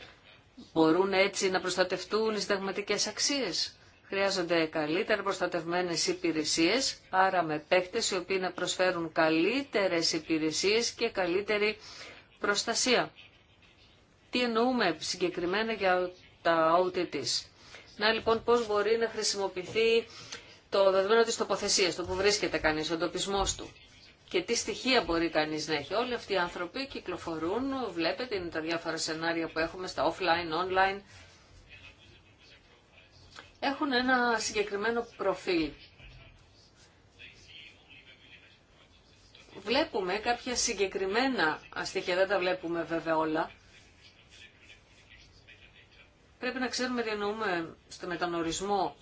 Μπορούν έτσι να προστατευτούν οι συνταγματικές αξίες. Χρειάζονται καλύτερα προστατευμένες υπηρεσίες, άρα με παίκτε οι οποίοι να προσφέρουν καλύτερες υπηρεσίες και καλύτερη προστασία. Τι εννοούμε συγκεκριμένα για τα OTTs. Να λοιπόν πώς μπορεί να χρησιμοποιηθεί το δεδομένο της τοποθεσίας, το που βρίσκεται κανείς, ο εντοπισμός του και τι στοιχεία μπορεί κανείς να έχει. Όλοι αυτοί οι άνθρωποι κυκλοφορούν, βλέπετε, είναι τα διάφορα σενάρια που έχουμε στα offline, online. Έχουν ένα συγκεκριμένο προφίλ. Βλέπουμε κάποια συγκεκριμένα στοιχεία, δεν τα βλέπουμε βέβαια όλα. Πρέπει να ξέρουμε τι εννοούμε στο μετανορισμό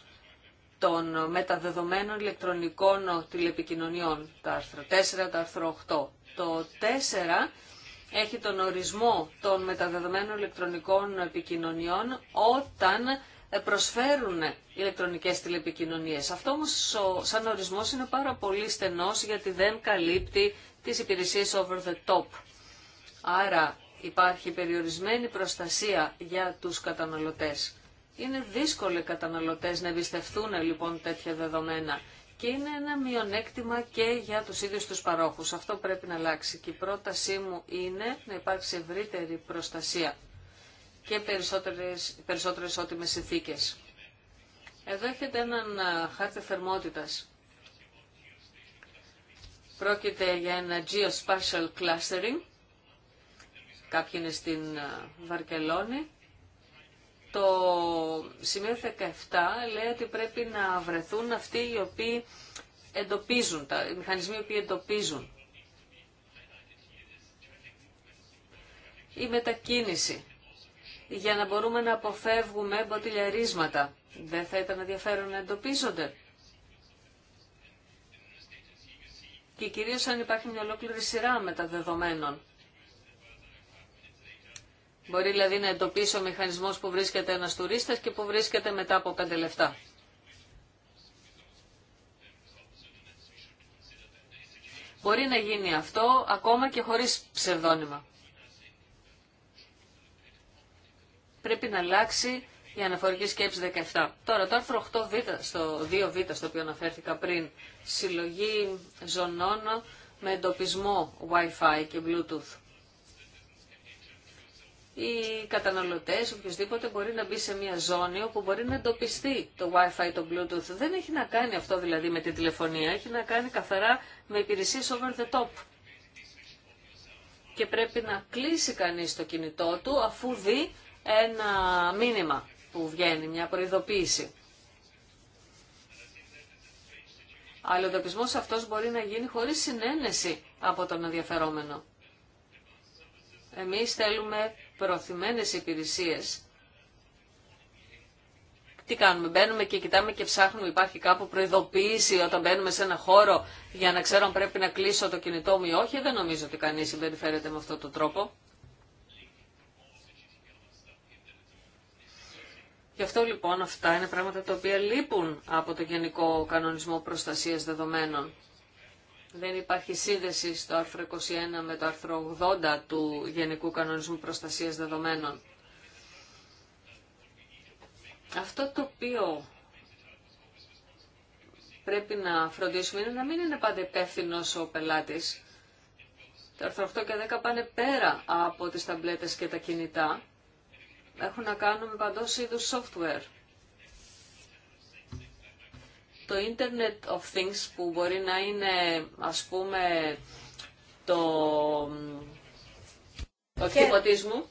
των μεταδεδομένων ηλεκτρονικών τηλεπικοινωνιών, τα άρθρο 4, τα άρθρο 8. Το 4 έχει τον ορισμό των μεταδεδομένων ηλεκτρονικών επικοινωνιών όταν προσφέρουν ηλεκτρονικές τηλεπικοινωνίες. Αυτό όμως σαν ορισμός είναι πάρα πολύ στενός γιατί δεν καλύπτει τις υπηρεσίες over the top. Άρα υπάρχει περιορισμένη προστασία για τους καταναλωτές. Είναι δύσκολο οι καταναλωτές να εμπιστευτούν λοιπόν τέτοια δεδομένα και είναι ένα μειονέκτημα και για τους ίδιους τους παρόχους. Αυτό πρέπει να αλλάξει και η πρότασή μου είναι να υπάρξει ευρύτερη προστασία και περισσότερες, περισσότερες ότιμες συνθήκε. Εδώ έχετε έναν χάρτη θερμότητας. Πρόκειται για ένα geospatial clustering. Κάποιοι είναι στην Βαρκελόνη το σημείο 17 λέει ότι πρέπει να βρεθούν αυτοί οι οποίοι εντοπίζουν, τα, οι μηχανισμοί οι οποίοι εντοπίζουν. Η μετακίνηση για να μπορούμε να αποφεύγουμε μποτιλιαρίσματα. Δεν θα ήταν ενδιαφέρον να εντοπίζονται. Και κυρίως αν υπάρχει μια ολόκληρη σειρά μεταδεδομένων. Μπορεί δηλαδή να εντοπίσει ο μηχανισμός που βρίσκεται ένας τουρίστας και που βρίσκεται μετά από 5 λεπτά. Μπορεί να γίνει αυτό ακόμα και χωρίς ψευδόνυμα. Πρέπει να αλλάξει η αναφορική σκέψη 17. Τώρα το άρθρο 8β, στο 2β στο οποίο αναφέρθηκα πριν, συλλογή ζωνών με εντοπισμό Wi-Fi και Bluetooth οι καταναλωτές, οποιοδήποτε μπορεί να μπει σε μια ζώνη όπου μπορεί να εντοπιστεί το Wi-Fi, το Bluetooth. Δεν έχει να κάνει αυτό δηλαδή με τη τηλεφωνία, έχει να κάνει καθαρά με υπηρεσίες over the top. Και πρέπει να κλείσει κανείς το κινητό του αφού δει ένα μήνυμα που βγαίνει, μια προειδοποίηση. Αλλά ο εντοπισμό αυτός μπορεί να γίνει χωρίς συνένεση από τον ενδιαφερόμενο. Εμείς θέλουμε προωθημένες υπηρεσίες, τι κάνουμε, μπαίνουμε και κοιτάμε και ψάχνουμε, υπάρχει κάπου προειδοποίηση όταν μπαίνουμε σε ένα χώρο για να ξέρω αν πρέπει να κλείσω το κινητό μου ή όχι. Δεν νομίζω ότι κανείς συμπεριφέρεται με αυτόν τον τρόπο. Γι' αυτό λοιπόν αυτά είναι πράγματα τα οποία λείπουν από το Γενικό Κανονισμό Προστασίας Δεδομένων δεν υπάρχει σύνδεση στο άρθρο 21 με το άρθρο 80 του Γενικού Κανονισμού Προστασίας Δεδομένων. Αυτό το οποίο πρέπει να φροντίσουμε είναι να μην είναι πάντα υπεύθυνο ο πελάτης. Το άρθρο 8 και 10 πάνε πέρα από τις ταμπλέτες και τα κινητά. Έχουν να κάνουν με παντός είδους software το Internet of Things που μπορεί να είναι ας πούμε το, το μου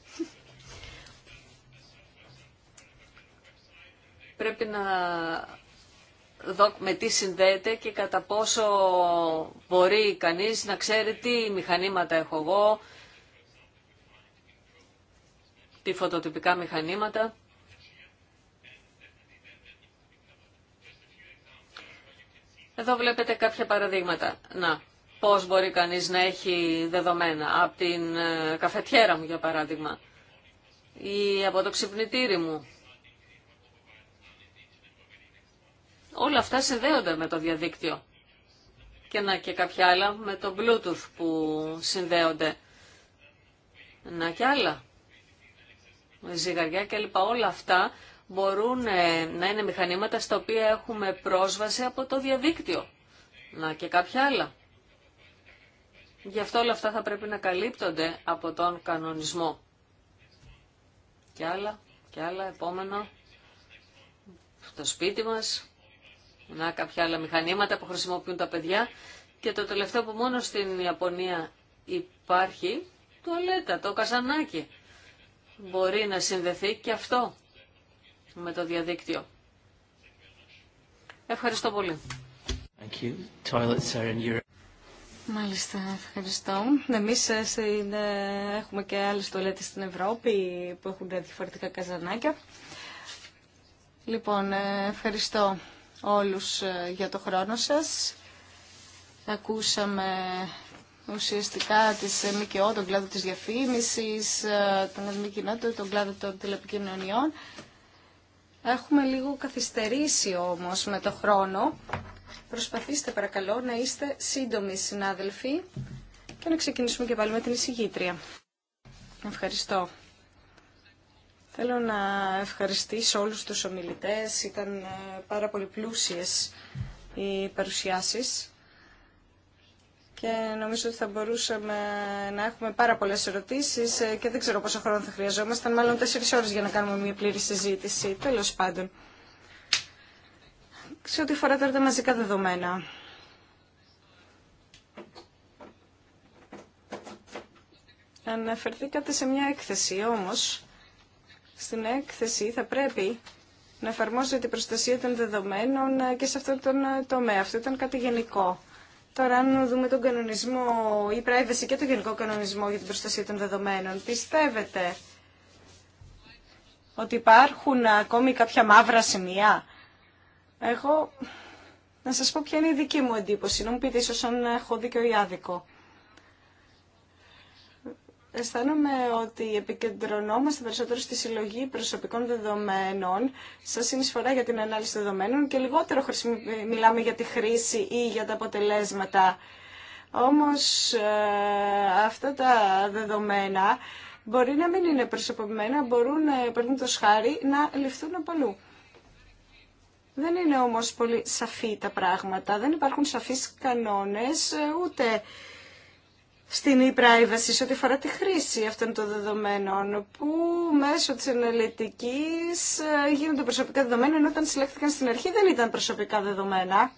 Πρέπει να δω με τι συνδέεται και κατά πόσο μπορεί κανείς να ξέρει τι μηχανήματα έχω εγώ, τι φωτοτυπικά μηχανήματα. Εδώ βλέπετε κάποια παραδείγματα. Να, πώς μπορεί κανείς να έχει δεδομένα. Από την ε, καφετιέρα μου, για παράδειγμα, ή από το ξυπνητήρι μου. Όλα αυτά συνδέονται με το διαδίκτυο. Και να και κάποια άλλα με το Bluetooth που συνδέονται. Να και άλλα. Ζυγαριά και λοιπά. Όλα αυτά μπορούν ε, να είναι μηχανήματα στα οποία έχουμε πρόσβαση από το διαδίκτυο. Να και κάποια άλλα. Γι' αυτό όλα αυτά θα πρέπει να καλύπτονται από τον κανονισμό. Και άλλα, και άλλα, επόμενο, Το σπίτι μας, να κάποια άλλα μηχανήματα που χρησιμοποιούν τα παιδιά. Και το τελευταίο που μόνο στην Ιαπωνία υπάρχει, τουαλέτα, το καζανάκι. Μπορεί να συνδεθεί και αυτό με το διαδίκτυο. Ευχαριστώ πολύ. Thank you. Toilets are in Europe. Μάλιστα, ευχαριστώ. Εμεί ε, ε, έχουμε και άλλε τολέτε στην Ευρώπη που έχουν διαφορετικά καζανάκια. Λοιπόν, ε, ευχαριστώ όλους για το χρόνο σας. Ακούσαμε ουσιαστικά τις ΜΚΟ, τον κλάδο της διαφήμισης, τον εθνική τον κλάδο των τηλεπικοινωνιών. Έχουμε λίγο καθυστερήσει όμως με το χρόνο. Προσπαθήστε παρακαλώ να είστε σύντομοι συνάδελφοι και να ξεκινήσουμε και πάλι με την εισηγήτρια. Ευχαριστώ. Θέλω να ευχαριστήσω όλους τους ομιλητές. Ήταν ε, πάρα πολύ πλούσιες οι παρουσιάσεις και νομίζω ότι θα μπορούσαμε να έχουμε πάρα πολλέ ερωτήσει ε, και δεν ξέρω πόσο χρόνο θα χρειαζόμασταν, μάλλον τέσσερι ώρε για να κάνουμε μια πλήρη συζήτηση. Τέλο πάντων. Σε ό,τι αφορά τώρα τα μαζικά δεδομένα. Αναφερθήκατε σε μια έκθεση, όμως στην έκθεση θα πρέπει να εφαρμόζεται η προστασία των δεδομένων ε, και σε αυτόν τον ε, τομέα. Αυτό ήταν κάτι γενικό. Τώρα, αν δούμε τον κανονισμό, η privacy και τον γενικό κανονισμό για την προστασία των δεδομένων, πιστεύετε ότι υπάρχουν ακόμη κάποια μαύρα σημεία. Εγώ να σας πω ποια είναι η δική μου εντύπωση, να μου πείτε ίσως αν έχω δίκιο ή άδικο αισθάνομαι ότι επικεντρωνόμαστε περισσότερο στη συλλογή προσωπικών δεδομένων σαν συνεισφορά για την ανάλυση δεδομένων και λιγότερο μιλάμε για τη χρήση ή για τα αποτελέσματα. Όμως ε, αυτά τα δεδομένα μπορεί να μην είναι προσωποποιημένα, μπορούν, ε, παίρνουν το σχάρι, να ληφθούν από αλλού. Δεν είναι όμως πολύ σαφή τα πράγματα, δεν υπάρχουν σαφείς κανόνες, ε, ούτε στην e-privacy σε ό,τι αφορά τη χρήση αυτών των δεδομένων που μέσω της αναλυτικής ε, γίνονται προσωπικά δεδομένα ενώ όταν συλλέχθηκαν στην αρχή δεν ήταν προσωπικά δεδομένα.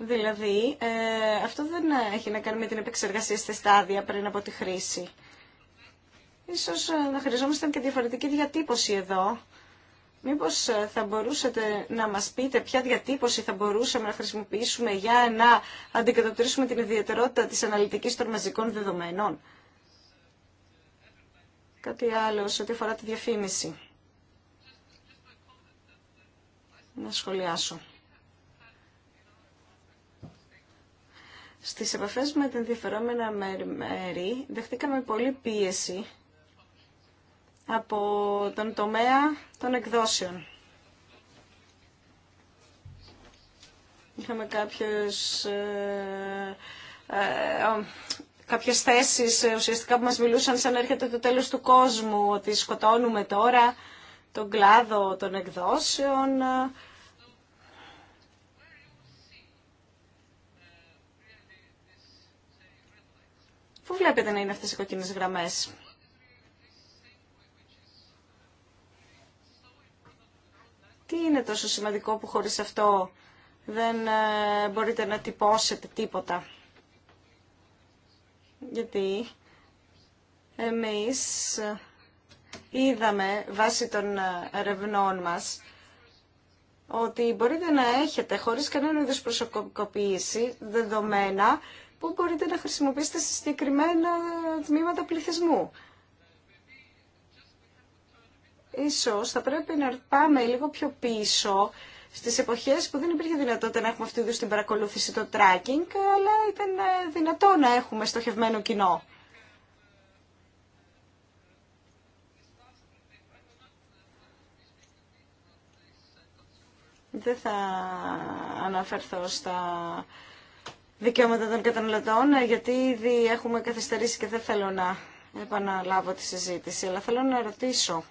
Δηλαδή, ε, αυτό δεν έχει να κάνει με την επεξεργασία στη στάδια πριν από τη χρήση. Ίσως ε, να χρειαζόμαστε και διαφορετική διατύπωση εδώ Μήπως ε, θα μπορούσατε να μας πείτε ποια διατύπωση θα μπορούσαμε να χρησιμοποιήσουμε για να αντικατοπτρίσουμε την ιδιαιτερότητα της αναλυτικής των μαζικών δεδομένων. Κάτι άλλο σε ό,τι αφορά τη διαφήμιση. Να σχολιάσω. Στις επαφές με την ενδιαφερόμενα μέρη δεχτήκαμε πολύ πίεση από τον τομέα των εκδόσεων. Είχαμε κάποιες ε, ε, κάποιες θέσεις ε, ουσιαστικά που μας μιλούσαν σαν έρχεται το τέλος του κόσμου, ότι σκοτώνουμε τώρα τον κλάδο των εκδόσεων. Πού βλέπετε να είναι αυτές οι κοκκινές γραμμές. Τι είναι τόσο σημαντικό που χωρίς αυτό δεν ε, μπορείτε να τυπώσετε τίποτα. Γιατί εμείς ε, είδαμε βάσει των ε, ερευνών μας ότι μπορείτε να έχετε χωρίς κανένα είδους προσωπικοποίηση δεδομένα που μπορείτε να χρησιμοποιήσετε σε συγκεκριμένα τμήματα πληθυσμού. Ίσως θα πρέπει να πάμε λίγο πιο πίσω στις εποχές που δεν υπήρχε δυνατότητα να έχουμε αυτού την παρακολούθηση, το tracking, αλλά ήταν ε, δυνατό να έχουμε στοχευμένο κοινό. Δεν θα αναφερθώ στα δικαιώματα των καταναλωτών, γιατί ήδη έχουμε καθυστερήσει και δεν θέλω να επαναλάβω τη συζήτηση, αλλά θέλω να ρωτήσω.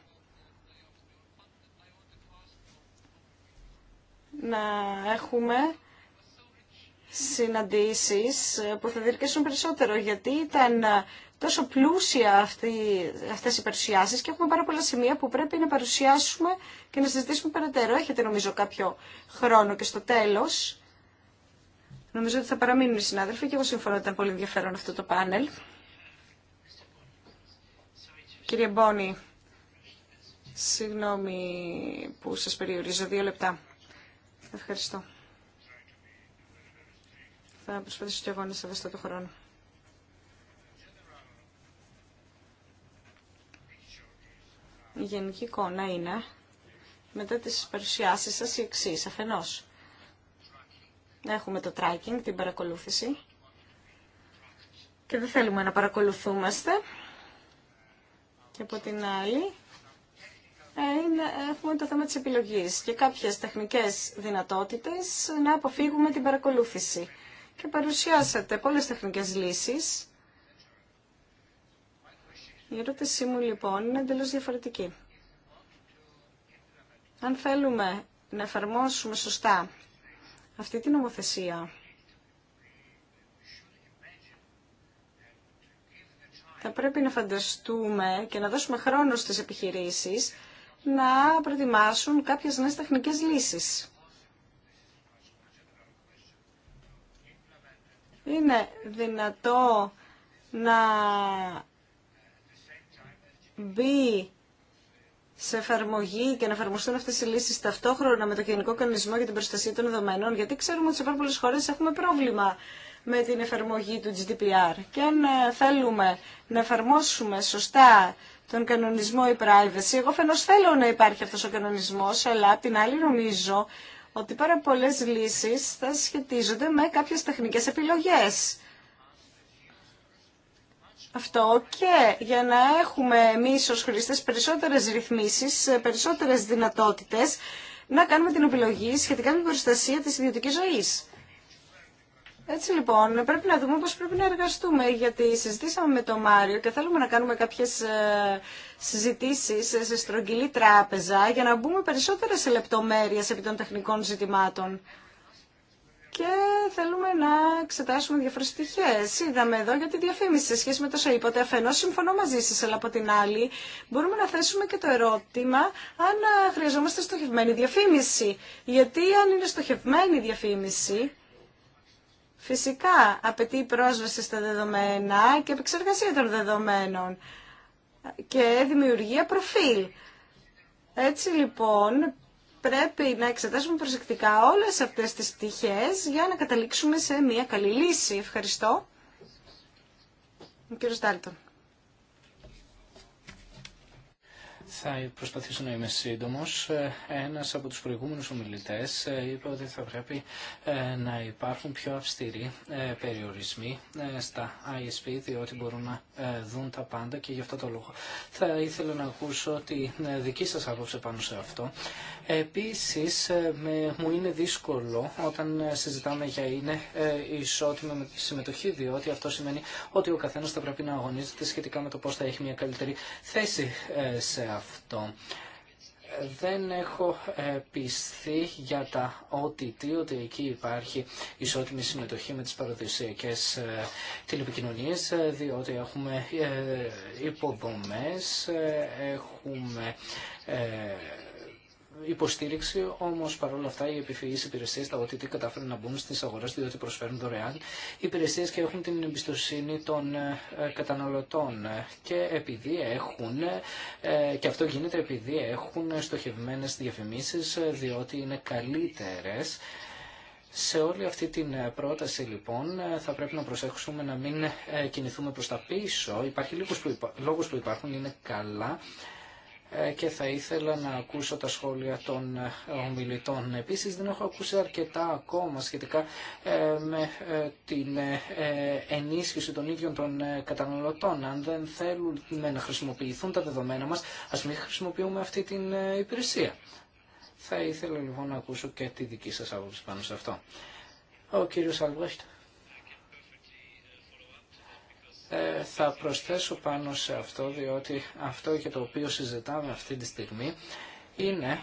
να έχουμε συναντήσεις που θα διερκέσουν περισσότερο γιατί ήταν τόσο πλούσια αυτή, αυτές οι παρουσιάσεις και έχουμε πάρα πολλά σημεία που πρέπει να παρουσιάσουμε και να συζητήσουμε περαιτέρω. Έχετε νομίζω κάποιο χρόνο και στο τέλος. Νομίζω ότι θα παραμείνουν οι συνάδελφοι και εγώ συμφωνώ ότι ήταν πολύ ενδιαφέρον αυτό το πάνελ. Κύριε Μπόνη, συγγνώμη που σας περιορίζω δύο λεπτά. Ευχαριστώ. Θα προσπαθήσω και εγώ να σεβαστώ το χρόνο. Η γενική εικόνα είναι, μετά τις παρουσιάσεις σας, η εξή αφενός. Έχουμε το tracking, την παρακολούθηση. Και δεν θέλουμε να παρακολουθούμαστε. Και από την άλλη, ε, είναι, έχουμε το θέμα της επιλογής και κάποιες τεχνικές δυνατότητες να αποφύγουμε την παρακολούθηση. Και παρουσιάσατε πολλές τεχνικές λύσεις. Η ερώτησή μου λοιπόν είναι εντελώς διαφορετική. Αν θέλουμε να εφαρμόσουμε σωστά αυτή την νομοθεσία, θα πρέπει να φανταστούμε και να δώσουμε χρόνο στις επιχειρήσεις να προετοιμάσουν κάποιες νέες τεχνικές λύσεις. Είναι δυνατό να μπει σε εφαρμογή και να εφαρμοστούν αυτές οι λύσεις ταυτόχρονα με το Γενικό Κανονισμό για την Προστασία των Δεδομένων, γιατί ξέρουμε ότι σε πάρα πολλές χώρες έχουμε πρόβλημα με την εφαρμογή του GDPR. Και αν ε, θέλουμε να εφαρμόσουμε σωστά τον κανονισμό e-privacy. Εγώ φαινώς θέλω να υπάρχει αυτός ο κανονισμός, αλλά απ' την άλλη νομίζω ότι πάρα πολλές λύσεις θα σχετίζονται με κάποιες τεχνικές επιλογές. Αυτό και για να έχουμε εμείς ως χρήστες περισσότερες ρυθμίσεις, περισσότερες δυνατότητες να κάνουμε την επιλογή σχετικά με την προστασία της ιδιωτικής ζωής. Έτσι λοιπόν, πρέπει να δούμε πώς πρέπει να εργαστούμε, γιατί συζητήσαμε με τον Μάριο και θέλουμε να κάνουμε κάποιες ε, συζητήσεις σε στρογγυλή τράπεζα για να μπούμε περισσότερες λεπτομέρειες επί των τεχνικών ζητημάτων. Και θέλουμε να εξετάσουμε διάφορε πτυχέ. Είδαμε εδώ για τη διαφήμιση σε σχέση με το ΣΕΙΠΟΤΕ. Αφενό, συμφωνώ μαζί σα, αλλά από την άλλη, μπορούμε να θέσουμε και το ερώτημα αν ε, χρειαζόμαστε στοχευμένη διαφήμιση. Γιατί αν είναι στοχευμένη διαφήμιση, Φυσικά απαιτεί πρόσβαση στα δεδομένα και επεξεργασία των δεδομένων και δημιουργία προφίλ. Έτσι λοιπόν πρέπει να εξετάσουμε προσεκτικά όλες αυτές τις πτυχές για να καταλήξουμε σε μια καλή λύση. Ευχαριστώ. Ο κύριος Θα προσπαθήσω να είμαι σύντομο. Ε, ένας από τους προηγούμενους ομιλητές ε, είπε ότι θα πρέπει ε, να υπάρχουν πιο αυστηροί περιορισμοί στα ISP διότι μπορούν να δουν τα πάντα και γι' αυτό το λόγο θα ήθελα να ακούσω τη δική σας άποψη πάνω σε αυτό. Επίσης, ε, με, μου είναι δύσκολο όταν ε, συζητάμε για είναι ε, ισότιμη με τη συμμετοχή, διότι αυτό σημαίνει ότι ο καθένας θα πρέπει να αγωνίζεται σχετικά με το πώς θα έχει μια καλύτερη θέση σε αυτό. Δεν έχω πιστεί για τα ότι τι, ότι εκεί υπάρχει ισότιμη συμμετοχή με τις παραδοσιακές τηλεπικοινωνίες, διότι έχουμε υποδομές, έχουμε υποστήριξη, όμως παρόλα αυτά οι επιφυγείς υπηρεσίες, τα OTT κατάφεραν να μπουν στι αγορέ διότι προσφέρουν δωρεάν υπηρεσίε και έχουν την εμπιστοσύνη των ε, καταναλωτών και επειδή έχουν, ε, και αυτό γίνεται επειδή έχουν στοχευμένες διαφημίσεις ε, διότι είναι καλύτερες σε όλη αυτή την πρόταση λοιπόν θα πρέπει να προσέξουμε να μην κινηθούμε προς τα πίσω. Υπάρχει λόγος που υπάρχουν, είναι καλά ε, και θα ήθελα να ακούσω τα σχόλια των ε, ομιλητών. Επίσης δεν έχω ακούσει αρκετά ακόμα σχετικά ε, με την ενίσχυση των ίδιων των καταναλωτών. Αν δεν θέλουν ναι, να χρησιμοποιηθούν τα δεδομένα μας, ας μην χρησιμοποιούμε αυτή την υπηρεσία. Θα ήθελα λοιπόν να ακούσω και τη δική σας άποψη πάνω σε αυτό. Ο κύριος Αλβέχτη ε, θα προσθέσω πάνω σε αυτό, διότι αυτό και το οποίο συζητάμε αυτή τη στιγμή είναι,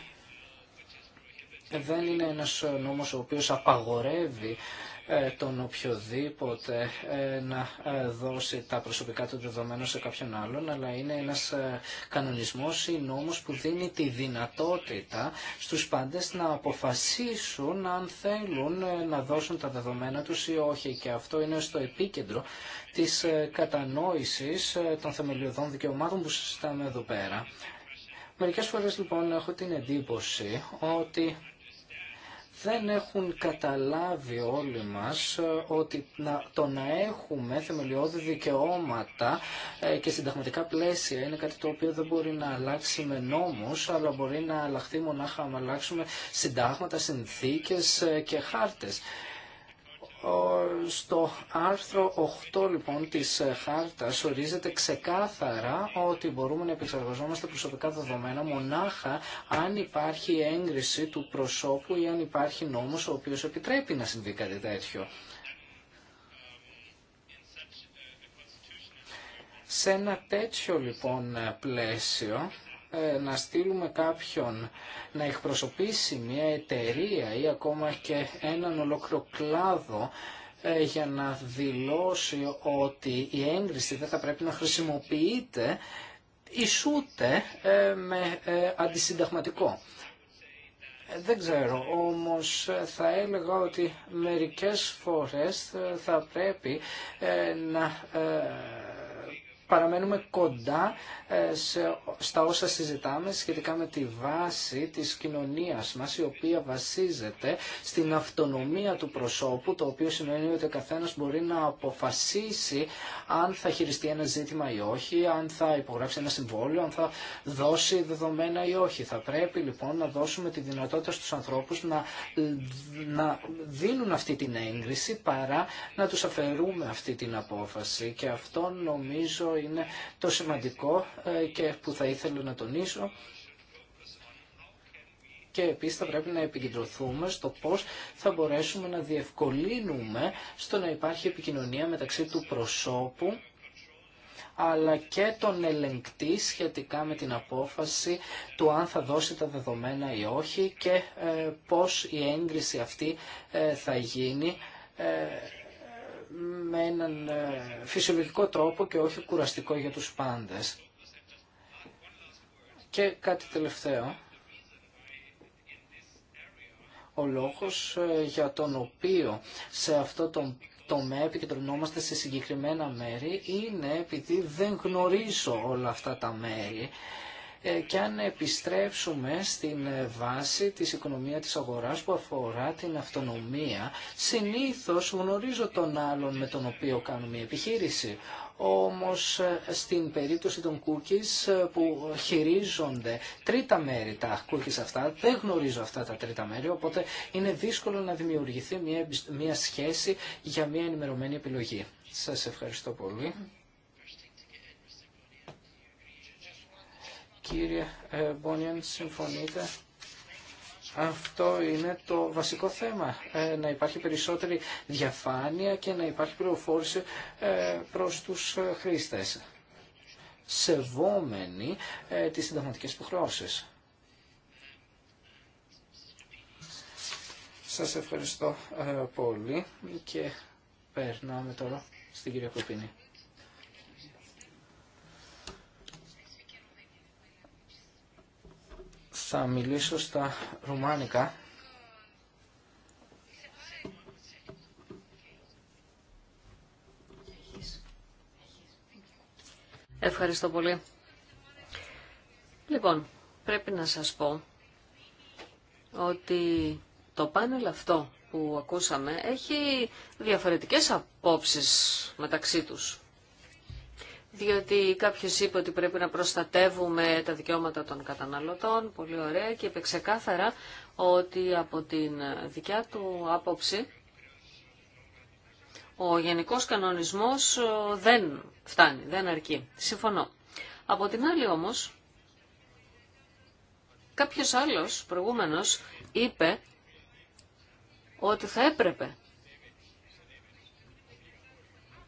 δεν είναι ένας νόμος ο οποίος απαγορεύει ε, τον οποιοδήποτε ε, να ε, δώσει τα προσωπικά του δεδομένα σε κάποιον άλλον, αλλά είναι ένας κανονισμός ή νόμος που δίνει τη δυνατότητα στους πάντες να αποφασίσουν αν θέλουν να δώσουν τα δεδομένα τους ή όχι. Και αυτό είναι στο επίκεντρο της κατανόησης των θεμελιωδών δικαιωμάτων που συζητάμε εδώ πέρα. Μερικές φορές λοιπόν έχω την εντύπωση ότι δεν έχουν καταλάβει όλοι μας ε, ότι το να έχουμε θεμελιώδη δικαιώματα ε, και συνταγματικά πλαίσια είναι κάτι το οποίο δεν μπορεί να αλλάξει με νόμους, αλλά μπορεί να αλλάχθει μονάχα να αλλάξουμε συντάγματα, συνθήκες ε, και χάρτες. Ε, στο άρθρο 8 λοιπόν της ε, χάρτας ορίζεται ξεκάθαρα ότι μπορούμε να επεξεργαζόμαστε προσωπικά δεδομένα μονάχα αν υπάρχει έγκριση του προσώπου ή αν υπάρχει νόμος ο οποίος επιτρέπει να συμβεί κάτι τέτοιο. Σε ένα τέτοιο λοιπόν πλαίσιο ε, να στείλουμε κάποιον να εκπροσωπήσει μια εταιρεία ή ακόμα και έναν ολόκληρο κλάδο ε, για να δηλώσει ότι η έγκριση δεν θα πρέπει να χρησιμοποιείται ισούται ε, με αντισυνταγματικό. Δεν ξέρω, όμως θα έλεγα ότι μερικές φορές θα πρέπει να παραμένουμε κοντά ε, στα όσα συζητάμε σχετικά με τη βάση της κοινωνίας μας η οποία βασίζεται στην αυτονομία του προσώπου το οποίο σημαίνει ότι ο καθένας μπορεί να αποφασίσει αν θα χειριστεί ένα ζήτημα ή όχι, αν θα υπογράψει ένα συμβόλιο, αν θα δώσει δεδομένα ή όχι. Θα πρέπει λοιπόν να δώσουμε τη δυνατότητα στους ανθρώπους να, να δίνουν αυτή την έγκριση παρά να τους αφαιρούμε αυτή την απόφαση και αυτό νομίζω είναι το σημαντικό ε, και που θα ήθελα να τονίσω και επίσης θα πρέπει να επικεντρωθούμε στο πώς θα μπορέσουμε να διευκολύνουμε στο να υπάρχει επικοινωνία μεταξύ του προσώπου αλλά και τον ελεγκτή σχετικά με την απόφαση του αν θα δώσει τα δεδομένα ή όχι και ε, πώς η έγκριση αυτή ε, θα γίνει με έναν ε, φυσιολογικό τρόπο και όχι κουραστικό για τους πάντες. Και κάτι τελευταίο. Ο λόγος ε, για τον οποίο σε αυτό το τομέα επικεντρωνόμαστε σε συγκεκριμένα μέρη είναι επειδή δεν γνωρίζω όλα αυτά τα μέρη ε, και αν επιστρέψουμε στην βάση της οικονομία της αγοράς που αφορά την αυτονομία, συνήθως γνωρίζω τον άλλον με τον οποίο κάνω μια επιχείρηση. Όμως ε, στην περίπτωση των cookies ε, που χειρίζονται τρίτα μέρη τα cookies αυτά, δεν γνωρίζω αυτά τα τρίτα μέρη, οπότε είναι δύσκολο να δημιουργηθεί μια, μια σχέση για μια ενημερωμένη επιλογή. Σας ευχαριστώ πολύ. Κύριε ε, Μπόνιαν, συμφωνείτε. Αυτό είναι το βασικό θέμα. Ε, να υπάρχει περισσότερη διαφάνεια και να υπάρχει πληροφόρηση ε, προς τους χρήστες. Σεβόμενοι τις συνταγματικές υποχρεώσεις. Σας ευχαριστώ πολύ και περνάμε τώρα στην κυρία Κοπίνη. Θα μιλήσω στα ρουμάνικα. Ευχαριστώ πολύ. Λοιπόν, πρέπει να σας πω ότι το πάνελ αυτό που ακούσαμε έχει διαφορετικές απόψεις μεταξύ τους διότι κάποιος είπε ότι πρέπει να προστατεύουμε τα δικαιώματα των καταναλωτών, πολύ ωραία, και είπε ξεκάθαρα ότι από την δικιά του άποψη ο γενικός κανονισμός ε, δεν φτάνει, δεν αρκεί. Συμφωνώ. Από την άλλη όμως, κάποιος άλλος προηγούμενος είπε ότι θα έπρεπε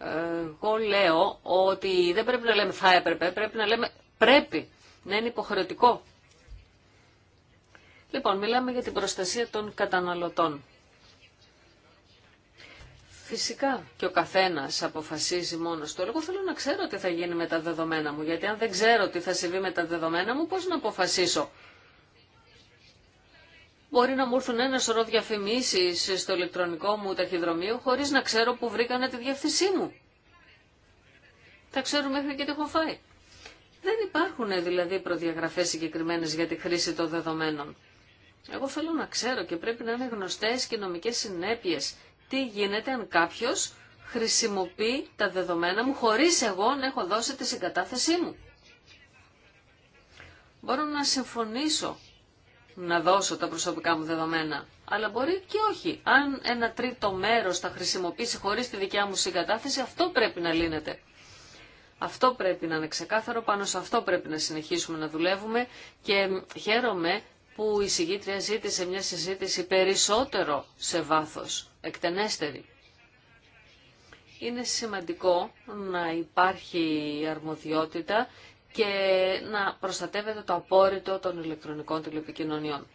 εγώ λέω ότι δεν πρέπει να λέμε θα έπρεπε, πρέπει να λέμε πρέπει να είναι υποχρεωτικό. Λοιπόν, μιλάμε για την προστασία των καταναλωτών. Φυσικά και ο καθένας αποφασίζει μόνος του. Εγώ θέλω να ξέρω τι θα γίνει με τα δεδομένα μου, γιατί αν δεν ξέρω τι θα συμβεί με τα δεδομένα μου, πώς να αποφασίσω Μπορεί να μου έρθουν ένα σωρό διαφημίσει στο ηλεκτρονικό μου ταχυδρομείο χωρί να ξέρω που βρήκανε τη διευθυνσή μου. Τα ξέρω μέχρι και τι έχω φάει. Δεν υπάρχουν δηλαδή προδιαγραφέ συγκεκριμένε για τη χρήση των δεδομένων. Εγώ θέλω να ξέρω και πρέπει να είναι γνωστέ και νομικέ συνέπειε. Τι γίνεται αν κάποιο χρησιμοποιεί τα δεδομένα μου χωρίς εγώ να έχω δώσει τη συγκατάθεσή μου. Μπορώ να συμφωνήσω να δώσω τα προσωπικά μου δεδομένα. Αλλά μπορεί και όχι. Αν ένα τρίτο μέρος τα χρησιμοποιήσει χωρίς τη δικιά μου συγκατάθεση, αυτό πρέπει να λύνεται. Αυτό πρέπει να είναι ξεκάθαρο, πάνω σε αυτό πρέπει να συνεχίσουμε να δουλεύουμε και χαίρομαι που η συγγήτρια ζήτησε μια συζήτηση περισσότερο σε βάθος, εκτενέστερη. Είναι σημαντικό να υπάρχει αρμοδιότητα και να προστατεύεται το απόρριτο των ηλεκτρονικών τηλεπικοινωνιών.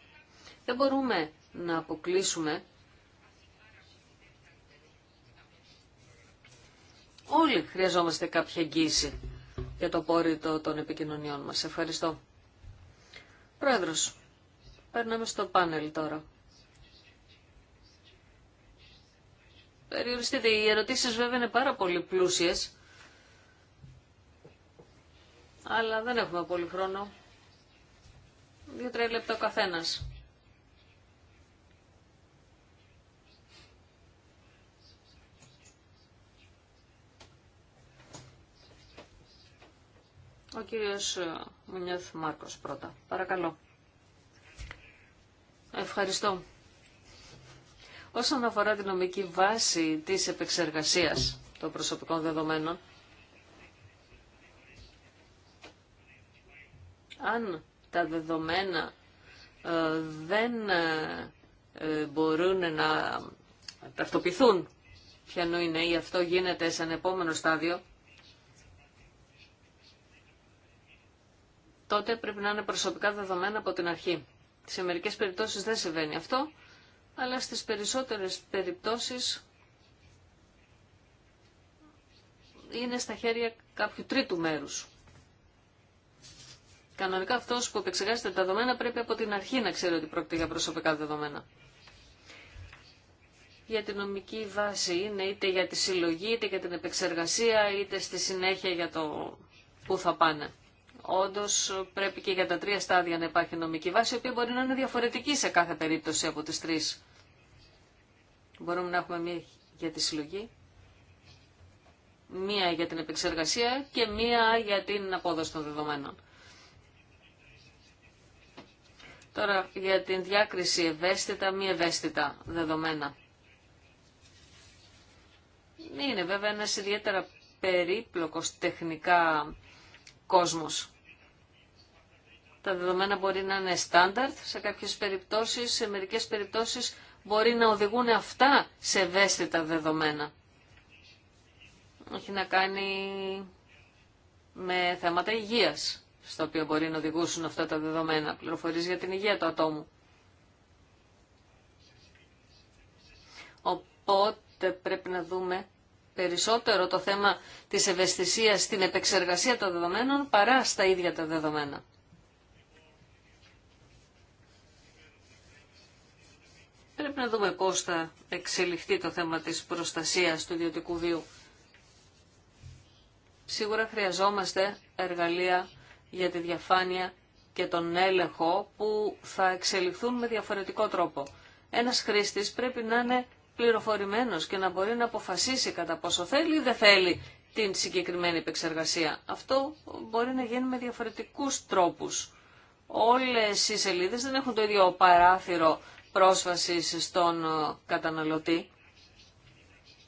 Δεν μπορούμε να αποκλείσουμε Όλοι χρειαζόμαστε κάποια εγγύηση για το απόρριτο των επικοινωνιών μας. Ευχαριστώ. Πρόεδρος, περνάμε στο πάνελ τώρα. Περιοριστείτε, οι ερωτήσεις βέβαια είναι πάρα πολύ πλούσιες αλλά δεν έχουμε πολύ χρόνο. Δύο-τρία λεπτά ο καθένας. Ο κύριος Μουνιώθ Μάρκος πρώτα. Παρακαλώ. Ευχαριστώ. Όσον αφορά την νομική βάση της επεξεργασίας των προσωπικών δεδομένων, Αν τα δεδομένα ε, δεν ε, μπορούν να ταυτοποιηθούν ποιανού είναι ή αυτό γίνεται σε ένα επόμενο στάδιο, τότε πρέπει να είναι προσωπικά δεδομένα από την αρχή. Σε μερικές περιπτώσεις δεν συμβαίνει αυτό, αλλά στις περισσότερες περιπτώσεις είναι στα χέρια κάποιου τρίτου μέρους. Κανονικά αυτό που επεξεργάζεται τα δεδομένα πρέπει από την αρχή να ξέρει ότι πρόκειται για προσωπικά δεδομένα. Για την νομική βάση είναι είτε για τη συλλογή, είτε για την επεξεργασία, είτε στη συνέχεια για το πού θα πάνε. Όντω πρέπει και για τα τρία στάδια να υπάρχει νομική βάση, η οποία μπορεί να είναι διαφορετική σε κάθε περίπτωση από τι τρει. Μπορούμε να έχουμε μία για τη συλλογή, μία για την επεξεργασία και μία για την απόδοση των δεδομένων. Τώρα για την διάκριση ευαίσθητα, μη ευαίσθητα δεδομένα. Ναι, είναι βέβαια ένας ιδιαίτερα περίπλοκος τεχνικά κόσμος. Τα δεδομένα μπορεί να είναι στάνταρτ σε κάποιες περιπτώσεις, σε μερικές περιπτώσεις μπορεί να οδηγούν αυτά σε ευαίσθητα δεδομένα. Έχει να κάνει με θέματα υγείας στο οποίο μπορεί να οδηγούσουν αυτά τα δεδομένα, πληροφορίες για την υγεία του ατόμου. Οπότε πρέπει να δούμε περισσότερο το θέμα της ευαισθησίας στην επεξεργασία των δεδομένων παρά στα ίδια τα δεδομένα. Πρέπει να δούμε πώς θα εξελιχθεί το θέμα της προστασίας του ιδιωτικού βίου. Σίγουρα χρειαζόμαστε εργαλεία για τη διαφάνεια και τον έλεγχο που θα εξελιχθούν με διαφορετικό τρόπο. Ένας χρήστης πρέπει να είναι πληροφορημένος και να μπορεί να αποφασίσει κατά πόσο θέλει ή δεν θέλει την συγκεκριμένη επεξεργασία. Αυτό μπορεί να γίνει με διαφορετικούς τρόπους. Όλες οι σελίδες δεν έχουν το ίδιο παράθυρο πρόσβασης στον ε, καταναλωτή,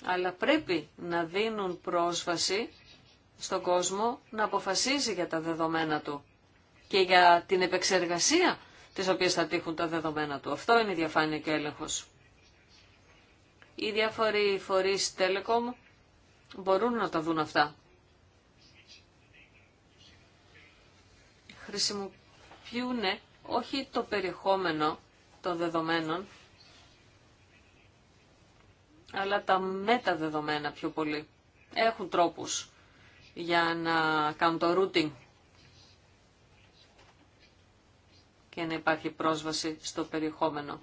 αλλά πρέπει να δίνουν πρόσβαση στον κόσμο να αποφασίζει για τα δεδομένα του και για την επεξεργασία τις οποίες θα τύχουν τα δεδομένα του. Αυτό είναι η διαφάνεια και ο έλεγχος. Οι διάφοροι φορείς Telecom μπορούν να τα δουν αυτά. Χρησιμοποιούν ε, όχι το περιεχόμενο των δεδομένων, αλλά τα μεταδεδομένα πιο πολύ. Έχουν τρόπους για να κάνουν το routing και να υπάρχει πρόσβαση στο περιεχόμενο.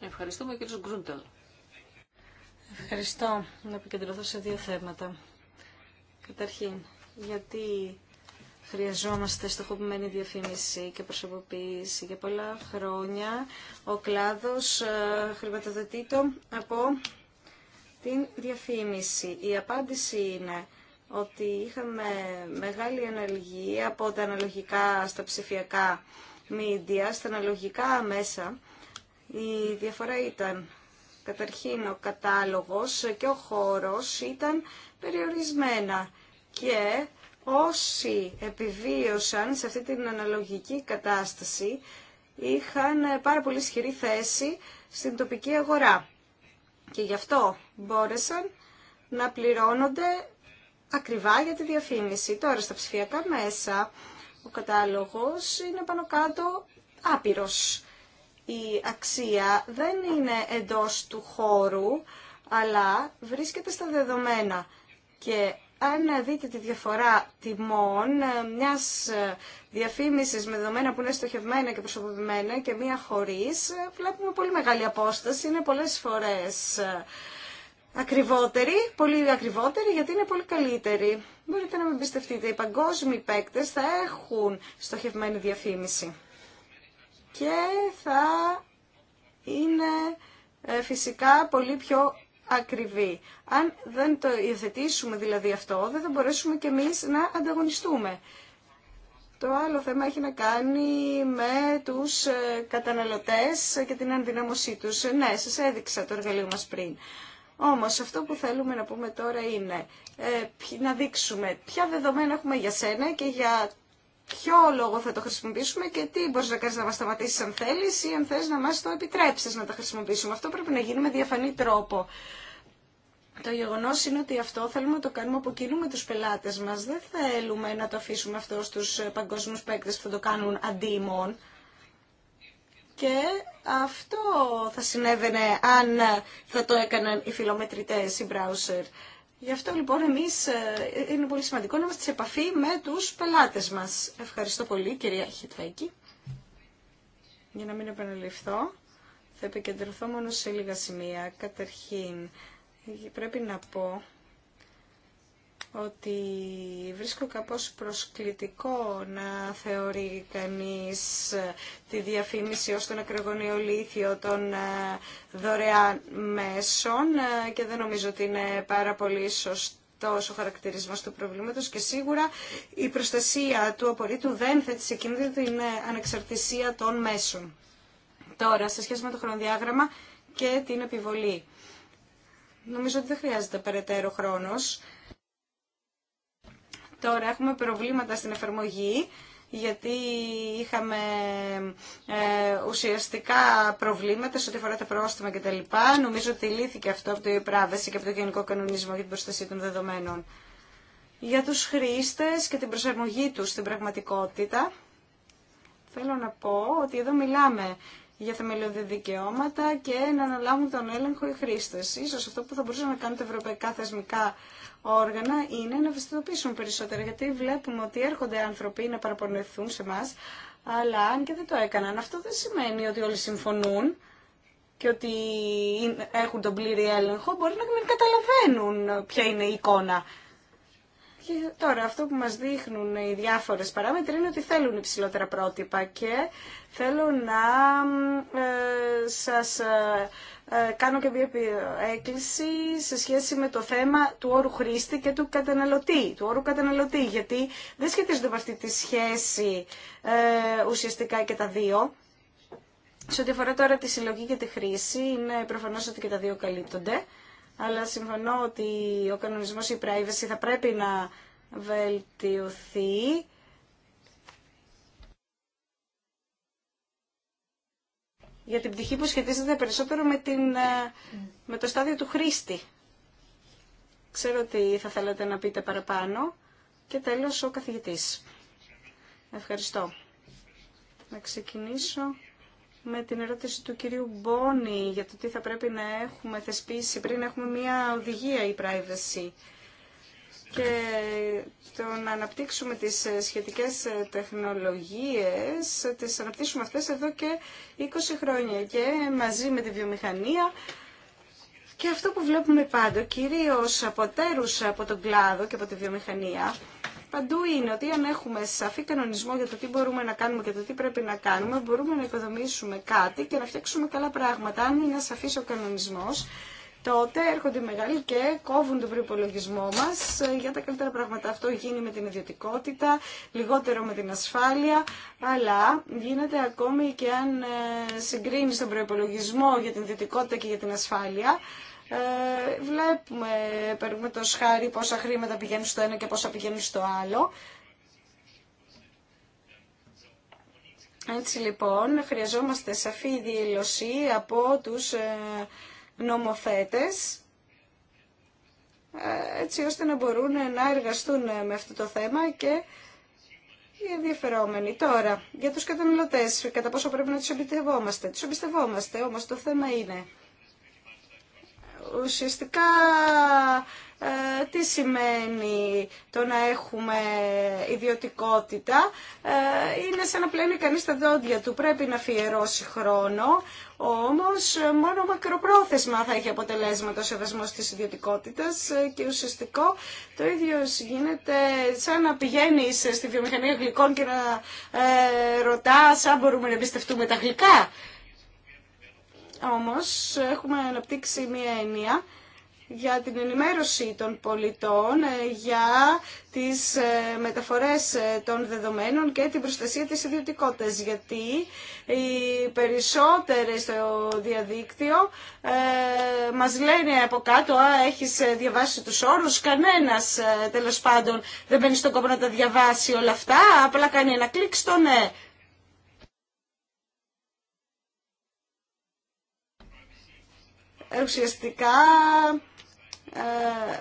Ευχαριστούμε κύριο Γκρούντελ. Ευχαριστώ. Να επικεντρωθώ σε δύο θέματα. Καταρχήν, γιατί χρειαζόμαστε στοχοποιημένη διαφήμιση και προσωποποίηση. Για πολλά χρόνια ο κλάδος ε, χρηματοδοτείται από την διαφήμιση. Η απάντηση είναι ότι είχαμε μεγάλη αναλυγή από τα αναλογικά στα ψηφιακά μίντια, στα αναλογικά μέσα. Η διαφορά ήταν καταρχήν ο κατάλογος και ο χώρος ήταν περιορισμένα και όσοι επιβίωσαν σε αυτή την αναλογική κατάσταση είχαν πάρα πολύ ισχυρή θέση στην τοπική αγορά. Και γι' αυτό μπόρεσαν να πληρώνονται ακριβά για τη διαφήμιση. Τώρα στα ψηφιακά μέσα ο κατάλογος είναι πάνω κάτω άπειρος. Η αξία δεν είναι εντός του χώρου, αλλά βρίσκεται στα δεδομένα. Και αν δείτε τη διαφορά τιμών ε, μιας ε, διαφήμισης με δεδομένα που είναι στοχευμένα και προσωποποιημένα και μία χωρίς, ε, βλέπουμε πολύ μεγάλη απόσταση, είναι πολλές φορές ακριβότερη, πολύ ακριβότερη γιατί είναι πολύ καλύτερη. Μπορείτε να με εμπιστευτείτε, οι παγκόσμιοι παίκτες θα έχουν στοχευμένη διαφήμιση και θα είναι φυσικά πολύ πιο ακριβή. Αν δεν το υιοθετήσουμε δηλαδή αυτό, δεν θα μπορέσουμε κι εμείς να ανταγωνιστούμε. Το άλλο θέμα έχει να κάνει με τους ε, καταναλωτές και την ανδυναμωσή τους. Ε, ναι, σας έδειξα το εργαλείο μας πριν. Όμως αυτό που θέλουμε να πούμε τώρα είναι ε, να δείξουμε ποια δεδομένα έχουμε για σένα και για ποιο λόγο θα το χρησιμοποιήσουμε και τι μπορείς να κάνεις να μας σταματήσεις αν θέλεις ή αν θες να μας το επιτρέψεις να τα χρησιμοποιήσουμε. Αυτό πρέπει να γίνει με διαφανή τρόπο. Το γεγονό είναι ότι αυτό θέλουμε να το κάνουμε από κοινού με του πελάτε μα. Δεν θέλουμε να το αφήσουμε αυτό στου παγκόσμιου παίκτε που θα το κάνουν αντίμον. Και αυτό θα συνέβαινε αν θα το έκαναν οι φιλομετρητέ οι browser. Γι' αυτό λοιπόν εμείς ε, είναι πολύ σημαντικό να είμαστε σε επαφή με τους πελάτες μας. Ευχαριστώ πολύ κυρία Χιτφέκη. Για να μην επαναληφθώ, θα επικεντρωθώ μόνο σε λίγα σημεία. Καταρχήν, πρέπει να πω ότι βρίσκω κάπως προσκλητικό να θεωρεί κανείς τη διαφήμιση ως τον ακρογωνιό λίθιο των ε, δωρεάν μέσων ε, και δεν νομίζω ότι είναι πάρα πολύ σωστό ο χαρακτηρισμό του προβλήματος και σίγουρα η προστασία του απορρίτου δεν θέτει σε κίνδυνο την ε, ανεξαρτησία των μέσων. Τώρα, σε σχέση με το χρονοδιάγραμμα και την επιβολή. Νομίζω ότι δεν χρειάζεται περαιτέρω χρόνος Τώρα έχουμε προβλήματα στην εφαρμογή γιατί είχαμε ε, ουσιαστικά προβλήματα σε ό,τι αφορά τα πρόστιμα κτλ. Νομίζω ότι λύθηκε αυτό από το ΕΠΡΑΒΕΣΙ και από το Γενικό Κανονισμό για την Προστασία των Δεδομένων. Για τους χρήστες και την προσαρμογή τους στην πραγματικότητα, θέλω να πω ότι εδώ μιλάμε για θεμελιώδη δικαιώματα και να αναλάβουν τον έλεγχο οι χρήστες. Ίσως αυτό που θα μπορούσαν να κάνουν τα ευρωπαϊκά θεσμικά όργανα είναι να ευαισθητοποιήσουν περισσότερα γιατί βλέπουμε ότι έρχονται άνθρωποι να παραπονεθούν σε εμά, αλλά αν και δεν το έκαναν, αυτό δεν σημαίνει ότι όλοι συμφωνούν και ότι έχουν τον πλήρη έλεγχο, μπορεί να μην καταλαβαίνουν ποια είναι η εικόνα. τώρα αυτό που μας δείχνουν οι διάφορες παράμετροι είναι ότι θέλουν υψηλότερα πρότυπα και θέλω να ε, σας ε, ε, κάνω και μια έκκληση σε σχέση με το θέμα του όρου χρήστη και του καταναλωτή, του όρου καταναλωτή, γιατί δεν σχετίζονται με αυτή τη σχέση ε, ουσιαστικά και τα δύο. Σε ό,τι αφορά τώρα τη συλλογή και τη χρήση, είναι προφανώς ότι και τα δύο καλύπτονται, αλλά συμφωνώ ότι ο κανονισμός η privacy θα πρέπει να βελτιωθεί για την πτυχή που σχετίζεται περισσότερο με, την, ε, με το στάδιο του χρήστη. Ξέρω ότι θα θέλατε να πείτε παραπάνω. Και τέλος ο καθηγητής. Ευχαριστώ. Να ξεκινήσω με την ερώτηση του κυρίου Μπόνι για το τι θα πρέπει να έχουμε θεσπίσει πριν έχουμε μια οδηγία η privacy και το να αναπτύξουμε τις σχετικές τεχνολογίες, τις αναπτύσσουμε αυτές εδώ και 20 χρόνια και μαζί με τη βιομηχανία και αυτό που βλέπουμε πάντα, κυρίως από τέρους από τον κλάδο και από τη βιομηχανία, παντού είναι ότι αν έχουμε σαφή κανονισμό για το τι μπορούμε να κάνουμε και το τι πρέπει να κάνουμε, μπορούμε να οικοδομήσουμε κάτι και να φτιάξουμε καλά πράγματα. Αν είναι σαφής ο κανονισμός, τότε έρχονται οι μεγάλοι και κόβουν τον προπολογισμό μας ε, για τα καλύτερα πράγματα. Αυτό γίνει με την ιδιωτικότητα, λιγότερο με την ασφάλεια, αλλά γίνεται ακόμη και αν ε, συγκρίνει τον προπολογισμό για την ιδιωτικότητα και για την ασφάλεια, ε, βλέπουμε, παίρνουμε το σχάρι πόσα χρήματα πηγαίνουν στο ένα και πόσα πηγαίνουν στο άλλο. Έτσι λοιπόν, χρειαζόμαστε σαφή δήλωση από τους νομοθέτες ε, έτσι ώστε να μπορούν να εργαστούν με αυτό το θέμα και οι ενδιαφερόμενοι. Τώρα, για τους καταναλωτές, κατά πόσο πρέπει να τους εμπιστευόμαστε. Τους εμπιστευόμαστε, όμως το θέμα είναι ουσιαστικά ε, τι σημαίνει το να έχουμε ιδιωτικότητα. Ε, είναι σαν να πλένει κανείς τα δόντια του. Πρέπει να αφιερώσει χρόνο, Όμω, ε, μόνο μακροπρόθεσμα θα έχει αποτελέσματα ο σεβασμό τη ιδιωτικότητα ε, και ουσιαστικό το ίδιο γίνεται σαν να πηγαίνει ε, στη βιομηχανία γλυκών και να ε, ρωτάς αν μπορούμε να εμπιστευτούμε τα γλυκά. Όμως έχουμε αναπτύξει μία έννοια για την ενημέρωση των πολιτών, ε, για τις ε, μεταφορές ε, των δεδομένων και την προστασία της ιδιωτικότητας, γιατί οι περισσότεροι στο διαδίκτυο ε, μας λένε από κάτω «Α, έχεις διαβάσει τους όρους». Κανένας, τέλος πάντων, δεν μπαίνει στον κόπο να τα διαβάσει όλα αυτά, απλά κάνει ένα κλικ στο «Ναι». ουσιαστικά ε,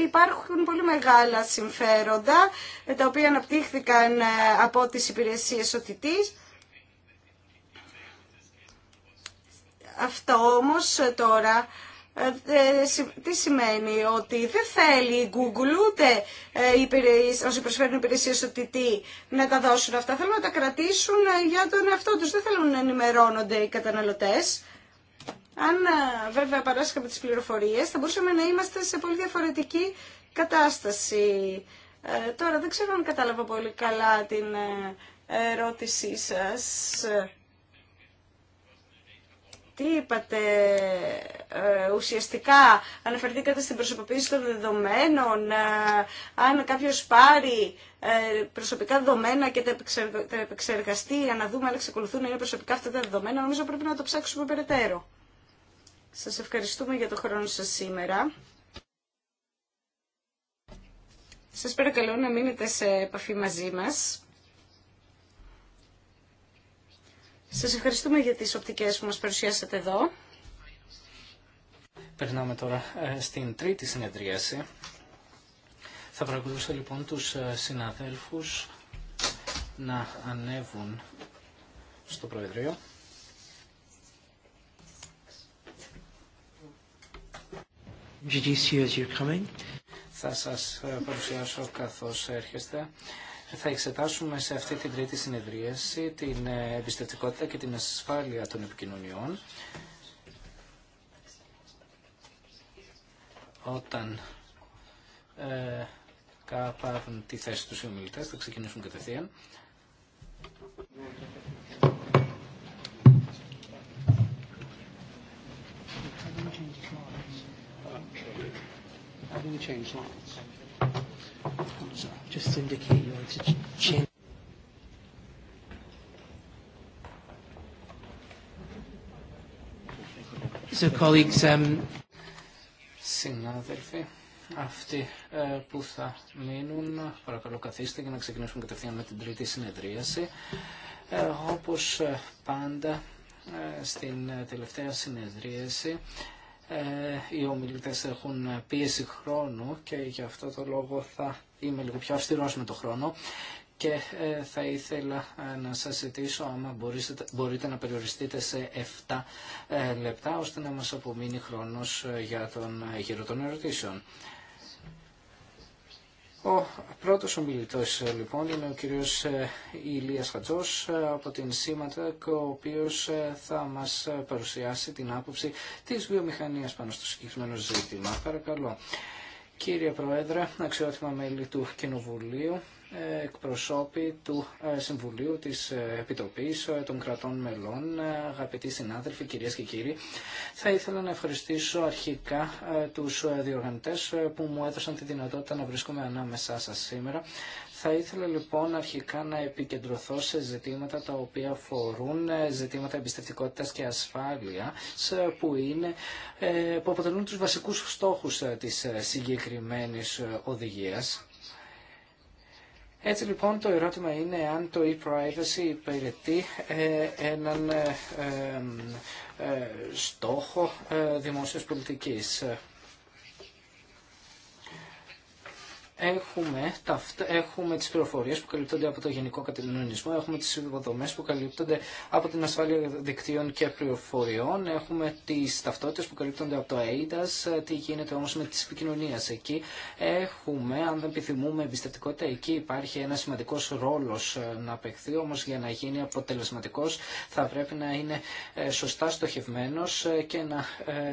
υπάρχουν πολύ μεγάλα συμφέροντα ε, τα οποία αναπτύχθηκαν ε, από τις υπηρεσίες οτιτής. Αυτό όμως τώρα τι σημαίνει ότι δεν θέλει η Google ούτε όσοι προσφέρουν υπηρεσίες οτιτή να τα δώσουν αυτά. Θέλουν να τα κρατήσουν για τον εαυτό τους. Δεν θέλουν να ενημερώνονται οι καταναλωτές. Αν ε, βέβαια παράσχαμε τις πληροφορίες θα μπορούσαμε να είμαστε σε πολύ διαφορετική κατάσταση. Ε, τώρα δεν ξέρω αν κατάλαβα πολύ καλά την ε, ερώτησή σας. Τι είπατε, ε, ουσιαστικά αναφερθήκατε στην προσωποποίηση των δεδομένων, ε, αν κάποιος πάρει ε, προσωπικά δεδομένα και τα επεξεργαστεί, για να δούμε αν εξακολουθούν να είναι προσωπικά αυτά τα δεδομένα, νομίζω πρέπει να το ψάξουμε περαιτέρω. Σας ευχαριστούμε για το χρόνο σας σήμερα. Σας παρακαλώ να μείνετε σε επαφή μαζί μας. Σας ευχαριστούμε για τις οπτικές που μας παρουσιάσατε εδώ. Περνάμε τώρα ε, στην τρίτη συνεδρίαση. Θα παρακολουθήσω λοιπόν τους ε, συναδέλφους να ανέβουν στο Προεδρείο. Θα σας ε, παρουσιάσω καθώς έρχεστε. Θα εξετάσουμε σε αυτή την τρίτη συνεδρίαση την ε, εμπιστευτικότητα και την ασφάλεια των επικοινωνιών. Όταν ε, τη θέση τους οι ομιλητές θα ξεκινήσουν κατευθείαν. Um, Συνάδελφοι, αυτοί ε, που θα μείνουν, παρακαλώ καθίστε για να ξεκινήσουμε κατευθείαν με την τρίτη συνεδρίαση. Ε, όπως ε, πάντα, στην τελευταία συνεδρίαση ε, οι ομιλητές έχουν πίεση χρόνου και γι' αυτό το λόγο θα είμαι λίγο πιο αυστηρός με το χρόνο και ε, θα ήθελα ε, να σας ζητήσω άμα μπορείτε, να περιοριστείτε σε 7 λεπτά ώστε να μας απομείνει χρόνος για τον γύρο των ερωτήσεων. Ο πρώτος ομιλητός ε, λοιπόν είναι ο κύριος ε, Ηλίας Χατζός ε, από την σύματα, ο οποίος θα μας παρουσιάσει την άποψη της βιομηχανίας πάνω στο συγκεκριμένο ζήτημα. Παρακαλώ. Κύριε Πρόεδρε, αξιότιμα μέλη του Κοινοβουλίου, εκπροσώπη του ε, Συμβουλίου της ε, Επιτροπής ε, των Κρατών Μελών, αγαπητοί συνάδελφοι, κυρίες και κύριοι. Θα ήθελα να ευχαριστήσω αρχικά τους διοργανωτές που μου έδωσαν τη δυνατότητα να βρίσκομαι ανάμεσά σας σήμερα. Θα ήθελα λοιπόν αρχικά να επικεντρωθώ σε ζητήματα τα οποία αφορούν ζητήματα εμπιστευτικότητας και ασφάλεια που, είναι, που αποτελούν τους βασικούς στόχους της συγκεκριμένης οδηγίας. Έτσι λοιπόν το ερώτημα είναι αν το e-privacy υπηρετεί ε, έναν ε, ε, στόχο δημόσιας πολιτικής. Έχουμε, έχουμε τις πληροφορίες που καλύπτονται από το Γενικό Κατελληνισμό, έχουμε τις υποδομές που καλύπτονται από την ασφάλεια δικτύων και πληροφοριών, έχουμε τις ταυτότητες που καλύπτονται από το AIDAS, τι γίνεται όμως με τις επικοινωνίες εκεί. Έχουμε, αν δεν επιθυμούμε εμπιστευτικότητα, εκεί υπάρχει ένα σημαντικός ρόλος ε, να παιχθεί, όμως για να γίνει αποτελεσματικός θα πρέπει να είναι ε, σωστά στοχευμένος ε, και να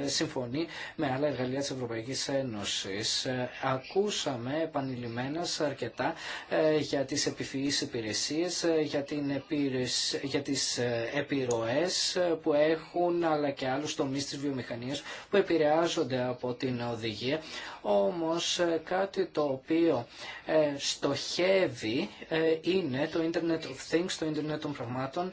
συμφωνεί με άλλα εργαλεία της Ευρωπαϊκής Ένωσης. Ακούσαμε επανειλημμένα αρκετά ε, για τις επιφυείς υπηρεσίες, ε, για, την επίρρηση, για τις ε, επιρροές που έχουν αλλά και άλλους τομείς της βιομηχανίας που επηρεάζονται από την οδηγία. Όμως κάτι το οποίο στοχεύει είναι το Internet of Things, το Internet των πραγμάτων,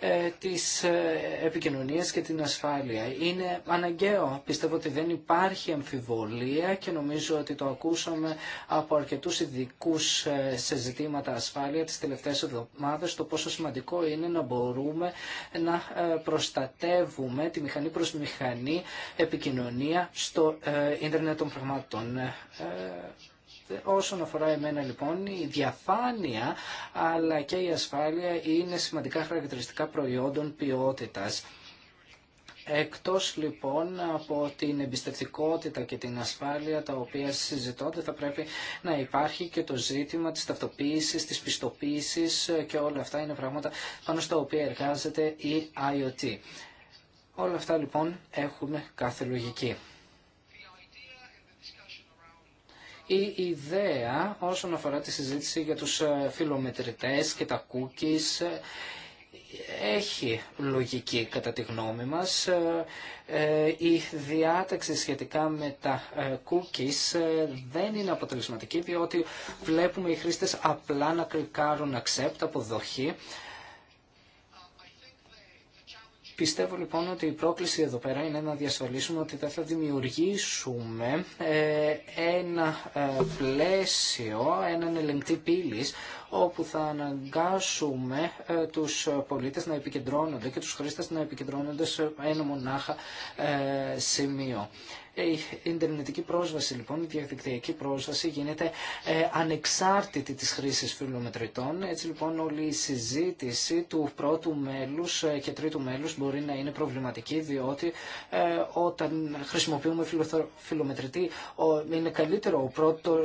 ε, της ε, επικοινωνίας και την ασφάλεια. Είναι αναγκαίο. Πιστεύω ότι δεν υπάρχει αμφιβολία και νομίζω ότι το ακούσαμε από αρκετούς ειδικού ε, σε ζητήματα ασφάλεια τις τελευταίες εβδομάδες το πόσο σημαντικό είναι να μπορούμε να προστατεύουμε τη μηχανή προς μηχανή επικοινωνία στο ίντερνετ των πραγμάτων. Όσον αφορά εμένα λοιπόν η διαφάνεια αλλά και η ασφάλεια είναι σημαντικά χαρακτηριστικά προϊόντων ποιότητας. Εκτός λοιπόν από την εμπιστευτικότητα και την ασφάλεια τα οποία συζητώνται θα πρέπει να υπάρχει και το ζήτημα της ταυτοποίησης, της πιστοποίησης και όλα αυτά είναι πράγματα πάνω στα οποία εργάζεται η IoT. Όλα αυτά λοιπόν έχουν κάθε λογική η ιδέα όσον αφορά τη συζήτηση για τους ε, φιλομετρητές και τα cookies ε, έχει λογική κατά τη γνώμη μας. Ε, η διάταξη σχετικά με τα cookies δεν είναι αποτελεσματική διότι βλέπουμε οι χρήστες απλά να κρυκάρουν accept, αποδοχή Πιστεύω λοιπόν ότι η πρόκληση εδώ πέρα είναι να διασφαλίσουμε ότι θα δημιουργήσουμε ε, ένα ε, πλαίσιο, έναν ελεγκτή πύλη, όπου θα αναγκάσουμε ε, τους πολίτες να επικεντρώνονται και τους χρήστες να επικεντρώνονται σε ένα μονάχα σημείο. Η ιντερνετική πρόσβαση λοιπόν, η διαδικτυακή πρόσβαση γίνεται ε, ανεξάρτητη της χρήσης φιλομετρητών. Έτσι λοιπόν όλη η συζήτηση του πρώτου μέλους ε, και τρίτου μέλους μπορεί να είναι προβληματική διότι ε, όταν χρησιμοποιούμε φιλομετρητή είναι καλύτερο,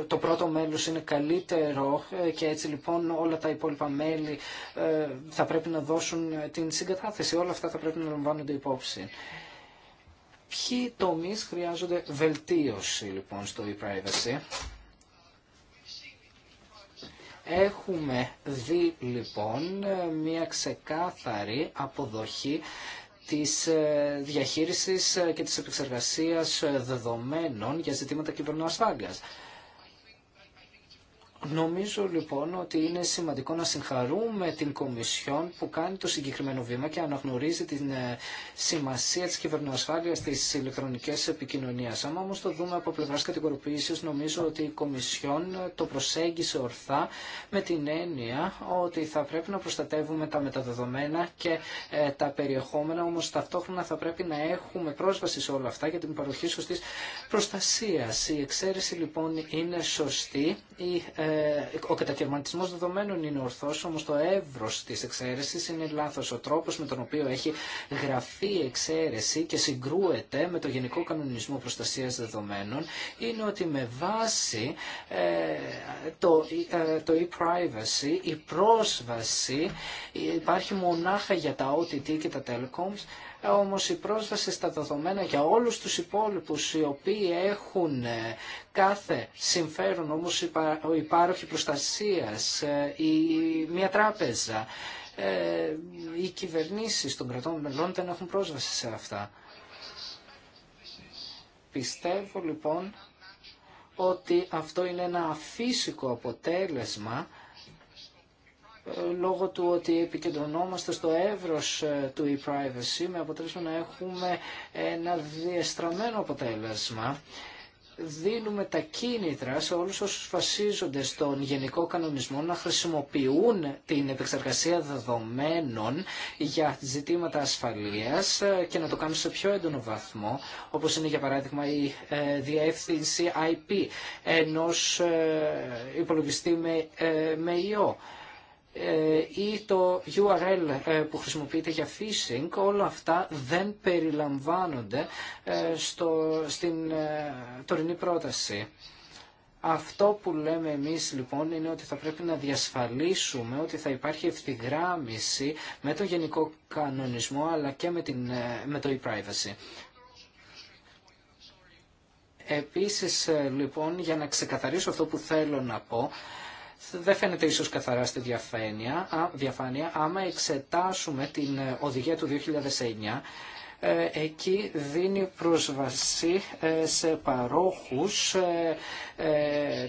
το πρώτο μέλος είναι καλύτερο και έτσι λοιπόν όλα τα υπόλοιπα μέλη θα πρέπει να δώσουν την συγκατάθεση. Όλα αυτά θα πρέπει να λαμβάνονται υπόψη. Ποιοι τομεί χρειάζονται βελτίωση λοιπόν στο e-privacy. Έχουμε δει λοιπόν μια ξεκάθαρη αποδοχή της ε, διαχείρισης ε, και της επεξεργασίας ε, δεδομένων για ζητήματα κυβερνού ασφάλειας. Νομίζω λοιπόν ότι είναι σημαντικό να συγχαρούμε την Κομισιόν που κάνει το συγκεκριμένο βήμα και αναγνωρίζει την ε, σημασία της κυβερνοασφάλειας τη ηλεκτρονικές επικοινωνία. Αν όμως το δούμε από πλευράς κατηγοροποίησης, νομίζω ότι η Κομισιόν ε, το προσέγγισε ορθά με την έννοια ότι θα πρέπει να προστατεύουμε τα μεταδεδομένα και ε, τα περιεχόμενα, όμως ταυτόχρονα θα πρέπει να έχουμε πρόσβαση σε όλα αυτά για την παροχή σωστή προστασία. Η εξαίρεση λοιπόν είναι σωστή. Η ε, ο κατακαιρματισμός δεδομένων είναι ορθός, όμως το εύρος της εξαίρεσης είναι λάθος. Ο τρόπος με τον οποίο έχει γραφεί η εξαίρεση και συγκρούεται με το Γενικό Κανονισμό Προστασίας Δεδομένων είναι ότι με βάση ε, το, ε, το e-privacy, η πρόσβαση υπάρχει μονάχα για τα OTT και τα telecoms όμως η πρόσβαση στα δεδομένα για όλους τους υπόλοιπους οι οποίοι έχουν ε, κάθε συμφέρον όμως ο υπάροχη προστασίας ή ε, μια τράπεζα ε, οι κυβερνήσεις των κρατών μελών δεν έχουν πρόσβαση σε αυτά. Πιστεύω λοιπόν ότι αυτό είναι ένα αφύσικο αποτέλεσμα λόγω του ότι επικεντρωνόμαστε στο εύρος ε, του e-privacy με αποτέλεσμα να έχουμε ένα διεστραμμένο αποτέλεσμα δίνουμε τα κίνητρα σε όλους όσους βασίζονται στον γενικό κανονισμό να χρησιμοποιούν την επεξεργασία δεδομένων για ζητήματα ασφαλείας ε, και να το κάνουν σε πιο έντονο βαθμό, όπως είναι για παράδειγμα η ε, διεύθυνση IP ενός υπολογιστή με ιό. Ε, ή το URL ε, που χρησιμοποιείται για phishing, όλα αυτά δεν περιλαμβάνονται ε, στο, στην τωρινή πρόταση. Αυτό που λέμε εμείς λοιπόν είναι ότι θα πρέπει να διασφαλίσουμε ότι θα υπάρχει ευθυγράμμιση με τον γενικό κανονισμό αλλά και με, την, με το e-privacy. Επίσης λοιπόν για να ξεκαθαρίσω αυτό που θέλω να πω, δεν φαίνεται ίσως καθαρά στη διαφάνεια, διαφάνεια άμα εξετάσουμε την ε, οδηγία του 2009 ε, εκεί δίνει πρόσβαση ε, σε παρόχους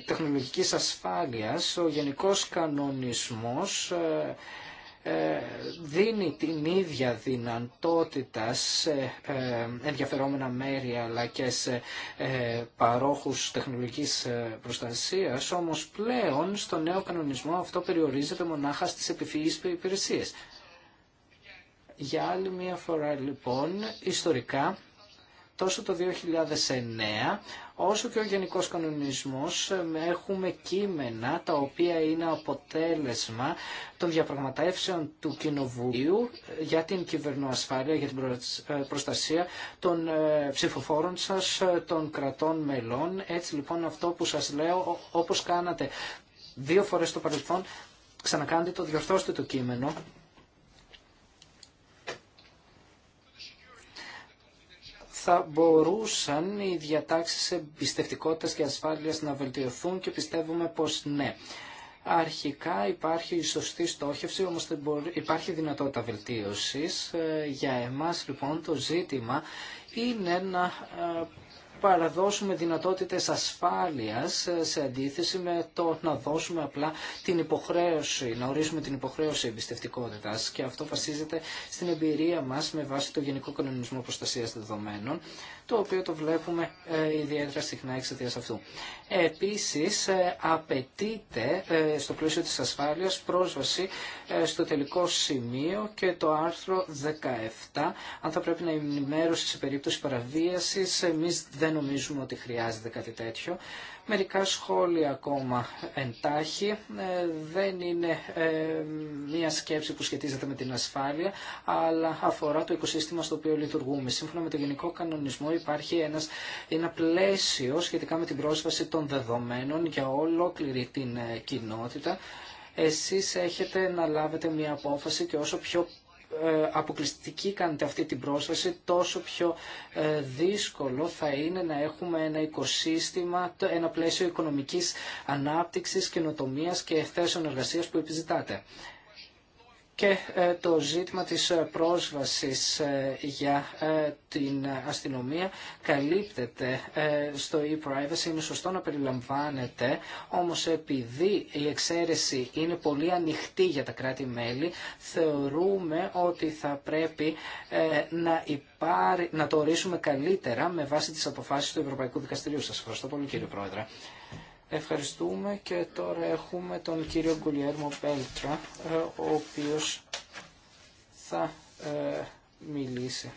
τεχνολογικής ασφάλειας. Ο γενικός κανονισμός ε, δίνει την ίδια δυνατότητα σε ε, ενδιαφερόμενα μέρη αλλά και σε ε, παρόχους τεχνολογικής προστασίας, όμως πλέον στο νέο κανονισμό αυτό περιορίζεται μονάχα στις επιφυγείς υπηρεσίες. Για άλλη μία φορά λοιπόν, ιστορικά, τόσο το 2009 όσο και ο Γενικός Κανονισμός ε, έχουμε κείμενα τα οποία είναι αποτέλεσμα των διαπραγματεύσεων του Κοινοβουλίου ε, για την κυβερνοασφάλεια, για την ε, προστασία των ψηφοφόρων σας, των κρατών μελών. Έτσι λοιπόν αυτό που σας λέω όπως κάνατε δύο φορές στο παρελθόν ξανακάντε το, διορθώστε το κείμενο θα μπορούσαν οι διατάξεις εμπιστευτικότητας και ασφάλειας να βελτιωθούν και πιστεύουμε πως ναι. Αρχικά υπάρχει η σωστή στόχευση, όμως υπάρχει δυνατότητα βελτίωσης. Ε, για εμάς λοιπόν το ζήτημα είναι να ε, παραδώσουμε δυνατότητες ασφάλειας ε, σε αντίθεση με το να δώσουμε απλά την υποχρέωση, να ορίσουμε την υποχρέωση εμπιστευτικότητας και αυτό βασίζεται στην εμπειρία μας με βάση το Γενικό Κανονισμό Προστασίας Δεδομένων το οποίο το βλέπουμε ε, ιδιαίτερα συχνά εξαιτία αυτού. Επίσης, ε, απαιτείται ε, στο πλαίσιο της ασφάλειας πρόσβαση στο τελικό σημείο και το άρθρο 17, αν θα πρέπει να ενημέρωση σε περίπτωση παραβίασης, Εμεί δεν νομίζουμε ότι χρειάζεται κάτι τέτοιο. Μερικά σχόλια ακόμα εντάχει. Ε, δεν είναι ε, μία σκέψη που σχετίζεται με την ασφάλεια, αλλά αφορά το οικοσύστημα στο οποίο λειτουργούμε. Σύμφωνα με το Γενικό Κανονισμό υπάρχει ένας, ένα πλαίσιο σχετικά με την πρόσβαση των δεδομένων για ολόκληρη την ε, κοινότητα. Εσείς έχετε να λάβετε μία απόφαση και όσο πιο ε, αποκλειστική κάνετε αυτή την πρόσβαση, τόσο πιο ε, δύσκολο θα είναι να έχουμε ένα οικοσύστημα, ένα πλαίσιο οικονομικής ανάπτυξης, καινοτομίας και θέσεων εργασίας που επιζητάτε και ε, το ζήτημα της ε, πρόσβασης ε, για την αστυνομία καλύπτεται στο e-privacy, είναι σωστό να περιλαμβάνεται, όμως επειδή η εξαίρεση είναι πολύ ανοιχτή για τα κράτη-μέλη, θεωρούμε ότι θα πρέπει να, να το ορίσουμε καλύτερα με βάση τις αποφάσεις του Ευρωπαϊκού Δικαστηρίου. Σας ευχαριστώ πολύ κύριε Πρόεδρε. Ευχαριστούμε και τώρα έχουμε τον κύριο Γκουλιέρμο Πέλτρα, ε, ο οποίος θα ε, μιλήσει.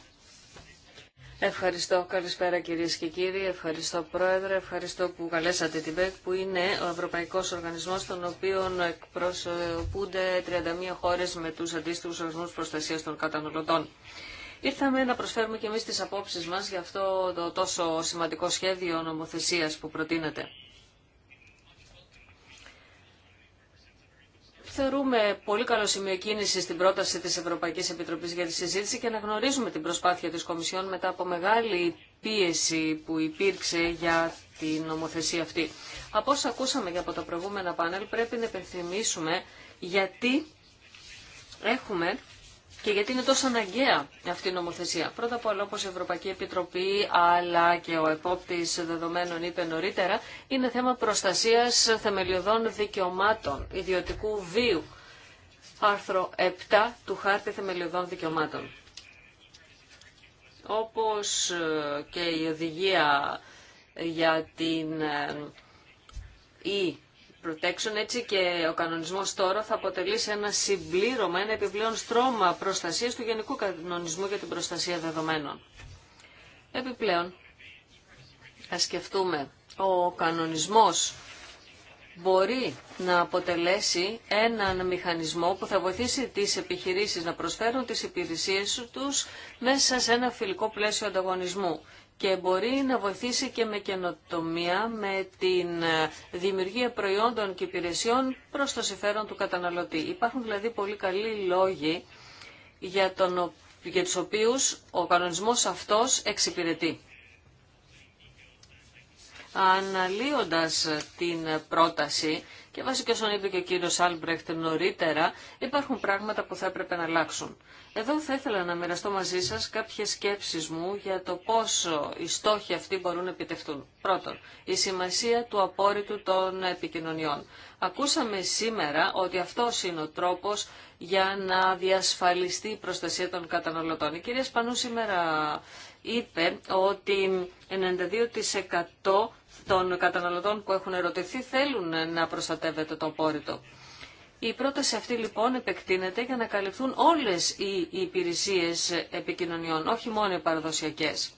Ευχαριστώ. Καλησπέρα κυρίε και κύριοι. Ευχαριστώ Πρόεδρε. Ευχαριστώ που καλέσατε την ΠΕΚ που είναι ο Ευρωπαϊκό Οργανισμό τον οποίων εκπροσωπούνται 31 χώρε με του αντίστοιχου οργανισμού προστασία των καταναλωτών. Ήρθαμε να προσφέρουμε και εμεί τι απόψει μα για αυτό το τόσο σημαντικό σχέδιο νομοθεσία που προτείνεται. θεωρούμε πολύ καλό σημείο κίνηση στην πρόταση τη Ευρωπαϊκή Επιτροπή για τη συζήτηση και να γνωρίζουμε την προσπάθεια της Κομισιόν μετά από μεγάλη πίεση που υπήρξε για την νομοθεσία αυτή. Από όσα ακούσαμε και από τα προηγούμενα πάνελ πρέπει να υπενθυμίσουμε γιατί έχουμε και γιατί είναι τόσο αναγκαία αυτή η νομοθεσία. Πρώτα απ' όλα, όπω η Ευρωπαϊκή Επιτροπή αλλά και ο επόπτης δεδομένων είπε νωρίτερα, είναι θέμα προστασίας θεμελιωδών δικαιωμάτων, ιδιωτικού βίου. Άρθρο 7 του Χάρτη Θεμελιωδών Δικαιωμάτων. Όπως ε, και η οδηγία για την ή ε, Protection, έτσι και ο κανονισμός τώρα θα αποτελεί ένα συμπλήρωμα, ένα επιπλέον στρώμα προστασίας του Γενικού Κανονισμού για την Προστασία Δεδομένων. Επιπλέον, θα σκεφτούμε, ο κανονισμός μπορεί να αποτελέσει έναν μηχανισμό που θα βοηθήσει τις επιχειρήσεις να προσφέρουν τις υπηρεσίες τους μέσα σε ένα φιλικό πλαίσιο ανταγωνισμού και μπορεί να βοηθήσει και με καινοτομία με τη ε, δημιουργία προϊόντων και υπηρεσιών προς το συμφέρον του καταναλωτή. Υπάρχουν δηλαδή πολύ καλοί λόγοι για, τον, για τους οποίους ο κανονισμός αυτός εξυπηρετεί. Αναλύοντας την πρόταση και βάσει και όσων είπε και ο κύριο Άλμπρεχτ νωρίτερα, υπάρχουν πράγματα που θα έπρεπε να αλλάξουν. Εδώ θα ήθελα να μοιραστώ μαζί σα κάποιε σκέψει μου για το πόσο οι στόχοι αυτοί μπορούν να επιτευχθούν. Πρώτον, η σημασία του απόρριτου των επικοινωνιών. Ακούσαμε σήμερα ότι αυτό είναι ο τρόπο για να διασφαλιστεί η προστασία των καταναλωτών. Η κυρία Σπανού σήμερα είπε ότι 92% των καταναλωτών που έχουν ερωτηθεί θέλουν να προστατεύεται το απόρριτο. Η πρόταση αυτή λοιπόν επεκτείνεται για να καλυφθούν όλες οι υπηρεσίες επικοινωνιών, όχι μόνο οι παραδοσιακές.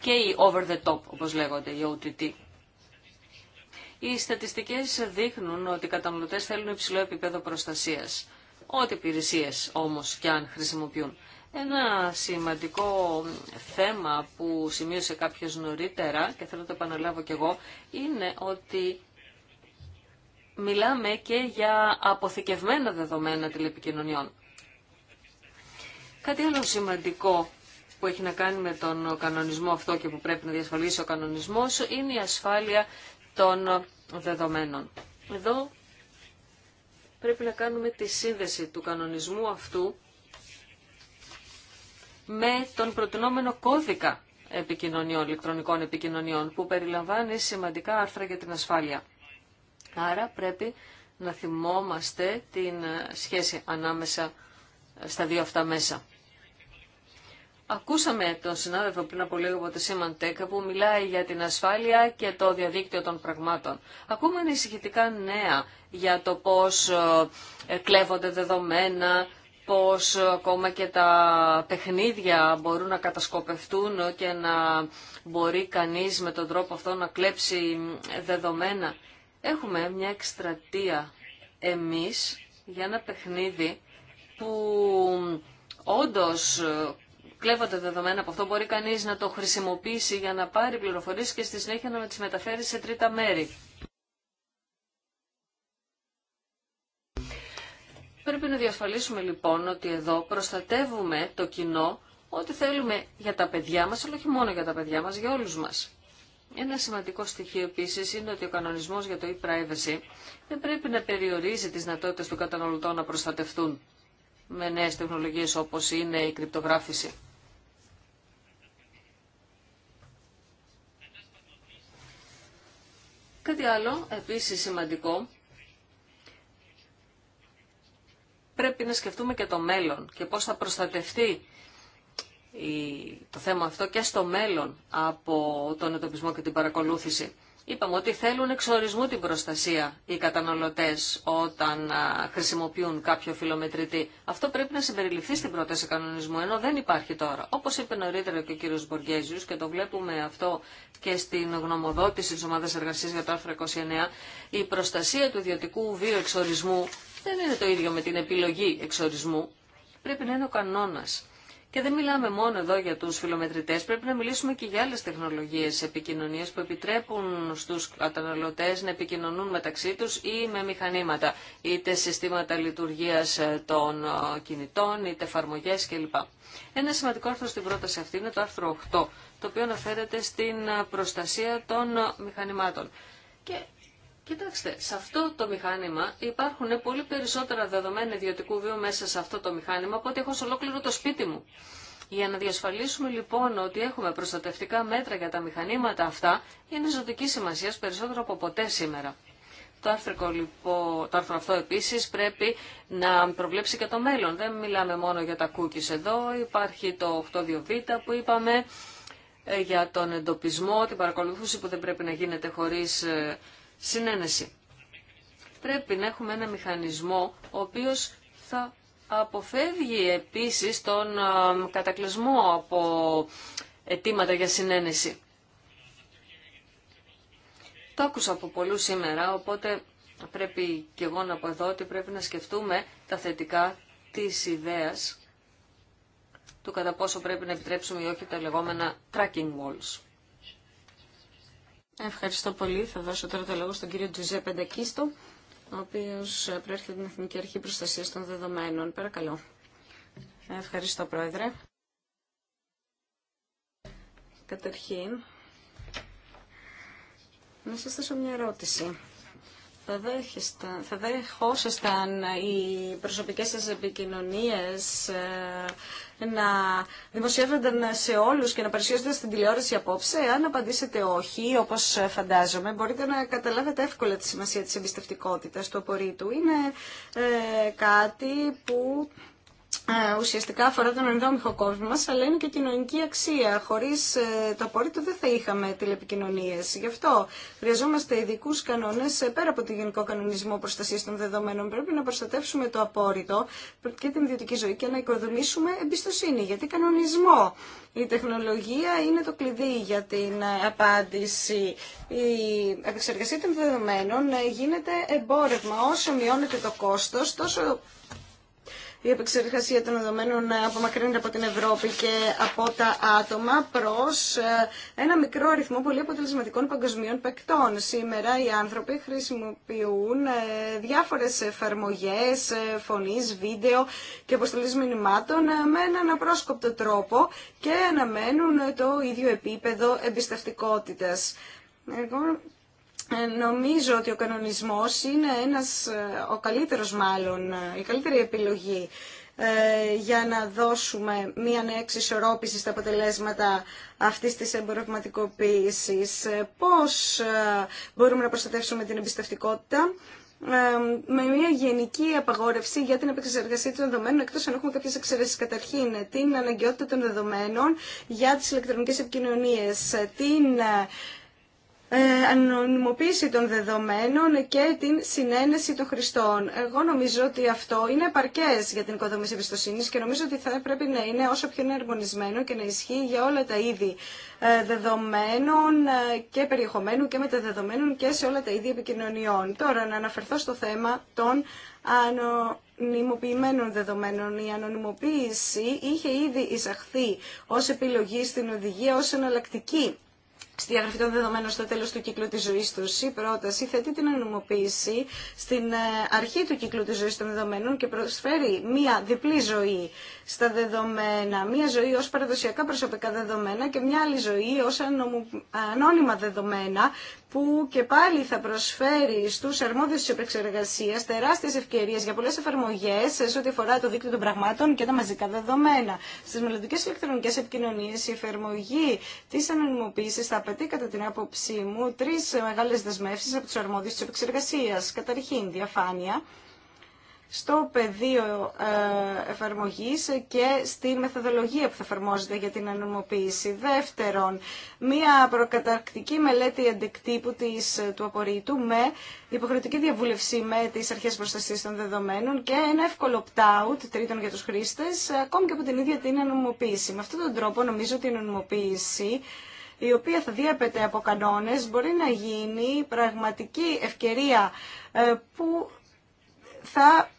Και οι over the top, όπως λέγονται, οι OTT. Οι στατιστικές δείχνουν ότι οι καταναλωτές θέλουν υψηλό επίπεδο προστασίας. Ό,τι υπηρεσίε όμως και αν χρησιμοποιούν. Ένα σημαντικό θέμα που σημείωσε κάποιος νωρίτερα και θέλω να το επαναλάβω κι εγώ είναι ότι μιλάμε και για αποθηκευμένα δεδομένα τηλεπικοινωνιών. Κάτι άλλο σημαντικό που έχει να κάνει με τον κανονισμό αυτό και που πρέπει να διασφαλίσει ο κανονισμός είναι η ασφάλεια των δεδομένων. Εδώ πρέπει να κάνουμε τη σύνδεση του κανονισμού αυτού με τον προτινόμενο κώδικα επικοινωνιών, ηλεκτρονικών επικοινωνιών, που περιλαμβάνει σημαντικά άρθρα για την ασφάλεια. Άρα πρέπει να θυμόμαστε την σχέση ανάμεσα στα δύο αυτά μέσα. Ακούσαμε τον συνάδελφο πριν από λίγο από τη Σίμαν που μιλάει για την ασφάλεια και το διαδίκτυο των πραγμάτων. Ακούμε ανησυχητικά νέα για το πώς ε, κλέβονται δεδομένα, πως ακόμα και τα παιχνίδια μπορούν να κατασκοπευτούν και να μπορεί κανείς με τον τρόπο αυτό να κλέψει δεδομένα. Έχουμε μια εκστρατεία εμείς για ένα παιχνίδι που όντως κλέβονται δεδομένα από αυτό, μπορεί κανείς να το χρησιμοποιήσει για να πάρει πληροφορίες και στη συνέχεια να τις μεταφέρει σε τρίτα μέρη. Πρέπει να διασφαλίσουμε λοιπόν ότι εδώ προστατεύουμε το κοινό ό,τι θέλουμε για τα παιδιά μας, αλλά όχι μόνο για τα παιδιά μας, για όλους μας. Ένα σημαντικό στοιχείο επίση είναι ότι ο κανονισμός για το e-privacy δεν πρέπει να περιορίζει τις δυνατότητε του καταναλωτών να προστατευτούν με νέες τεχνολογίες όπως είναι η κρυπτογράφηση. Κάτι άλλο, επίση σημαντικό, πρέπει να σκεφτούμε και το μέλλον και πώς θα προστατευτεί το θέμα αυτό και στο μέλλον από τον ετοπισμό και την παρακολούθηση. Είπαμε ότι θέλουν εξορισμού την προστασία οι καταναλωτές όταν χρησιμοποιούν κάποιο φιλομετρητή. Αυτό πρέπει να συμπεριληφθεί στην πρόταση κανονισμού, ενώ δεν υπάρχει τώρα. Όπως είπε νωρίτερα και ο κύριος Μποργέζιους και το βλέπουμε αυτό και στην γνωμοδότηση της Ομάδας Εργασίας για το άρθρο 29, η προστασία του ιδιωτικού βίου εξορισμού δεν είναι το ίδιο με την επιλογή εξορισμού. Πρέπει να είναι ο κανόνα. Και δεν μιλάμε μόνο εδώ για τους φιλομετρητές, πρέπει να μιλήσουμε και για άλλες τεχνολογίες επικοινωνίας που επιτρέπουν στους καταναλωτές να επικοινωνούν μεταξύ τους ή με μηχανήματα, είτε συστήματα λειτουργίας ε, των ε, κινητών, είτε εφαρμογέ κλπ. Ένα σημαντικό άρθρο στην πρόταση αυτή είναι το άρθρο 8, το οποίο αναφέρεται στην ε, προστασία των μηχανημάτων. Και Κοιτάξτε, σε αυτό το μηχάνημα υπάρχουν πολύ περισσότερα δεδομένα ιδιωτικού βίου μέσα σε αυτό το μηχάνημα από ό,τι έχω σε ολόκληρο το σπίτι μου. Για να διασφαλίσουμε λοιπόν ότι έχουμε προστατευτικά μέτρα για τα μηχανήματα αυτά, είναι ζωτική σημασία περισσότερο από ποτέ σήμερα. Το άρθρο, λοιπόν, το άρθρο αυτό επίσης πρέπει να προβλέψει και το μέλλον. Δεν μιλάμε μόνο για τα cookies εδώ, υπάρχει το 8 8.2β που είπαμε ε, για τον εντοπισμό, την παρακολουθούση που δεν πρέπει να γίνεται χωρί ε, συνένεση. Πρέπει να έχουμε ένα μηχανισμό ο οποίος θα αποφεύγει επίσης τον κατακλυσμό από αιτήματα για συνένεση. Το άκουσα από πολλού σήμερα, οπότε πρέπει και εγώ να πω εδώ ότι πρέπει να σκεφτούμε τα θετικά της ιδέας του κατά πόσο πρέπει να επιτρέψουμε ή όχι τα λεγόμενα tracking walls. Ευχαριστώ πολύ. Θα δώσω τώρα το λόγο στον κύριο Τζουζέ Πεντακίστο ο οποίος προέρχεται από την Εθνική Αρχή Προστασία των Δεδομένων. Παρακαλώ. Ευχαριστώ, Πρόεδρε. Καταρχήν, να σας θέσω μια ερώτηση θα, δέχεσταν, θα δέχόσασταν οι προσωπικές σας επικοινωνίες ε, να δημοσιεύονταν σε όλους και να παρουσιάζονται στην τηλεόραση απόψε. Αν απαντήσετε όχι, όπως φαντάζομαι, μπορείτε να καταλάβετε εύκολα τη σημασία της εμπιστευτικότητας του απορρίτου. Είναι ε, κάτι που ε, ουσιαστικά αφορά τον ενδόμηχο κόσμο μας, αλλά είναι και κοινωνική αξία. Χωρίς ε, το απορρίτο δεν θα είχαμε τηλεπικοινωνίες. Γι' αυτό χρειαζόμαστε ειδικού κανόνες ε, πέρα από το Γενικό Κανονισμό Προστασίας των Δεδομένων. Πρέπει να προστατεύσουμε το απόρριτο και την ιδιωτική ζωή και να οικοδομήσουμε εμπιστοσύνη. Γιατί κανονισμό. Η τεχνολογία είναι το κλειδί για την απάντηση. Η επεξεργασία των δεδομένων γίνεται εμπόρευμα. Όσο μειώνεται το κόστος, τόσο η επεξεργασία των δεδομένων ε, απομακρύνεται από την Ευρώπη και από τα άτομα προς ε, ένα μικρό αριθμό πολύ αποτελεσματικών παγκοσμίων παικτών. Σήμερα οι άνθρωποι χρησιμοποιούν ε, διάφορες εφαρμογές φωνής, βίντεο και αποστολής μηνυμάτων με έναν απρόσκοπτο τρόπο και αναμένουν το ίδιο επίπεδο εμπιστευτικότητας. Ε, νομίζω ότι ο κανονισμός είναι ένας, ε, ο καλύτερος μάλλον, ε, η καλύτερη επιλογή για να δώσουμε μία νέα εξισορρόπηση στα αποτελέσματα αυτής της εμπορευματικοποίησης. Πώς μπορούμε να προστατεύσουμε την εμπιστευτικότητα με μια γενική απαγόρευση για την επεξεργασία των δεδομένων, εκτός αν έχουμε κάποιες εξαιρέσεις. Καταρχήν, την αναγκαιότητα των δεδομένων για τις ηλεκτρονικές επικοινωνίες, την ε, ανωνυμοποίηση των δεδομένων και την συνένεση των χρηστών. Εγώ νομίζω ότι αυτό είναι επαρκέ για την οικοδόμηση εμπιστοσύνη και νομίζω ότι θα πρέπει να είναι όσο πιο εναρμονισμένο και να ισχύει για όλα τα είδη ε, δεδομένων ε, και περιεχομένου και μεταδεδομένων και σε όλα τα είδη επικοινωνιών. Τώρα να αναφερθώ στο θέμα των ανωνυμοποιημένων δεδομένων. Η ανωνυμοποίηση είχε ήδη εισαχθεί ως επιλογή στην οδηγία ως εναλλακτική στη διαγραφή των δεδομένων στο τέλος του κύκλου της ζωής τους. Η πρόταση θέτει την ανομοποίηση στην ε, αρχή του κύκλου της ζωής των δεδομένων και προσφέρει μία διπλή ζωή στα δεδομένα. Μία ζωή ως παραδοσιακά προσωπικά δεδομένα και μια άλλη ζωή ως ανώνυμα δεδομένα που και πάλι θα προσφέρει στους αρμόδιους της επεξεργασίας τεράστιες ευκαιρίες για πολλές εφαρμογές σε ό,τι αφορά το δίκτυο των πραγμάτων και τα μαζικά δεδομένα. Στις μελλοντικές ηλεκτρονικές επικοινωνίες η εφαρμογή της ανωνυμοποίησης θα απαιτεί κατά την άποψή μου τρεις μεγάλες δεσμεύσεις από τους αρμόδιους της επεξεργασίας. Καταρχήν διαφάνεια στο πεδίο ε, εφαρμογής και στη μεθοδολογία που θα εφαρμόζεται για την ανομοποίηση. Δεύτερον, μία προκαταρκτική μελέτη αντικτύπου της, του απορρίτου με υποχρεωτική διαβούλευση με τις αρχές προστασίας των δεδομένων και ένα εύκολο opt-out τρίτον για τους χρήστες, ακόμη και από την ίδια την ανομοποίηση. Με αυτόν τον τρόπο νομίζω ότι η ανομοποίηση η οποία θα διέπεται από κανόνες, μπορεί να γίνει πραγματική ευκαιρία ε, που θα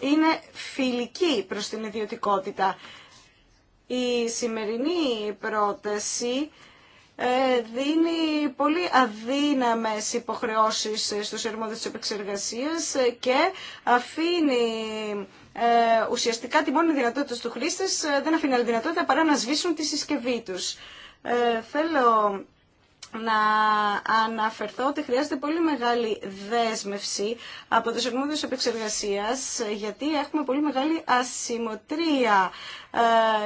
είναι φιλική προς την ιδιωτικότητα. Η σημερινή πρόταση ε, δίνει πολύ αδύναμες υποχρεώσεις στους αρμόδιους της επεξεργασίας ε, και αφήνει ε, ουσιαστικά τη μόνη δυνατότητα του χρήστες, δεν αφήνει άλλη δυνατότητα παρά να σβήσουν τη συσκευή τους. θέλω να αναφερθώ ότι χρειάζεται πολύ μεγάλη δέσμευση από τους αρμόδιους επεξεργασίας γιατί έχουμε πολύ μεγάλη ασημοτρία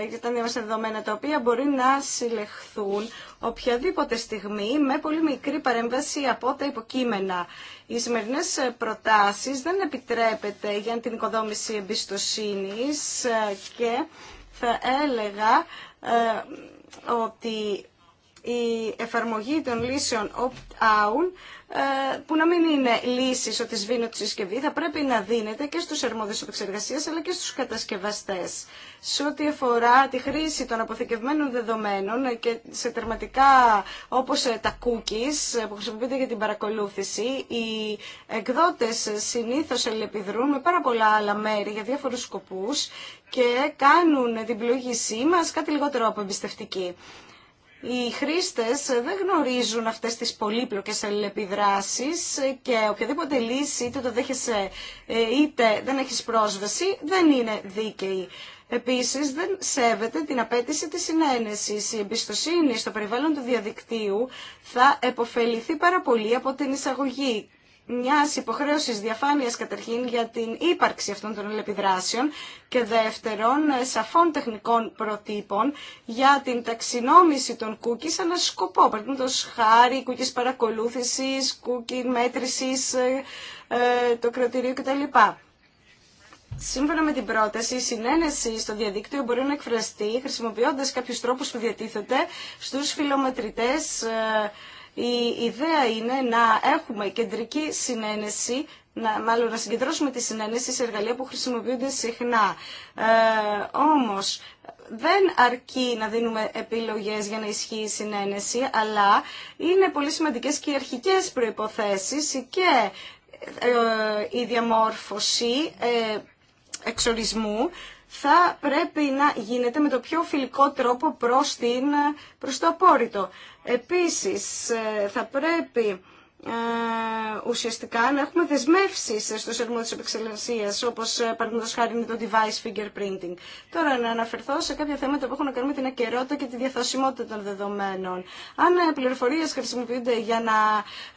ε, για τα μας δεδομένα τα οποία μπορεί να συλλεχθούν οποιαδήποτε στιγμή με πολύ μικρή παρέμβαση από τα υποκείμενα. Οι σημερινέ προτάσεις δεν επιτρέπεται για την οικοδόμηση εμπιστοσύνης ε, και θα έλεγα ε, ότι η εφαρμογή των λύσεων opt-out ε, που να μην είναι λύσεις ότι σβήνω τη συσκευή θα πρέπει να δίνεται και στους αρμόδιους επεξεργασίας αλλά και στους κατασκευαστές. Σε ό,τι αφορά τη χρήση των αποθηκευμένων δεδομένων και σε τερματικά όπως ε, τα cookies ε, που χρησιμοποιούνται για την παρακολούθηση οι εκδότες συνήθως ελεπιδρούν με πάρα πολλά άλλα μέρη για διάφορους σκοπούς και κάνουν την πλογήσή μας κάτι λιγότερο από εμπιστευτική οι χρήστες δεν γνωρίζουν αυτές τις πολύπλοκες αλληλεπιδράσεις και οποιαδήποτε λύση είτε το δέχεσαι ε, είτε δεν έχεις πρόσβαση δεν είναι δίκαιη. Επίσης δεν σέβεται την απέτηση της συνένεση. Η εμπιστοσύνη στο περιβάλλον του διαδικτύου θα επωφεληθεί πάρα πολύ από την εισαγωγή μια υποχρέωση διαφάνεια καταρχήν για την ύπαρξη αυτών των ελεπιδράσεων και δεύτερον ε, σαφών τεχνικών προτύπων για την ταξινόμηση των σε ένα σκοπό. Παραδείγματο χάρη, κούκκι παρακολούθηση, κούκκι μέτρηση, ε, ε, το κρατηρίο κτλ. Σύμφωνα με την πρόταση, η συνένεση στο διαδίκτυο μπορεί να εκφραστεί χρησιμοποιώντας κάποιους τρόπους που διατίθεται στους φιλομετρητές η ιδέα είναι να έχουμε κεντρική συνένεση να, μάλλον να συγκεντρώσουμε τη συνένεση σε εργαλεία που χρησιμοποιούνται συχνά. Ε, όμως δεν αρκεί να δίνουμε επιλογές για να ισχύει η συνένεση, αλλά είναι πολύ σημαντικές και οι αρχικές προϋποθέσεις και ε, ε, η διαμόρφωση ε, εξορισμού θα πρέπει να γίνεται με το πιο φιλικό τρόπο προς, την, προς το απόρριτο. Επίσης, ε, θα πρέπει ε, ουσιαστικά να έχουμε δεσμεύσει στο σερμό τη επεξεργασία, όπω ε, παραδείγματο χάρη είναι το device fingerprinting. Τώρα να αναφερθώ σε κάποια θέματα που έχουν να κάνουν με την ακαιρότητα και τη διαθεσιμότητα των δεδομένων. Αν ε, πληροφορίε χρησιμοποιούνται για να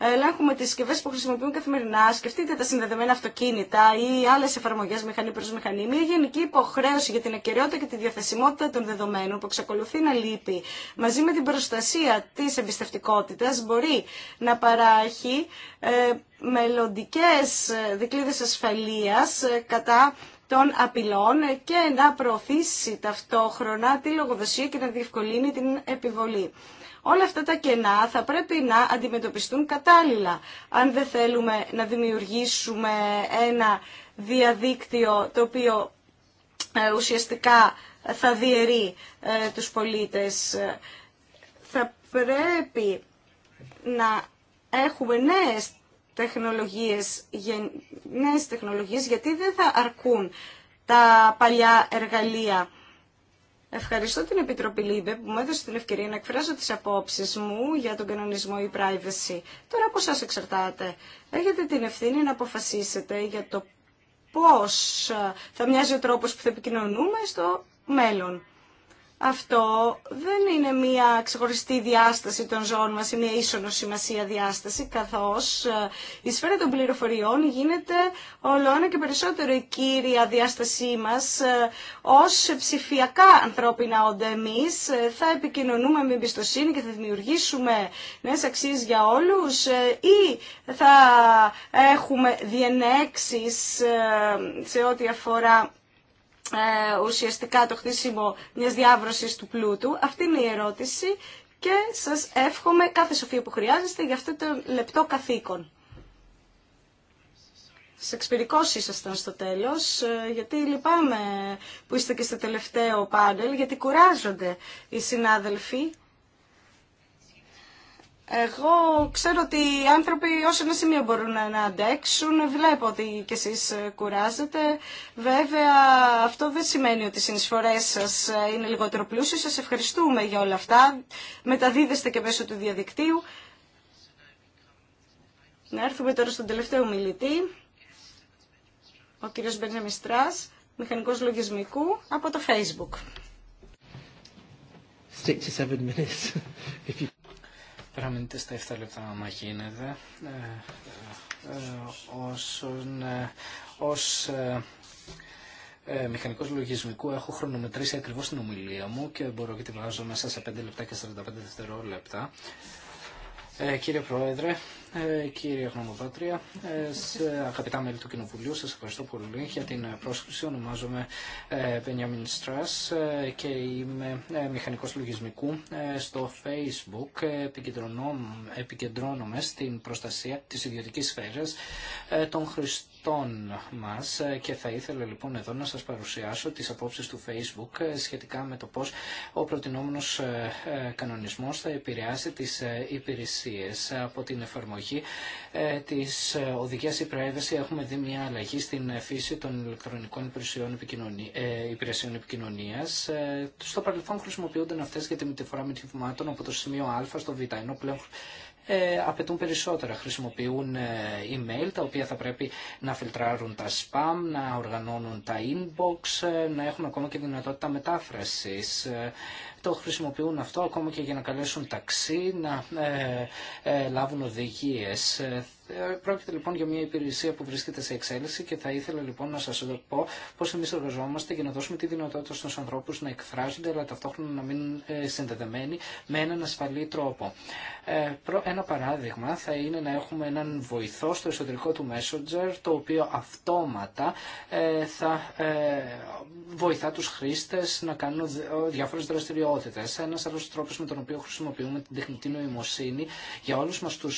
ελέγχουμε τι συσκευέ που χρησιμοποιούν καθημερινά, σκεφτείτε τα συνδεδεμένα αυτοκίνητα ή άλλε εφαρμογέ μηχανή προ μηχανή, μια γενική υποχρέωση για την ακαιρότητα και τη διαθεσιμότητα των δεδομένων που εξακολουθεί να λείπει μαζί με την προστασία τη εμπιστευτικότητα μπορεί να παράγει έχει ε, μελλοντικές ε, δικλείδες ασφαλείας ε, κατά των απειλών και να προωθήσει ταυτόχρονα τη λογοδοσία και να διευκολύνει την επιβολή. Όλα αυτά τα κενά θα πρέπει να αντιμετωπιστούν κατάλληλα, αν δεν θέλουμε να δημιουργήσουμε ένα διαδίκτυο το οποίο ουσιαστικά θα διαιρεί τους πολίτες. Θα πρέπει να έχουμε νέες τεχνολογίες, νέες τεχνολογίες γιατί δεν θα αρκούν τα παλιά εργαλεία. Ευχαριστώ την Επιτροπή ΛΥΜΠΕ που μου έδωσε την ευκαιρία να εκφράσω τις απόψεις μου για τον κανονισμό ή e privacy. Τώρα από σας εξαρτάται. Έχετε την ευθύνη να αποφασίσετε για το πώς ε, θα μοιάζει ο τρόπος που θα επικοινωνούμε στο μέλλον αυτό δεν είναι μια ξεχωριστή διάσταση των ζώων μας, είναι μια σημασία διάσταση, καθώς ε, η σφαίρα των πληροφοριών γίνεται όλο και περισσότερο η κύρια διάστασή μας ε, ως ψηφιακά ανθρώπινα όντα εμείς. Ε, θα επικοινωνούμε με εμπιστοσύνη και θα δημιουργήσουμε νέες αξίες για όλους ή θα έχουμε διενέξεις σε ό,τι αφορά ε, ουσιαστικά το χτίσιμο μιας διάβρωσης του πλούτου. Αυτή είναι η ερώτηση και σας εύχομαι κάθε σοφία που χρειάζεστε για αυτό το λεπτό καθήκον. Σε σας ήσασταν στο τέλος, ε, γιατί λυπάμαι που είστε και στο τελευταίο πάνελ, γιατί κουράζονται οι συνάδελφοι εγώ ξέρω ότι οι άνθρωποι όσο ένα σημείο μπορούν να αντέξουν. Βλέπω ότι κι εσείς ε, κουράζετε. Βέβαια αυτό δεν σημαίνει ότι οι συνεισφορές σας ε, είναι λιγότερο πλούσιες. Σας ευχαριστούμε για όλα αυτά. Μεταδίδεστε και μέσω του διαδικτύου. Να έρθουμε τώρα στον τελευταίο μιλητή, ο κύριος Μπενζαμιστράς, μηχανικός λογισμικού από το Facebook. Stick to παραμείνετε στα 7 λεπτά άμα γίνεται. Ε, ε, ε, όσον, ως μηχανικός λογισμικού έχω χρονομετρήσει ακριβώς την ομιλία μου και μπορώ και τη βάζω μέσα σε 5 λεπτά και 45 δευτερόλεπτα. Ε, κύριε Πρόεδρε, ε, κύριε Γνωμοπάτρια, σε αγαπητά μέλη του Κοινοβουλίου, σας ευχαριστώ πολύ για την πρόσκληση. Ονομάζομαι ε, Benjamin Strass ε, και είμαι ε, μηχανικός λογισμικού στο Facebook. Επικεντρώνομαι στην προστασία της ιδιωτικής σφαίρας των χρηστών μας και θα ήθελα λοιπόν εδώ να σας παρουσιάσω τις απόψεις του Facebook ε, σχετικά με το πώς ο προτινόμενος ε, ε, κανονισμός θα επηρεάσει τις υπηρεσίες. Από την εφαρμογή της οδηγίας e έχουμε δει μια αλλαγή στην φύση των ηλεκτρονικών υπηρεσιών επικοινωνίας. Στο παρελθόν χρησιμοποιούνταν αυτές για τη μεταφορά μηνυμάτων από το σημείο α στο β, ενώ πλέον ε, απαιτούν περισσότερα. Χρησιμοποιούν ε, email τα οποία θα πρέπει να φιλτράρουν τα spam, να οργανώνουν τα inbox, ε, να έχουν ακόμα και δυνατότητα μετάφρασης το χρησιμοποιούν αυτό ακόμα και για να καλέσουν ταξί, να ε, ε, λάβουν οδηγίες. Ε, πρόκειται λοιπόν για μια υπηρεσία που βρίσκεται σε εξέλιξη και θα ήθελα λοιπόν να σας πω πώς εμείς εργαζόμαστε για να δώσουμε τη δυνατότητα στου ανθρώπου να εκφράζονται αλλά ταυτόχρονα να μείνουν ε, συνδεδεμένοι με έναν ασφαλή τρόπο. Ε, ένα παράδειγμα θα είναι να έχουμε έναν βοηθό στο εσωτερικό του Messenger το οποίο αυτόματα θα βοηθά του χρήστε να κάνουν διάφορε δραστηριότητε ιδιότητε. Ένα άλλο τρόπο με τον οποίο χρησιμοποιούμε την τεχνητή νοημοσύνη για όλου μα του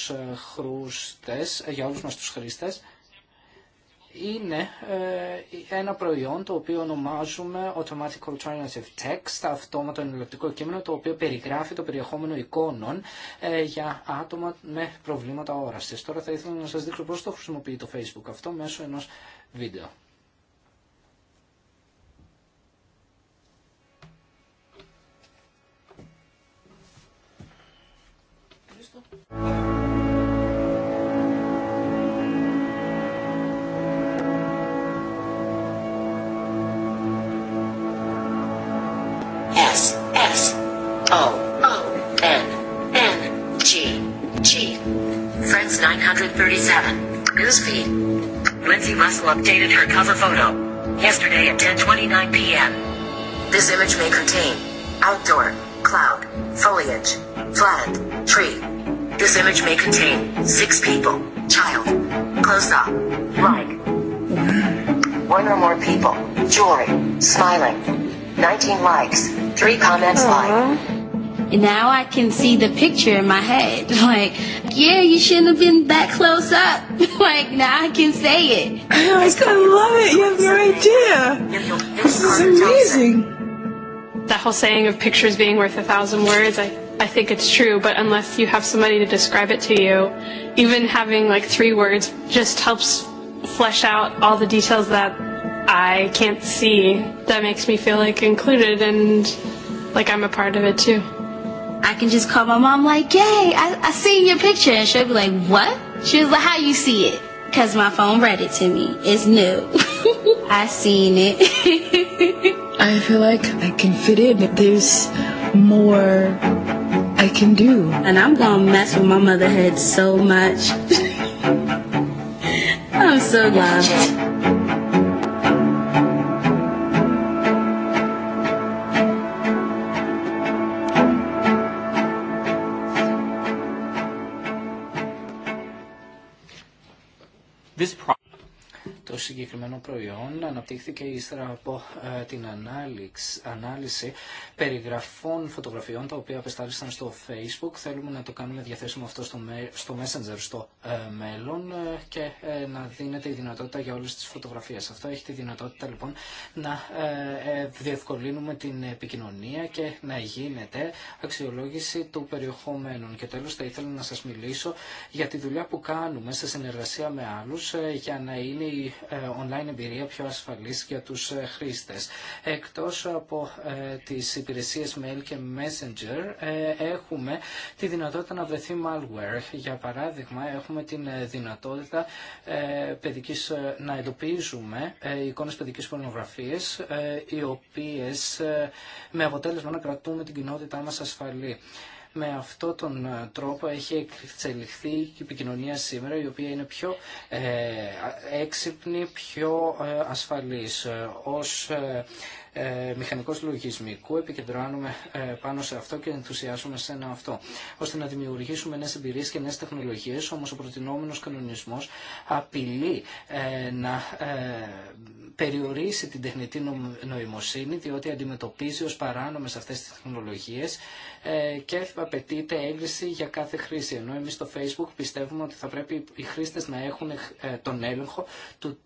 ε, ε, για όλου μα του χρήστε, είναι ε, ένα προϊόν το οποίο ονομάζουμε Automatic Alternative Text, αυτόματο ενηλεκτικό κείμενο το οποίο περιγράφει το περιεχόμενο εικόνων για άτομα με προβλήματα όρασης. Τώρα θα ήθελα να σας δείξω πώς το χρησιμοποιεί το Facebook αυτό μέσω ενός βίντεο. S S O O N N G G. Friends 937. Newsfeed. Lindsay Russell updated her cover photo yesterday at 10:29 p.m. This image may contain outdoor, cloud, foliage, flag, tree. This image may contain six people, child, close up, like, one or more people, jewelry, smiling, 19 likes, three comments like. Now I can see the picture in my head. Like, yeah, you shouldn't have been that close up. like, now I can say it. I love it. You have your idea. This is amazing. That whole saying of pictures being worth a thousand words, I I think it's true, but unless you have somebody to describe it to you, even having like three words just helps flesh out all the details that I can't see. That makes me feel like included and like I'm a part of it too. I can just call my mom like, yay, I, I seen your picture. And she'll be like, what? She was like, how you see it? Because my phone read it to me. It's new. I seen it. I feel like I can fit in. There's more I can do. And I'm gonna mess with my mother head so much. I'm so glad. This το συγκεκριμένο προϊόν αναπτύχθηκε ύστερα από ε, την ανάλυση περιγραφών φωτογραφιών τα οποία απεστάλησαν στο Facebook. Θέλουμε να το κάνουμε διαθέσιμο αυτό στο Messenger στο ε, μέλλον ε, και να δίνεται η δυνατότητα για όλες τις φωτογραφίες. Αυτό έχει τη δυνατότητα λοιπόν να διευκολύνουμε την επικοινωνία και να γίνεται αξιολόγηση του περιεχομένων. Και τέλος θα ήθελα να σας μιλήσω για τη δουλειά που κάνουμε σε συνεργασία με άλλους για να είναι η ε, online εμπειρία πιο ασφαλής για τους ε, χρήστες. Εκτός από ε, τις υπηρεσίες mail και messenger έχουμε τη δυνατότητα να βρεθεί malware. Για παράδειγμα έχουμε την δυνατότητα παιδικής, να εντοπίζουμε εικόνες παιδικής πορνογραφίας οι οποίες με αποτέλεσμα να κρατούμε την κοινότητά μας ασφαλή. Με αυτόν τον ε, τρόπο έχει εξελιχθεί η επικοινωνία σήμερα η οποία είναι πιο ε, έξυπνη, πιο ε, ασφαλής. Ως ε, ε μηχανικός λογισμικού επικεντρώνουμε ε, πάνω σε αυτό και ενθουσιάζουμε σε ένα αυτό, ώστε να δημιουργήσουμε νέες εμπειρίες και νέες τεχνολογίες, όμως ο προτινόμενος κανονισμός απειλεί να περιορίσει την τεχνητή νοημοσύνη διότι αντιμετωπίζει ως παράνομες αυτές τις τεχνολογίες ε, και απαιτείται έγκριση για κάθε χρήση. Ενώ εμείς στο Facebook πιστεύουμε ότι θα πρέπει οι χρήστες να έχουν ε, τον έλεγχο του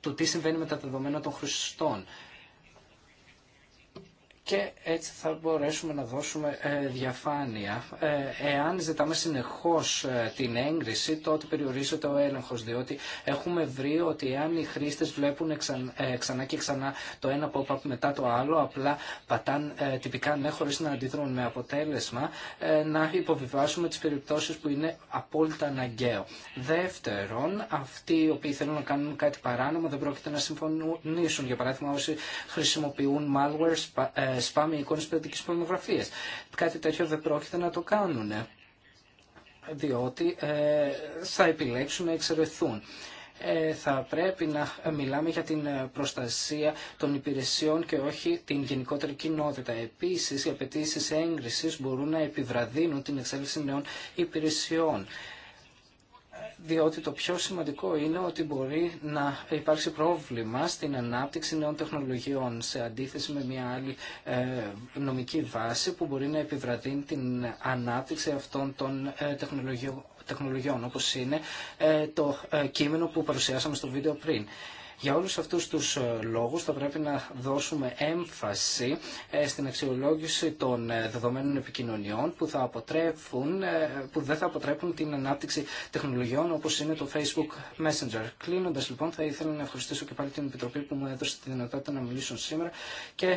του τι συμβαίνει με τα δεδομένα των χρηστών και έτσι θα μπορέσουμε να δώσουμε ε, διαφάνεια. Ε, εάν ζητάμε συνεχώς ε, την έγκριση, τότε περιορίζεται ο έλεγχος, διότι έχουμε βρει ότι εάν οι χρήστες βλέπουν ξανά και ξανά το ένα pop-up μετά το άλλο, απλά πατάν τυπικά ναι να αντιδρούν με αποτέλεσμα, να υποβιβάσουμε τις περιπτώσεις που είναι απόλυτα αναγκαίο. Δεύτερον, αυτοί οι οποίοι θέλουν να κάνουν κάτι παράνομο δεν πρόκειται να συμφωνήσουν. Για παράδειγμα, όσοι χρησιμοποιούν malware, σπάμε εικόνες παιδικής πορνογραφίας. Κάτι τέτοιο δεν πρόκειται να το κάνουν, ε, διότι ε, θα επιλέξουν να εξαιρεθούν ε, θα πρέπει να μιλάμε για την προστασία των υπηρεσιών και όχι την γενικότερη κοινότητα. Επίσης, οι απαιτήσει έγκρισης μπορούν να επιβραδύνουν την εξέλιξη νέων υπηρεσιών διότι το πιο σημαντικό είναι ότι μπορεί να υπάρξει πρόβλημα στην ανάπτυξη νέων τεχνολογιών σε αντίθεση με μια άλλη ε, νομική βάση που μπορεί να επιβραδύνει την ανάπτυξη αυτών των ε, τεχνολογιών όπως είναι ε, το κείμενο που παρουσιάσαμε στο βίντεο πριν. Για όλους αυτούς τους ε, λόγους θα πρέπει να δώσουμε έμφαση ε, στην αξιολόγηση των ε, δεδομένων επικοινωνιών που, θα αποτρέπουν, που δεν θα αποτρέπουν την ανάπτυξη τεχνολογιών όπως είναι το Facebook Messenger. Κλείνοντας λοιπόν θα ήθελα να ευχαριστήσω και πάλι την Επιτροπή που μου έδωσε τη δυνατότητα να μιλήσουν σήμερα και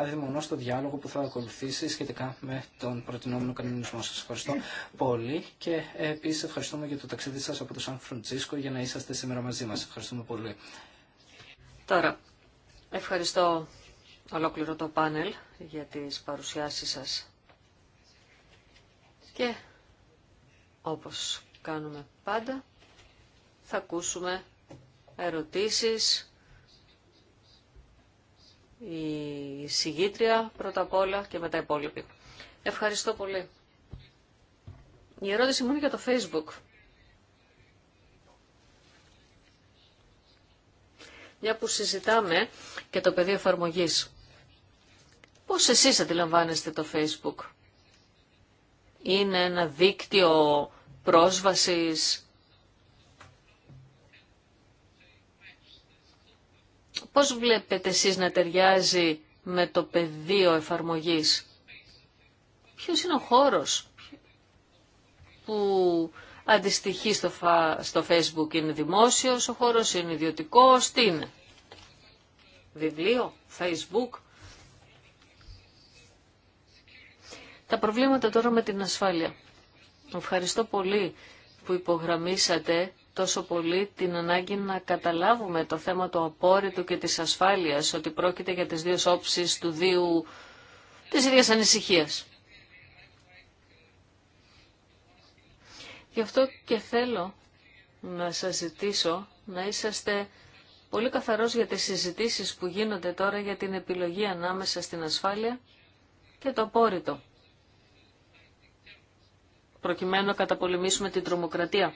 αδειμονώ στο διάλογο που θα ακολουθήσει σχετικά με τον προτινόμενο κανονισμό σας. Ευχαριστώ πολύ και επίσης ευχαριστούμε για το ταξίδι σας από το Σαν Φραντσίσκο για να είσαστε σήμερα μαζί μας. Ευχαριστούμε πολύ. Τώρα, ευχαριστώ ολόκληρο το πάνελ για τις παρουσιάσεις σας. Και όπως κάνουμε πάντα, θα ακούσουμε ερωτήσεις, η συγγήτρια πρώτα απ' όλα και μετά οι υπόλοιποι. Ευχαριστώ πολύ. Η ερώτηση μου είναι για το Facebook. μια που συζητάμε και το πεδίο εφαρμογή. Πώς εσείς αντιλαμβάνεστε το Facebook. Είναι ένα δίκτυο πρόσβασης. Πώς βλέπετε εσείς να ταιριάζει με το πεδίο εφαρμογής. Ποιος είναι ο χώρος που αντιστοιχεί στο, στο facebook είναι δημόσιος, ο χώρος είναι ιδιωτικός, τι είναι. Βιβλίο, facebook. Τα προβλήματα τώρα με την ασφάλεια. Ευχαριστώ πολύ που υπογραμμίσατε τόσο πολύ την ανάγκη να καταλάβουμε το θέμα του απόρριτου και της ασφάλειας, ότι πρόκειται για τις δύο όψεις του δύο της ίδιας ανησυχίας. Γι' αυτό και θέλω να σας ζητήσω να είσαστε πολύ καθαρός για τις συζητήσεις που γίνονται τώρα για την επιλογή ανάμεσα στην ασφάλεια και το απόρριτο προκειμένου να καταπολεμήσουμε την τρομοκρατία.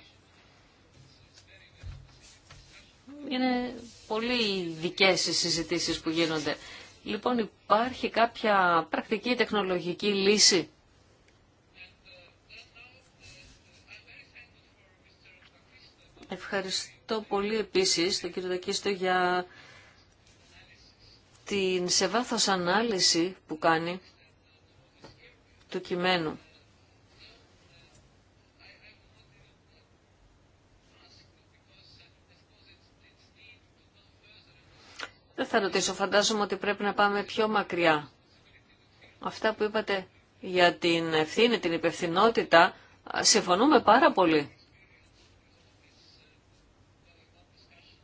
Είναι πολύ δικέ οι συζητήσεις που γίνονται. Λοιπόν, υπάρχει κάποια πρακτική τεχνολογική λύση Ευχαριστώ πολύ επίσης τον κύριο Δακίστο για την σε βάθος ανάλυση που κάνει του κειμένου. Δεν θα ρωτήσω, φαντάζομαι ότι πρέπει να πάμε πιο μακριά. Αυτά που είπατε για την ευθύνη, την υπευθυνότητα, συμφωνούμε πάρα πολύ.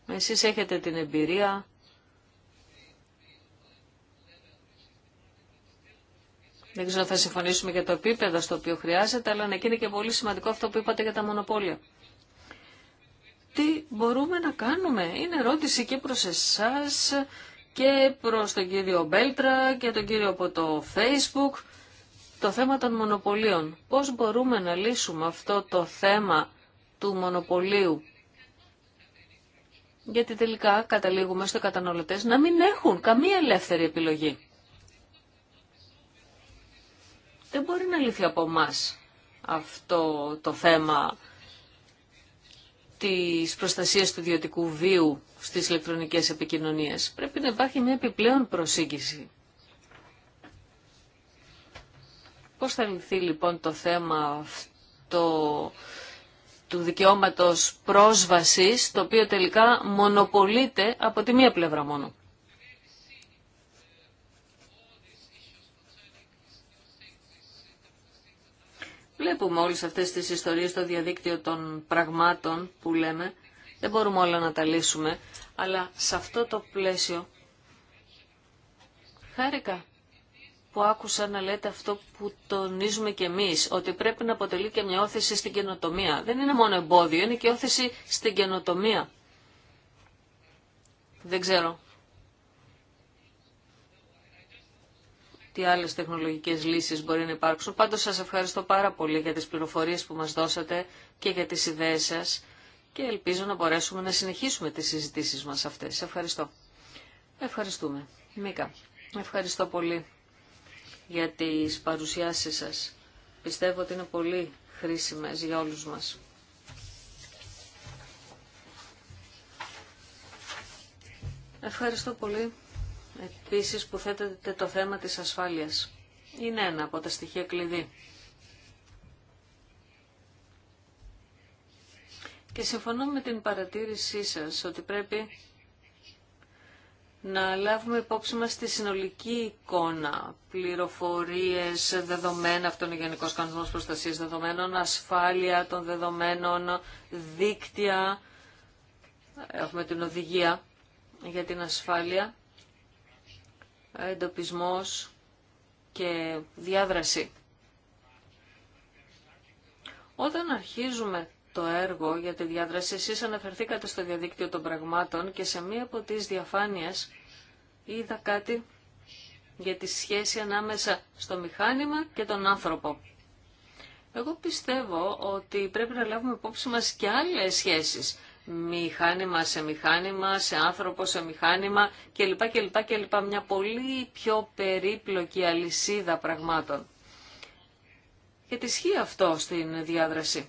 Εσείς έχετε την εμπειρία Δεν ξέρω αν θα συμφωνήσουμε για το επίπεδο στο οποίο χρειάζεται, αλλά εκεί ναι, είναι και πολύ σημαντικό αυτό που είπατε για τα μονοπόλια. Τι μπορούμε να κάνουμε. Είναι ερώτηση και προς εσάς και προς τον κύριο Μπέλτρα και τον κύριο από το Facebook. Το θέμα των μονοπωλίων. Πώς μπορούμε να λύσουμε αυτό το θέμα του μονοπωλίου γιατί τελικά καταλήγουμε στο καταναλωτές να μην έχουν καμία ελεύθερη επιλογή. Δεν μπορεί να λυθεί από εμά αυτό το θέμα της προστασίας του ιδιωτικού βίου στις ηλεκτρονικές επικοινωνίες. Πρέπει να υπάρχει μια επιπλέον προσήγηση. Πώς θα λυθεί λοιπόν το θέμα αυτό του δικαιώματος πρόσβασης, το οποίο τελικά μονοπολείται από τη μία πλευρά μόνο. Βλέπουμε όλες αυτές τις ιστορίες στο διαδίκτυο των πραγμάτων που λέμε. Δεν μπορούμε όλα να τα λύσουμε, αλλά σε αυτό το πλαίσιο χάρηκα που άκουσα να λέτε αυτό που τονίζουμε κι εμείς, ότι πρέπει να αποτελεί και μια όθηση στην καινοτομία. Δεν είναι μόνο εμπόδιο, είναι και όθηση στην καινοτομία. Δεν ξέρω. τι άλλες τεχνολογικές λύσεις μπορεί να υπάρξουν. Πάντως σας ευχαριστώ πάρα πολύ για τις πληροφορίες που μας δώσατε και για τις ιδέες σας και ελπίζω να μπορέσουμε να συνεχίσουμε τις συζητήσεις μας αυτές. Ευχαριστώ. Ευχαριστούμε. Μίκα, ευχαριστώ πολύ για τις παρουσιάσεις σας. Πιστεύω ότι είναι πολύ χρήσιμες για όλους μας. Ευχαριστώ πολύ επίσης που θέτετε το θέμα της ασφάλειας. Είναι ένα από τα στοιχεία κλειδί. Και συμφωνώ με την παρατήρησή σας ότι πρέπει να λάβουμε υπόψη μας τη συνολική εικόνα, πληροφορίες, δεδομένα, αυτό είναι ο Γενικός Κανονισμός Προστασίας Δεδομένων, ασφάλεια των δεδομένων, δίκτυα, έχουμε την οδηγία για την ασφάλεια, εντοπισμός και διάδραση. Όταν αρχίζουμε το έργο για τη διάδραση, εσείς αναφερθήκατε στο διαδίκτυο των πραγμάτων και σε μία από τις διαφάνειες είδα κάτι για τη σχέση ανάμεσα στο μηχάνημα και τον άνθρωπο. Εγώ πιστεύω ότι πρέπει να λάβουμε υπόψη μας και άλλες σχέσεις. Μηχάνημα σε μηχάνημα, σε άνθρωπο σε μηχάνημα κλπ. Μια πολύ πιο περίπλοκη αλυσίδα πραγμάτων. Και τη ισχύει αυτό στην διάδραση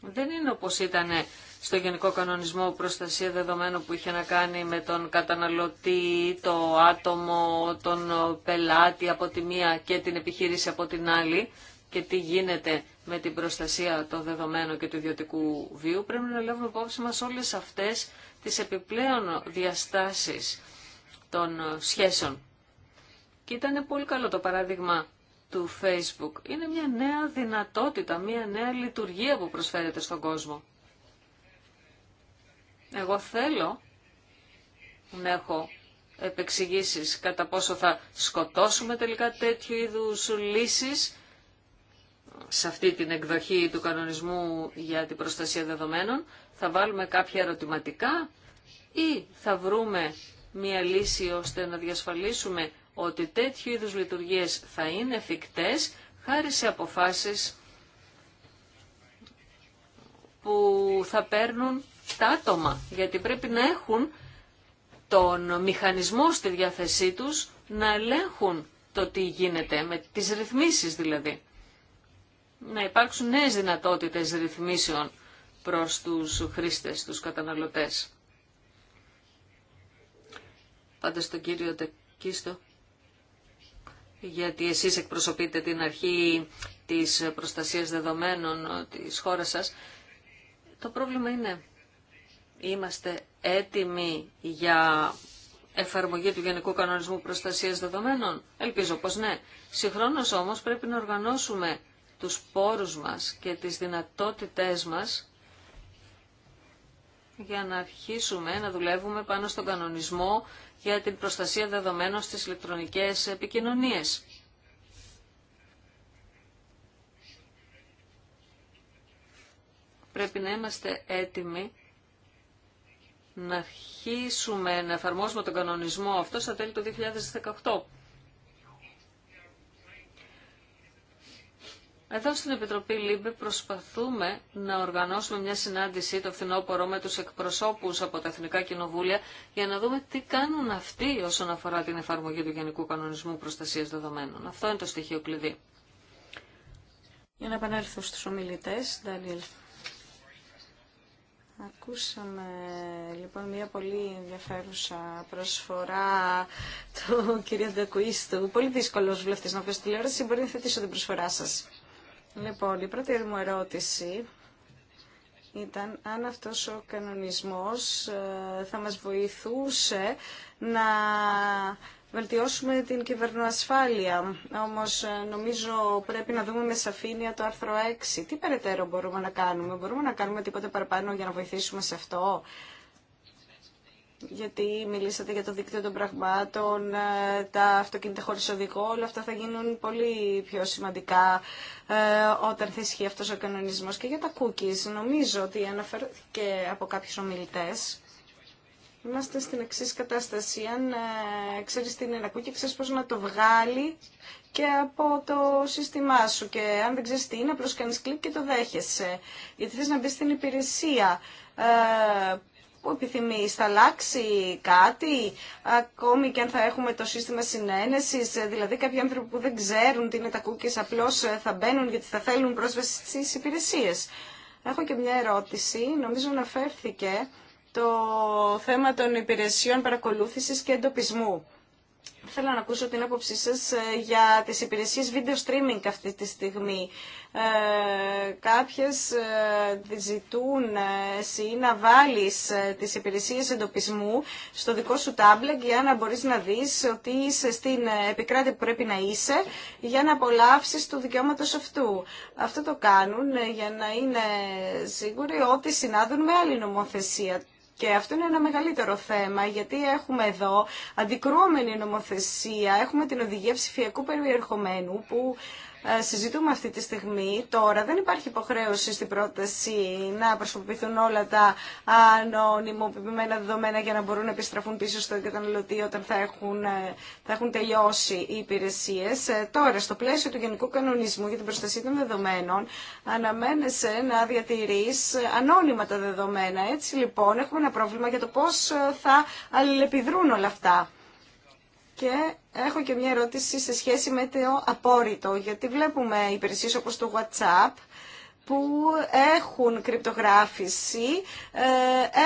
δεν είναι όπως ήταν στο Γενικό Κανονισμό Προστασία Δεδομένου που είχε να κάνει με τον καταναλωτή, το άτομο, τον πελάτη από τη μία και την επιχείρηση από την άλλη και τι γίνεται με την προστασία των δεδομένων και του ιδιωτικού βίου, πρέπει να λάβουμε υπόψη μας όλες αυτές τις επιπλέον διαστάσεις των σχέσεων. Και ήταν πολύ καλό το παράδειγμα του Facebook. Είναι μια νέα δυνατότητα, μια νέα λειτουργία που προσφέρεται στον κόσμο. Εγώ θέλω να έχω επεξηγήσεις κατά πόσο θα σκοτώσουμε τελικά τέτοιου είδους λύσεις σε αυτή την εκδοχή του κανονισμού για την προστασία δεδομένων. Θα βάλουμε κάποια ερωτηματικά ή θα βρούμε μια λύση ώστε να διασφαλίσουμε ότι τέτοιου είδους λειτουργίες θα είναι εφικτές χάρη σε αποφάσεις που θα παίρνουν τα άτομα, γιατί πρέπει να έχουν τον μηχανισμό στη διάθεσή τους να ελέγχουν το τι γίνεται, με τις ρυθμίσεις δηλαδή. Να υπάρξουν νέες δυνατότητες ρυθμίσεων προς τους χρήστες, τους καταναλωτές. Πάντα στον κύριο Τεκίστο γιατί εσείς εκπροσωπείτε την αρχή της προστασίας δεδομένων της χώρας σας. Το πρόβλημα είναι, είμαστε έτοιμοι για εφαρμογή του Γενικού Κανονισμού Προστασίας Δεδομένων. Ελπίζω πως ναι. Συγχρόνως όμως πρέπει να οργανώσουμε τους πόρους μας και τις δυνατότητές μας για να αρχίσουμε να δουλεύουμε πάνω στον κανονισμό για την προστασία δεδομένων στις ηλεκτρονικές επικοινωνίες. Πρέπει να είμαστε έτοιμοι να αρχίσουμε να εφαρμόσουμε τον κανονισμό αυτό στα τέλη του 2018. Εδώ στην Επιτροπή ΛΥΜΠΕ προσπαθούμε να οργανώσουμε μια συνάντηση το φθινόπωρο με τους εκπροσώπους από τα Εθνικά Κοινοβούλια για να δούμε τι κάνουν αυτοί όσον αφορά την εφαρμογή του Γενικού Κανονισμού Προστασίας Δεδομένων. Αυτό είναι το στοιχείο κλειδί. Για να επανέλθω στους ομιλητές, Ντανιέλ. Ακούσαμε λοιπόν μια πολύ ενδιαφέρουσα προσφορά του κ. Ντεκουίστου. Πολύ δύσκολο βουλευτή να πει τηλεόραση. Μπορεί να θετήσω την προσφορά σα. Λοιπόν, η πρώτη μου ερώτηση ήταν αν αυτός ο κανονισμός ε, θα μας βοηθούσε να βελτιώσουμε την κυβερνοασφάλεια. Όμως ε, νομίζω πρέπει να δούμε με σαφήνεια το άρθρο 6. Τι περαιτέρω μπορούμε να κάνουμε. Μπορούμε να κάνουμε τίποτε παραπάνω για να βοηθήσουμε σε αυτό γιατί μιλήσατε για το δίκτυο των πραγμάτων, ε, τα αυτοκίνητα χωρίς οδηγό, όλα αυτά θα γίνουν πολύ πιο σημαντικά ε, όταν θα ισχύει αυτός ο κανονισμός. Και για τα cookies, νομίζω ότι αναφέρθηκε από κάποιους ομιλητές, είμαστε στην εξή κατάσταση. Αν ε, ξέρεις τι είναι ένα cookie, ξέρεις πώς να το βγάλει και από το σύστημά σου. Και αν δεν ξέρεις τι είναι, απλώς κάνεις κλικ και το δέχεσαι. Γιατί θες να μπει στην υπηρεσία που επιθυμείς, θα αλλάξει κάτι, ακόμη και αν θα έχουμε το σύστημα συνένεσης, δηλαδή κάποιοι άνθρωποι που δεν ξέρουν τι είναι τα κούκκες απλώς ε, θα μπαίνουν γιατί θα θέλουν πρόσβαση στις υπηρεσίες. Έχω και μια ερώτηση, νομίζω αναφέρθηκε το θέμα των υπηρεσιών παρακολούθησης και εντοπισμού. Θέλω να ακούσω την άποψή σας ε, για τις υπηρεσίες video streaming αυτή τη στιγμή. Ε, κάποιες ε, ζητούν ε, εσύ να βάλεις τις υπηρεσίες εντοπισμού στο δικό σου τάμπλετ για να μπορείς να δεις ότι είσαι στην επικράτη που πρέπει να είσαι για να απολαύσεις του δικαιώματο αυτού. Αυτό το κάνουν για να είναι σίγουροι ότι συνάδουν με άλλη νομοθεσία. Και αυτό είναι ένα μεγαλύτερο θέμα, γιατί έχουμε εδώ αντικρούμενη νομοθεσία, έχουμε την οδηγία ψηφιακού περιεχομένου που ε, συζητούμε αυτή τη στιγμή. Τώρα δεν υπάρχει υποχρέωση στην πρόταση να προσωπηθούν όλα τα ανωνυμοποιημένα δεδομένα για να μπορούν να επιστραφούν πίσω στον καταναλωτή όταν θα έχουν, ε, θα έχουν τελειώσει οι υπηρεσίε. Ε, τώρα, στο πλαίσιο του Γενικού Κανονισμού για την Προστασία των Δεδομένων, αναμένεσαι να διατηρεί ανώνυμα τα δεδομένα. Έτσι λοιπόν, έχουμε ένα πρόβλημα για το πώ θα αλληλεπιδρούν όλα αυτά. Και Έχω και μια ερώτηση σε σχέση με το απόρριτο, γιατί βλέπουμε υπηρεσίες όπως το WhatsApp που έχουν κρυπτογράφηση ε,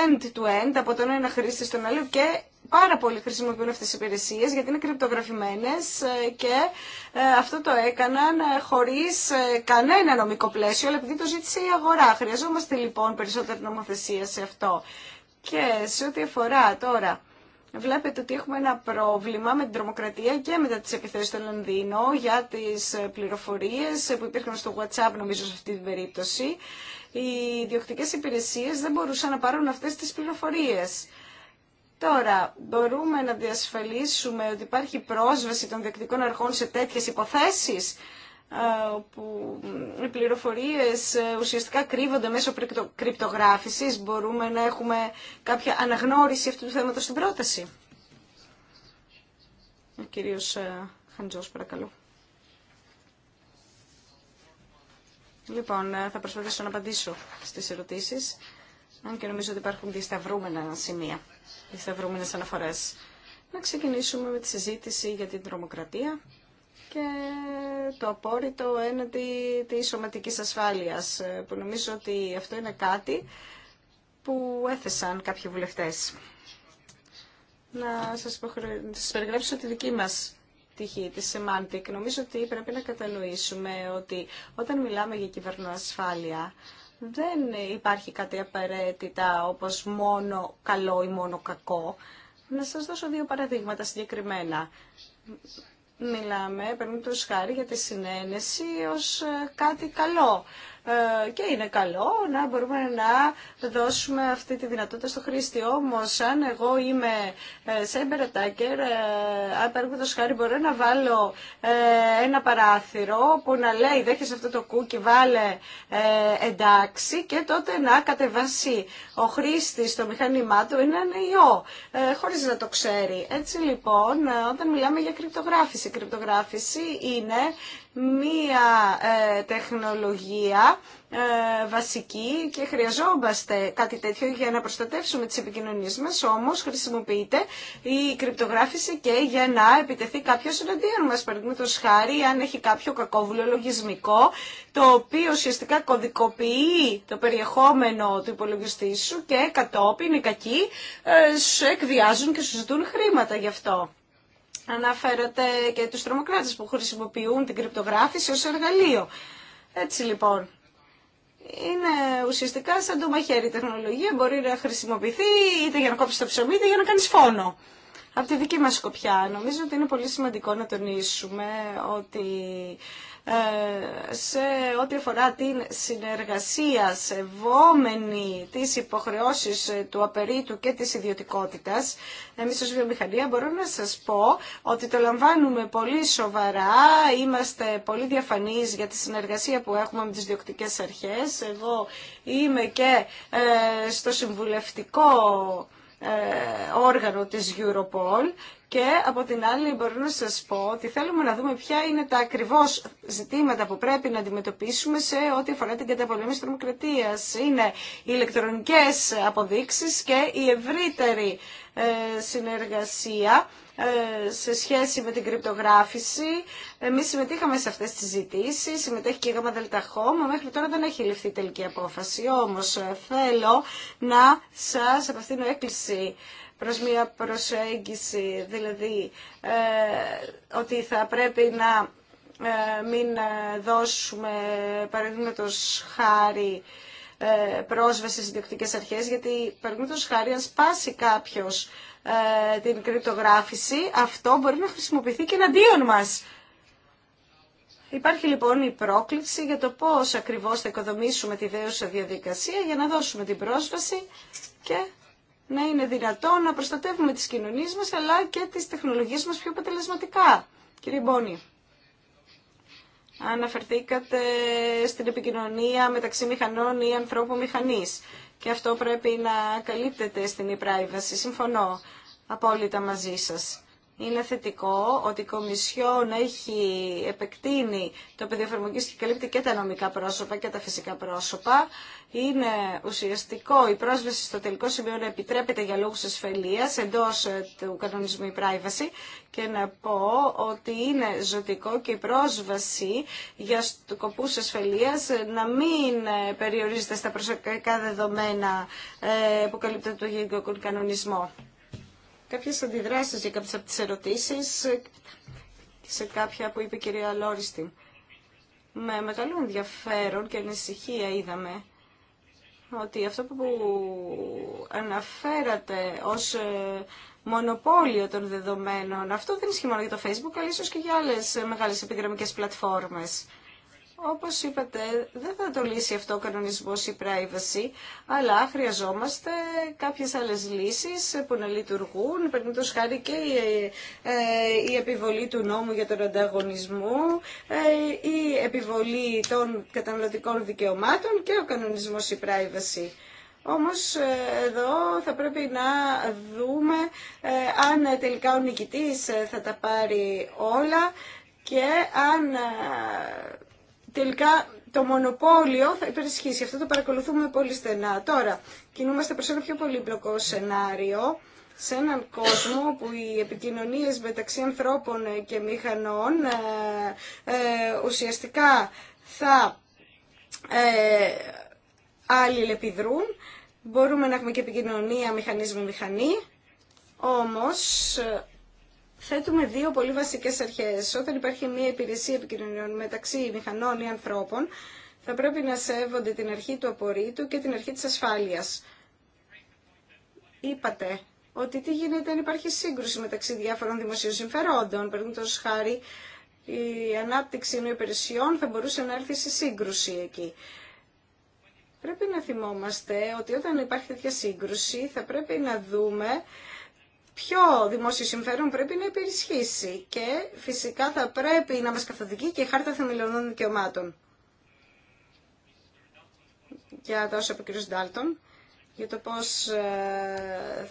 end-to-end από τον ένα χρήστη στον άλλο και πάρα πολύ χρησιμοποιούν αυτές τις υπηρεσίες γιατί είναι κρυπτογραφημένες ε, και ε, αυτό το έκαναν χωρίς κανένα νομικό πλαίσιο, αλλά επειδή το ζήτησε η αγορά. Χρειαζόμαστε λοιπόν περισσότερη νομοθεσία σε αυτό. Και σε ό,τι αφορά τώρα βλέπετε ότι έχουμε ένα πρόβλημα με την τρομοκρατία και μετά τις επιθέσεις στο Λονδίνο για τις πληροφορίες που υπήρχαν στο WhatsApp νομίζω σε αυτή την περίπτωση. Οι ιδιοκτικές υπηρεσίες δεν μπορούσαν να πάρουν αυτές τις πληροφορίες. Τώρα, μπορούμε να διασφαλίσουμε ότι υπάρχει πρόσβαση των διοκτικών αρχών σε τέτοιες υποθέσεις όπου οι πληροφορίες ε, ουσιαστικά κρύβονται μέσω κρυπτογράφησης. Μπορούμε να έχουμε κάποια αναγνώριση αυτού του θέματος στην πρόταση. Ο κύριος ε, Χαντζός, παρακαλώ. Λοιπόν, ε, θα προσπαθήσω να απαντήσω στις ερωτήσεις, αν και νομίζω ότι υπάρχουν διασταυρούμενα σημεία, διασταυρούμενες αναφορές. Να ξεκινήσουμε με τη συζήτηση για την τρομοκρατία και το απόρριτο έναντι τη σωματικής ασφάλειας, ε, που νομίζω ότι αυτό είναι κάτι που έθεσαν κάποιοι βουλευτές. Να σας, περιγράψω τη δική μας τυχή, τη Semantic. Νομίζω ότι πρέπει να κατανοήσουμε ότι όταν μιλάμε για κυβερνοασφάλεια, δεν υπάρχει κάτι απαραίτητα όπως μόνο καλό ή μόνο κακό. Να σας δώσω δύο παραδείγματα συγκεκριμένα μιλάμε, παίρνουμε το χάρη για τη συνένεση ως ε, κάτι καλό. Ε, και είναι καλό να μπορούμε να δώσουμε αυτή τη δυνατότητα στο χρήστη. Όμω αν εγώ είμαι σε ε, αν το χάρη μπορώ να βάλω ε, ένα παράθυρο που να λέει δέχεσαι αυτό το κούκι, βάλε ε, εντάξει και τότε να κατεβάσει ο χρήστη το μηχανήμα του έναν ιό, Χωρί να το ξέρει. Έτσι λοιπόν, όταν μιλάμε για κρυπτογράφηση, κρυπτογράφηση είναι μία ε, τεχνολογία ε, βασική και χρειαζόμαστε κάτι τέτοιο για να προστατεύσουμε τις επικοινωνίες μας, όμως χρησιμοποιείται η κρυπτογράφηση και για να επιτεθεί κάποιος εναντίον μας, παραδείγματος χάρη αν έχει κάποιο κακόβουλο λογισμικό, το οποίο ουσιαστικά κωδικοποιεί το περιεχόμενο του υπολογιστή σου και κατόπιν οι κακοί ε, σου εκβιάζουν και σου ζητούν χρήματα γι' αυτό. Αναφέρατε και τους τρομοκράτες που χρησιμοποιούν την κρυπτογράφηση ως εργαλείο. Έτσι λοιπόν, είναι ουσιαστικά σαν το μαχαίρι. Η τεχνολογία μπορεί να χρησιμοποιηθεί είτε για να κόψει το ψωμί είτε για να κάνει φόνο. Από τη δική μας σκοπιά νομίζω ότι είναι πολύ σημαντικό να τονίσουμε ότι ε, σε ό,τι αφορά την συνεργασία σεβόμενη τις υποχρεώσεις του απερίτου και της ιδιωτικότητας. Εμείς ως βιομηχανία μπορώ να σας πω ότι το λαμβάνουμε πολύ σοβαρά, είμαστε πολύ διαφανείς για τη συνεργασία που έχουμε με τις διοκτικές αρχές. Εγώ είμαι και ε, στο συμβουλευτικό ε, όργανο της Europol και από την άλλη μπορώ να σας πω ότι θέλουμε να δούμε ποια είναι τα ακριβώς ζητήματα που πρέπει να αντιμετωπίσουμε σε ό,τι αφορά την καταπολέμηση τρομοκρατίας. Είναι οι ηλεκτρονικές αποδείξεις και η ευρύτερη ε, συνεργασία ε, σε σχέση με την κρυπτογράφηση. Εμείς συμμετείχαμε σε αυτές τις ζητήσεις, συμμετέχει και η μα μέχρι τώρα δεν έχει ληφθεί τελική απόφαση. Όμως ε, θέλω να σας απευθύνω έκκληση προς μια προσέγγιση, δηλαδή ε, ότι θα πρέπει να ε, μην δώσουμε παραδείγματο χάρη ε, πρόσβαση στις διοκτικές αρχές, γιατί παραδείγματος χάρη αν σπάσει κάποιος ε, την κρυπτογράφηση, αυτό μπορεί να χρησιμοποιηθεί και εναντίον μας. Υπάρχει λοιπόν η πρόκληση για το πώς ακριβώς θα οικοδομήσουμε τη δέουσα διαδικασία για να δώσουμε την πρόσβαση και να είναι δυνατόν να προστατεύουμε τις κοινωνίες μας αλλά και τις τεχνολογίες μας πιο αποτελεσματικά. Κύριε Μπόνι, αναφερθήκατε στην επικοινωνία μεταξύ μηχανών ή ανθρώπου μηχανής και αυτό πρέπει να καλύπτεται στην e-privacy. Συμφωνώ απόλυτα μαζί σας είναι θετικό ότι η Κομισιόν έχει επεκτείνει το πεδίο εφαρμογή και καλύπτει και τα νομικά πρόσωπα και τα φυσικά πρόσωπα. Είναι ουσιαστικό η πρόσβαση στο τελικό σημείο να επιτρέπεται για λόγους ασφαλεία εντός ε, του κανονισμού privacy και να πω ότι είναι ζωτικό και η πρόσβαση για σκοπούς ασφαλείας ε, να μην ε, περιορίζεται στα προσωπικά δεδομένα που καλύπτεται το γενικό κανονισμό κάποιες αντιδράσεις για κάποιες από τις ερωτήσεις σε κάποια που είπε η κυρία Λόριστη Με μεγάλο ενδιαφέρον και ανησυχία είδαμε ότι αυτό που αναφέρατε ως ε, μονοπόλιο των δεδομένων, αυτό δεν ισχύει μόνο για το Facebook, αλλά ίσως και για άλλες μεγάλες επιγραμμικές πλατφόρμες. Όπως είπατε, δεν θα το λύσει αυτό ο κανονισμός η privacy, αλλά χρειαζόμαστε κάποιες άλλες λύσεις που να λειτουργούν, χάρη και ε, η, επιβολή του νόμου για τον ανταγωνισμό, ε, η επιβολή των καταναλωτικών δικαιωμάτων και ο κανονισμός η privacy. Όμως ε, εδώ θα πρέπει να δούμε αν τελικά ο νικητής θα τα πάρει όλα και αν τελικά το μονοπόλιο θα υπερισχύσει. Αυτό το παρακολουθούμε πολύ στενά. Τώρα, κινούμαστε προς ένα πιο πολύπλοκο σενάριο, σε έναν κόσμο που οι επικοινωνίες μεταξύ ανθρώπων και μηχανών ε, ε ουσιαστικά θα ε, αλληλεπιδρούν. Μπορούμε να έχουμε και επικοινωνία μηχανής με μηχανή, όμως θέτουμε δύο πολύ βασικές αρχές. Όταν υπάρχει μια υπηρεσία επικοινωνιών μεταξύ μηχανών ή ανθρώπων, θα πρέπει να σέβονται την αρχή του απορρίτου και την αρχή της ασφάλειας. Είπατε ότι τι γίνεται αν υπάρχει σύγκρουση μεταξύ διάφορων δημοσίων συμφερόντων. Παραδείγματο χάρη, η ανάπτυξη των υπηρεσιών θα μπορούσε να έρθει σε σύγκρουση εκεί. Πρέπει να θυμόμαστε ότι όταν υπάρχει τέτοια σύγκρουση θα πρέπει να δούμε ποιο δημόσιο συμφέρον πρέπει να υπερισχύσει και φυσικά θα πρέπει να μας καθοδηγεί και η Χάρτα Θεμελιωδών Δικαιωμάτων. Για τα όσα είπε κ. Ντάλτον, για το πώς ε,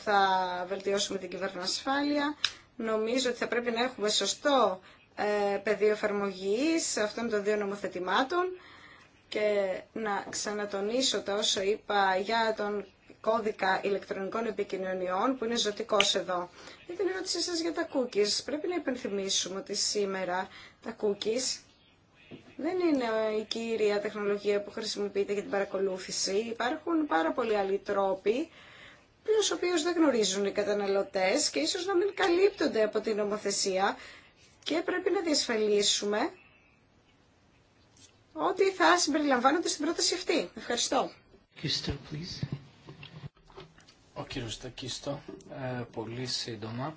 θα βελτιώσουμε την ασφάλεια Νομίζω ότι θα πρέπει να έχουμε σωστό ε, πεδίο εφαρμογή αυτών των δύο νομοθετημάτων και να ξανατονίσω τα όσο είπα για τον κώδικα ηλεκτρονικών επικοινωνιών που είναι ζωτικό εδώ. Για την ερώτησή σα για τα cookies, πρέπει να υπενθυμίσουμε ότι σήμερα τα cookies δεν είναι η κύρια τεχνολογία που χρησιμοποιείται για την παρακολούθηση. Υπάρχουν πάρα πολλοί άλλοι τρόποι του οποίου δεν γνωρίζουν οι καταναλωτέ και ίσω να μην καλύπτονται από την νομοθεσία και πρέπει να διασφαλίσουμε ότι θα συμπεριλαμβάνονται στην πρόταση αυτή. Ευχαριστώ. Ο κύριος Τακίστο, ε, πολύ σύντομα,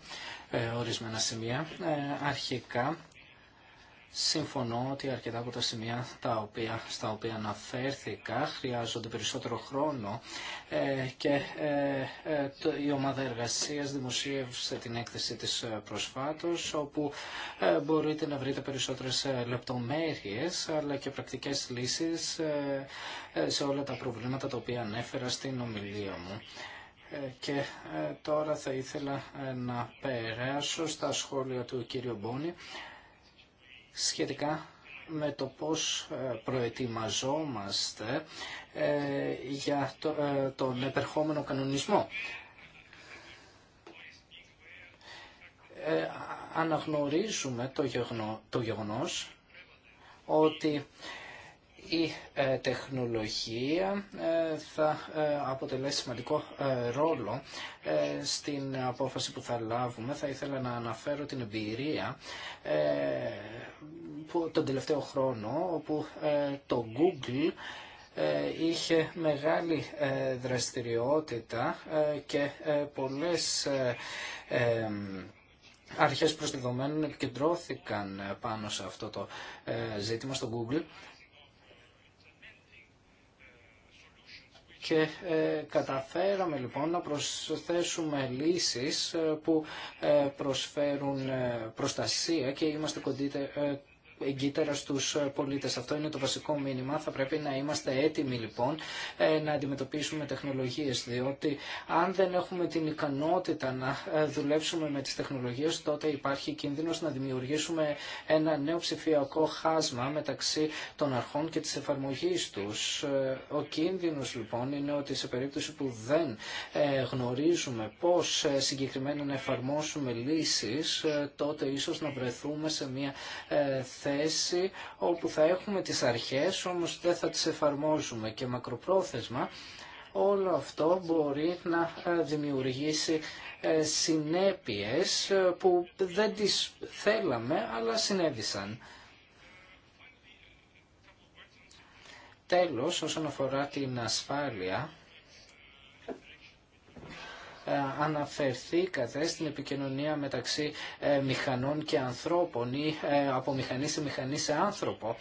ε, ορισμένα σημεία. Ε, αρχικά, Συμφωνώ ότι αρκετά από τα σημεία τα οποία, στα οποία αναφέρθηκα χρειάζονται περισσότερο χρόνο και το, η ομάδα εργασίας δημοσίευσε την έκθεση της προσφάτως όπου μπορείτε να βρείτε περισσότερες λεπτομέρειες αλλά και πρακτικές λύσεις σε όλα τα προβλήματα τα οποία ανέφερα στην ομιλία μου. Ε, και ε, τώρα θα ήθελα ε, να περάσω στα σχόλια του κύριου Μπόνη σχετικά με το πώς προετοιμαζόμαστε για τον επερχόμενο κανονισμό. Αναγνωρίζουμε το γεγονός ότι η ε, τεχνολογία ε, θα ε, αποτελέσει σημαντικό ρόλο στην απόφαση που θα λάβουμε. Θα ήθελα να αναφέρω την εμπειρία που τον τελευταίο χρόνο όπου το Google είχε μεγάλη δραστηριότητα και πολλές αρχές προσδεδομένων επικεντρώθηκαν πάνω σε αυτό το ζήτημα στο Google και ε, καταφέραμε λοιπόν να προσθέσουμε λύσεις ε, που ε, προσφέρουν προστασία και είμαστε εγκύτερα στους πολίτες. Αυτό είναι το βασικό μήνυμα. Θα πρέπει να είμαστε έτοιμοι λοιπόν ε, να αντιμετωπίσουμε τεχνολογίες διότι αν δεν έχουμε την ικανότητα να ε, δουλέψουμε με τις τεχνολογίες τότε υπάρχει κίνδυνος να δημιουργήσουμε ένα νέο ψηφιακό χάσμα μεταξύ των αρχών και της εφαρμογής τους. Ε, ο κίνδυνο λοιπόν είναι ότι σε περίπτωση που δεν γνωρίζουμε πώ συγκεκριμένα να εφαρμόσουμε λύσει, τότε ίσω να βρεθούμε σε μια θέση θέση όπου θα έχουμε τις αρχές όμως δεν θα τις εφαρμόζουμε και μακροπρόθεσμα όλο αυτό μπορεί να ε, δημιουργήσει ε, συνέπειες ε, που δεν τις θέλαμε αλλά συνέβησαν. Τέλος, όσον αφορά την ασφάλεια, ε, αναφερθήκατε στην επικοινωνία μεταξύ ε, μηχανών και ανθρώπων ή ε, από μηχανή σε μηχανή σε άνθρωπο.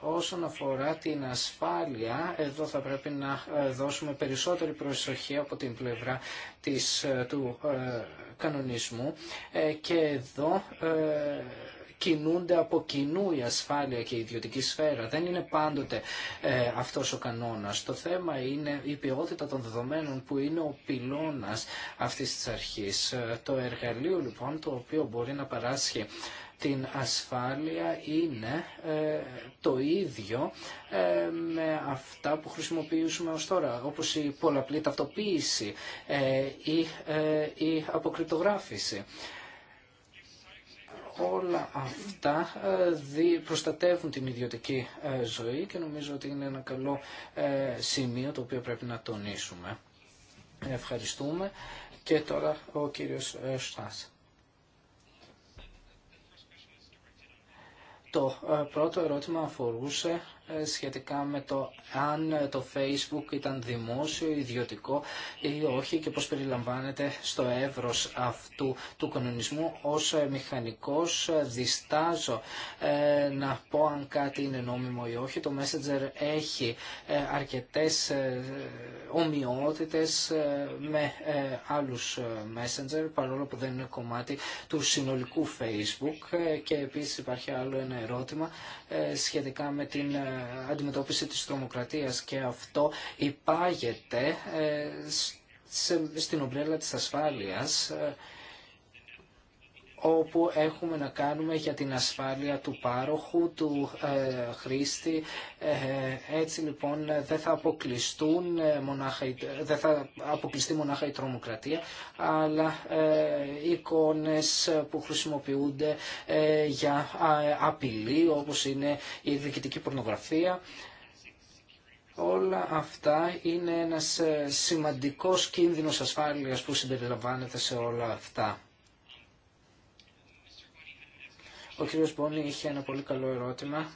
Όσον αφορά την ασφάλεια, εδώ θα πρέπει να δώσουμε περισσότερη προσοχή από την πλευρά της, του κανονισμού και εδώ κινούνται από κοινού η ασφάλεια και η ιδιωτική σφαίρα. Δεν είναι πάντοτε ε, αυτός ο κανόνας. Το θέμα είναι η ποιότητα των δεδομένων που είναι ο πυλώνας αυτής της αρχής. Ε, το εργαλείο λοιπόν το οποίο μπορεί να παράσχει την ασφάλεια είναι ε, το ίδιο ε, με αυτά που χρησιμοποιήσουμε ως τώρα, όπως η πολλαπλή ταυτοποίηση ή η, η αποκρυπτογράφηση όλα αυτά ε, προστατεύουν την ιδιωτική ε, ζωή και νομίζω ότι είναι ένα καλό ε, σημείο το οποίο πρέπει να τονίσουμε. Ευχαριστούμε. Και τώρα ο κύριος Στάς. Το πρώτο ερώτημα αφορούσε σχετικά με το αν το Facebook ήταν δημόσιο, ιδιωτικό ή όχι και πώς περιλαμβάνεται στο εύρος αυτού του κανονισμού. Ως μηχανικός διστάζω ε, να πω αν κάτι είναι νόμιμο ή όχι. Το Messenger έχει ε, αρκετές ε, ομοιότητες με άλλους Messenger παρόλο που δεν είναι κομμάτι του συνολικού Facebook και επίσης υπάρχει άλλο ένα ερώτημα σχετικά με την αντιμετώπιση της τρομοκρατίας και αυτό υπάγεται ε, στην ομπρέλα της ασφάλειας ε, όπου έχουμε να κάνουμε για την ασφάλεια του πάροχου, του ε, χρήστη. Ε, έτσι λοιπόν δεν θα, αποκλειστούν, ε, μονάχα, δεν αποκλειστεί μονάχα η τρομοκρατία, αλλά ε, εικόνες που χρησιμοποιούνται ε, για απειλή όπως είναι η διοικητική πορνογραφία. Όλα αυτά είναι ένας σημαντικός κίνδυνος ασφάλειας που συμπεριλαμβάνεται σε όλα αυτά. Ο κύριος Μπόνι είχε ένα πολύ καλό ερώτημα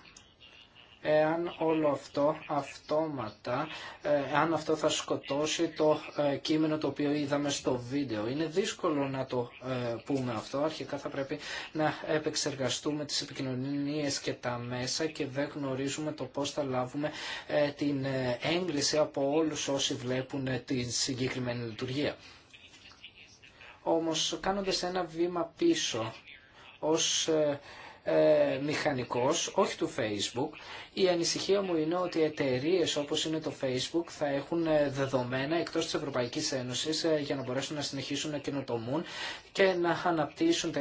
εάν όλο αυτό αυτόματα, ε, εάν αυτό θα σκοτώσει το ε, κείμενο το οποίο είδαμε στο βίντεο. Είναι δύσκολο να το ε, πούμε αυτό. Αρχικά θα πρέπει να επεξεργαστούμε τις επικοινωνίες και τα μέσα και δεν γνωρίζουμε το πώς θα λάβουμε την έγκριση από όλους όσοι βλέπουν τη συγκεκριμένη λειτουργία. Όμως κάνοντας ένα βήμα πίσω ως ε, ε, μηχανικός, όχι του Facebook. Η ανησυχία μου είναι ότι εταιρείε όπως είναι το Facebook θα έχουν ε, δεδομένα εκτός της Ευρωπαϊκής Ένωσης ε, για να μπορέσουν να συνεχίσουν να καινοτομούν και να αναπτύσσουν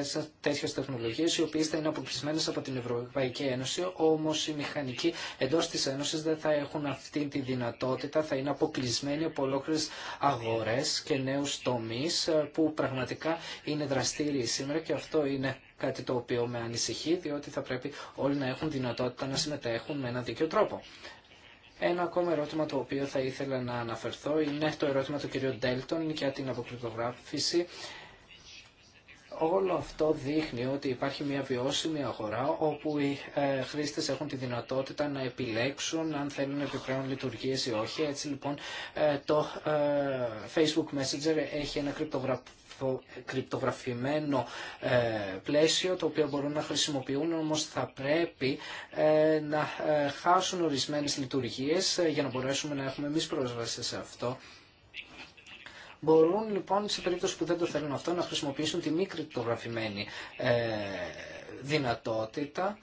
τέτοιες τεχνολογίες οι οποίες θα είναι αποκλεισμένες από την Ευρωπαϊκή Ένωση, όμως οι μηχανικοί εντός της Ένωσης δεν θα έχουν αυτή τη δυνατότητα, θα είναι αποκλεισμένοι από ολόκληρε αγορές και νέους τομείς που πραγματικά είναι δραστήριοι σήμερα και αυτό είναι κάτι το οποίο με ανησυχεί, διότι θα πρέπει όλοι να έχουν δυνατότητα να συμμετέχουν με ένα δίκαιο τρόπο. Ένα ακόμα ερώτημα το οποίο θα ήθελα να αναφερθώ είναι το ερώτημα του κ. Ντέλτον για την αποκρυπτογράφηση. Όλο αυτό δείχνει ότι υπάρχει μια βιώσιμη αγορά όπου οι ε, χρήστες έχουν τη δυνατότητα να επιλέξουν αν θέλουν επιπλέον λειτουργίες ή όχι. Έτσι λοιπόν ε, το ε, Facebook Messenger έχει ένα κρυπτογραφικό κρυπτογραφημένο ε, πλαίσιο το οποίο μπορούν να χρησιμοποιούν όμως θα πρέπει ε, να ε, χάσουν ορισμένες λειτουργίες για να μπορέσουμε να έχουμε εμείς πρόσβαση σε αυτό. Μπορούν λοιπόν σε περίπτωση που δεν το θέλουν αυτό να χρησιμοποιήσουν τη μη κρυπτογραφημένη δυνατότητα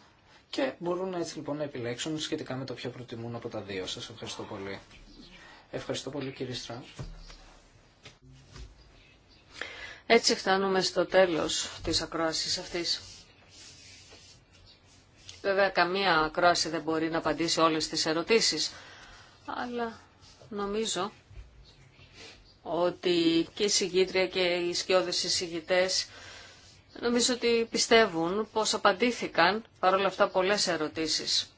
και μπορούν έτσι λοιπόν να επιλέξουν σχετικά με το ποιο προτιμούν από τα δύο. Σας ευχαριστώ πολύ. Ευχαριστώ πολύ κύριε Στραμ. Έτσι φτάνουμε στο τέλος της ακρόασης αυτής. Βέβαια καμία ακρόαση δεν μπορεί να απαντήσει όλες τις ερωτήσεις, αλλά νομίζω ότι και η συγγήτρια και οι σκιώδες συγγητές νομίζω ότι πιστεύουν πως απαντήθηκαν παρόλα αυτά πολλές ερωτήσεις.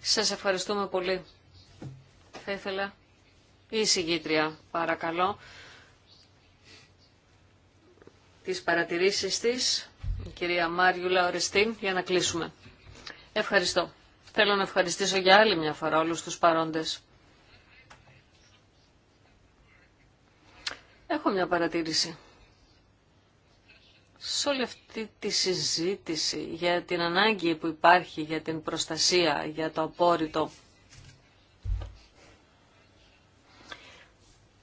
Σας ευχαριστούμε πολύ. Θα ήθελα η συγγήτρια, παρακαλώ τις παρατηρήσεις της, η κυρία Μάριουλα Ορεστίν, για να κλείσουμε. Ευχαριστώ. Θέλω να ευχαριστήσω για άλλη μια φορά όλους τους παρόντες. Έχω μια παρατήρηση. Σε όλη αυτή τη συζήτηση για την ανάγκη που υπάρχει για την προστασία, για το απόρριτο,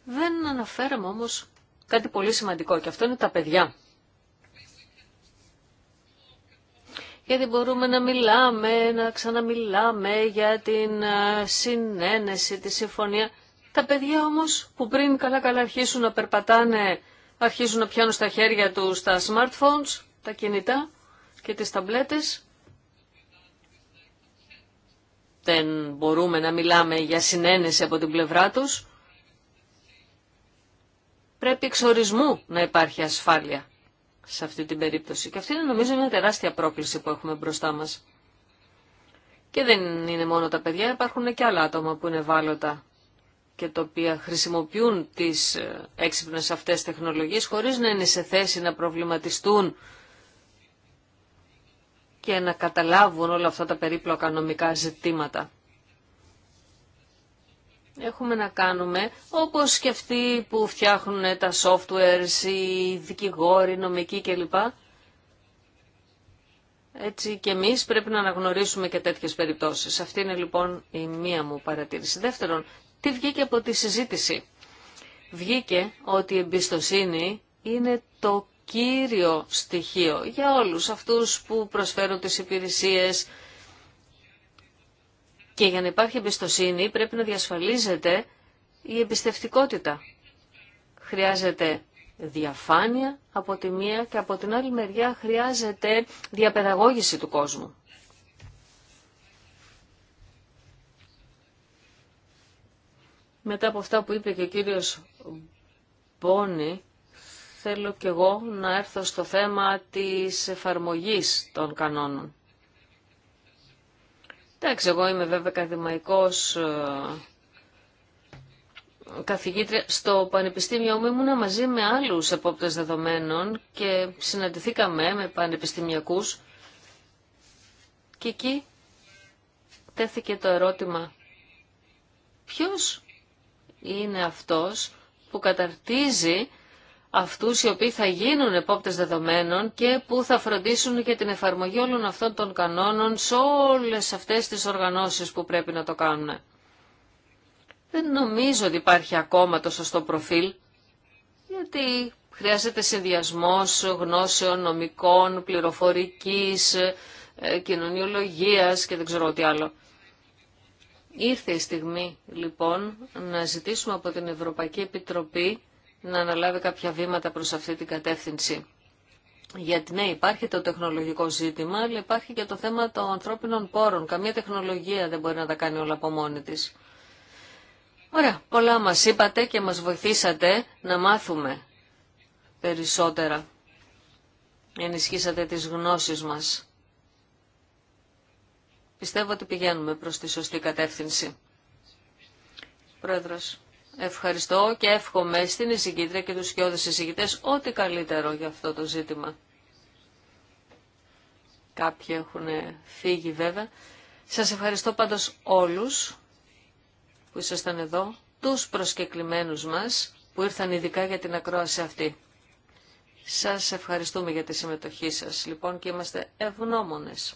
δεν αναφέραμε όμως κάτι πολύ σημαντικό και αυτό είναι τα παιδιά. Γιατί μπορούμε να μιλάμε, να ξαναμιλάμε για την ε, συνένεση, τη συμφωνία. Τα παιδιά όμως που πριν καλά-καλά αρχίσουν να περπατάνε, αρχίζουν να πιάνουν στα χέρια τους τα smartphones, τα κινητά και τις ταμπλέτες, δεν μπορούμε να μιλάμε για συνένεση από την πλευρά τους πρέπει ορισμού να υπάρχει ασφάλεια σε αυτή την περίπτωση. Και αυτή είναι νομίζω μια τεράστια πρόκληση που έχουμε μπροστά μας. Και δεν είναι μόνο τα παιδιά, υπάρχουν και άλλα άτομα που είναι ευάλωτα και τα οποία χρησιμοποιούν τις ε, έξυπνες αυτές τεχνολογίες χωρίς να είναι σε θέση να προβληματιστούν και να καταλάβουν όλα αυτά τα περίπλοκα νομικά ζητήματα έχουμε να κάνουμε, όπως και αυτοί που φτιάχνουν τα softwares, οι δικηγόροι, οι νομικοί κλπ. Έτσι και εμείς πρέπει να αναγνωρίσουμε και τέτοιες περιπτώσεις. Αυτή είναι λοιπόν η μία μου παρατήρηση. Δεύτερον, τι βγήκε από τη συζήτηση. Βγήκε ότι η εμπιστοσύνη είναι το κύριο στοιχείο για όλους αυτούς που προσφέρουν τις υπηρεσίες, και για να υπάρχει εμπιστοσύνη πρέπει να διασφαλίζεται η εμπιστευτικότητα. Χρειάζεται διαφάνεια από τη μία και από την άλλη μεριά χρειάζεται διαπαιδαγώγηση του κόσμου. Μετά από αυτά που είπε και ο κύριος Μπόνι, θέλω και εγώ να έρθω στο θέμα της εφαρμογής των κανόνων. Εντάξει, εγώ είμαι βέβαια καθημαϊκός ε, καθηγήτρια στο Πανεπιστήμιο μου Ήμουν μαζί με άλλους επόπτες δεδομένων και συναντηθήκαμε με πανεπιστημιακούς και εκεί τέθηκε το ερώτημα ποιος είναι αυτός που καταρτίζει αυτούς οι οποίοι θα γίνουν επόπτες δεδομένων και που θα φροντίσουν και την εφαρμογή όλων αυτών των κανόνων σε όλες αυτές τις οργανώσεις που πρέπει να το κάνουν. Δεν νομίζω ότι υπάρχει ακόμα το σωστό προφίλ, γιατί χρειάζεται συνδυασμός γνώσεων, νομικών, πληροφορικής, ε, κοινωνιολογίας και δεν ξέρω τι άλλο. Ήρθε η στιγμή λοιπόν να ζητήσουμε από την Ευρωπαϊκή Επιτροπή να αναλάβει κάποια βήματα προς αυτή την κατεύθυνση. Γιατί ναι, υπάρχει το τεχνολογικό ζήτημα, αλλά υπάρχει και το θέμα των ανθρώπινων πόρων. Καμία τεχνολογία δεν μπορεί να τα κάνει όλα από μόνη της. Ωραία, πολλά μας είπατε και μας βοηθήσατε να μάθουμε περισσότερα. Ενισχύσατε τις γνώσεις μας. Πιστεύω ότι πηγαίνουμε προς τη σωστή κατεύθυνση. Πρόεδρος. Ευχαριστώ και εύχομαι στην εισηγήτρια και τους σκιώδες εισηγητές ό,τι καλύτερο για αυτό το ζήτημα. Κάποιοι έχουν φύγει βέβαια. Σας ευχαριστώ πάντως όλους που ήσασταν εδώ, τους προσκεκλημένους μας που ήρθαν ειδικά για την ακρόαση αυτή. Σας ευχαριστούμε για τη συμμετοχή σας, λοιπόν, και είμαστε ευγνώμονες.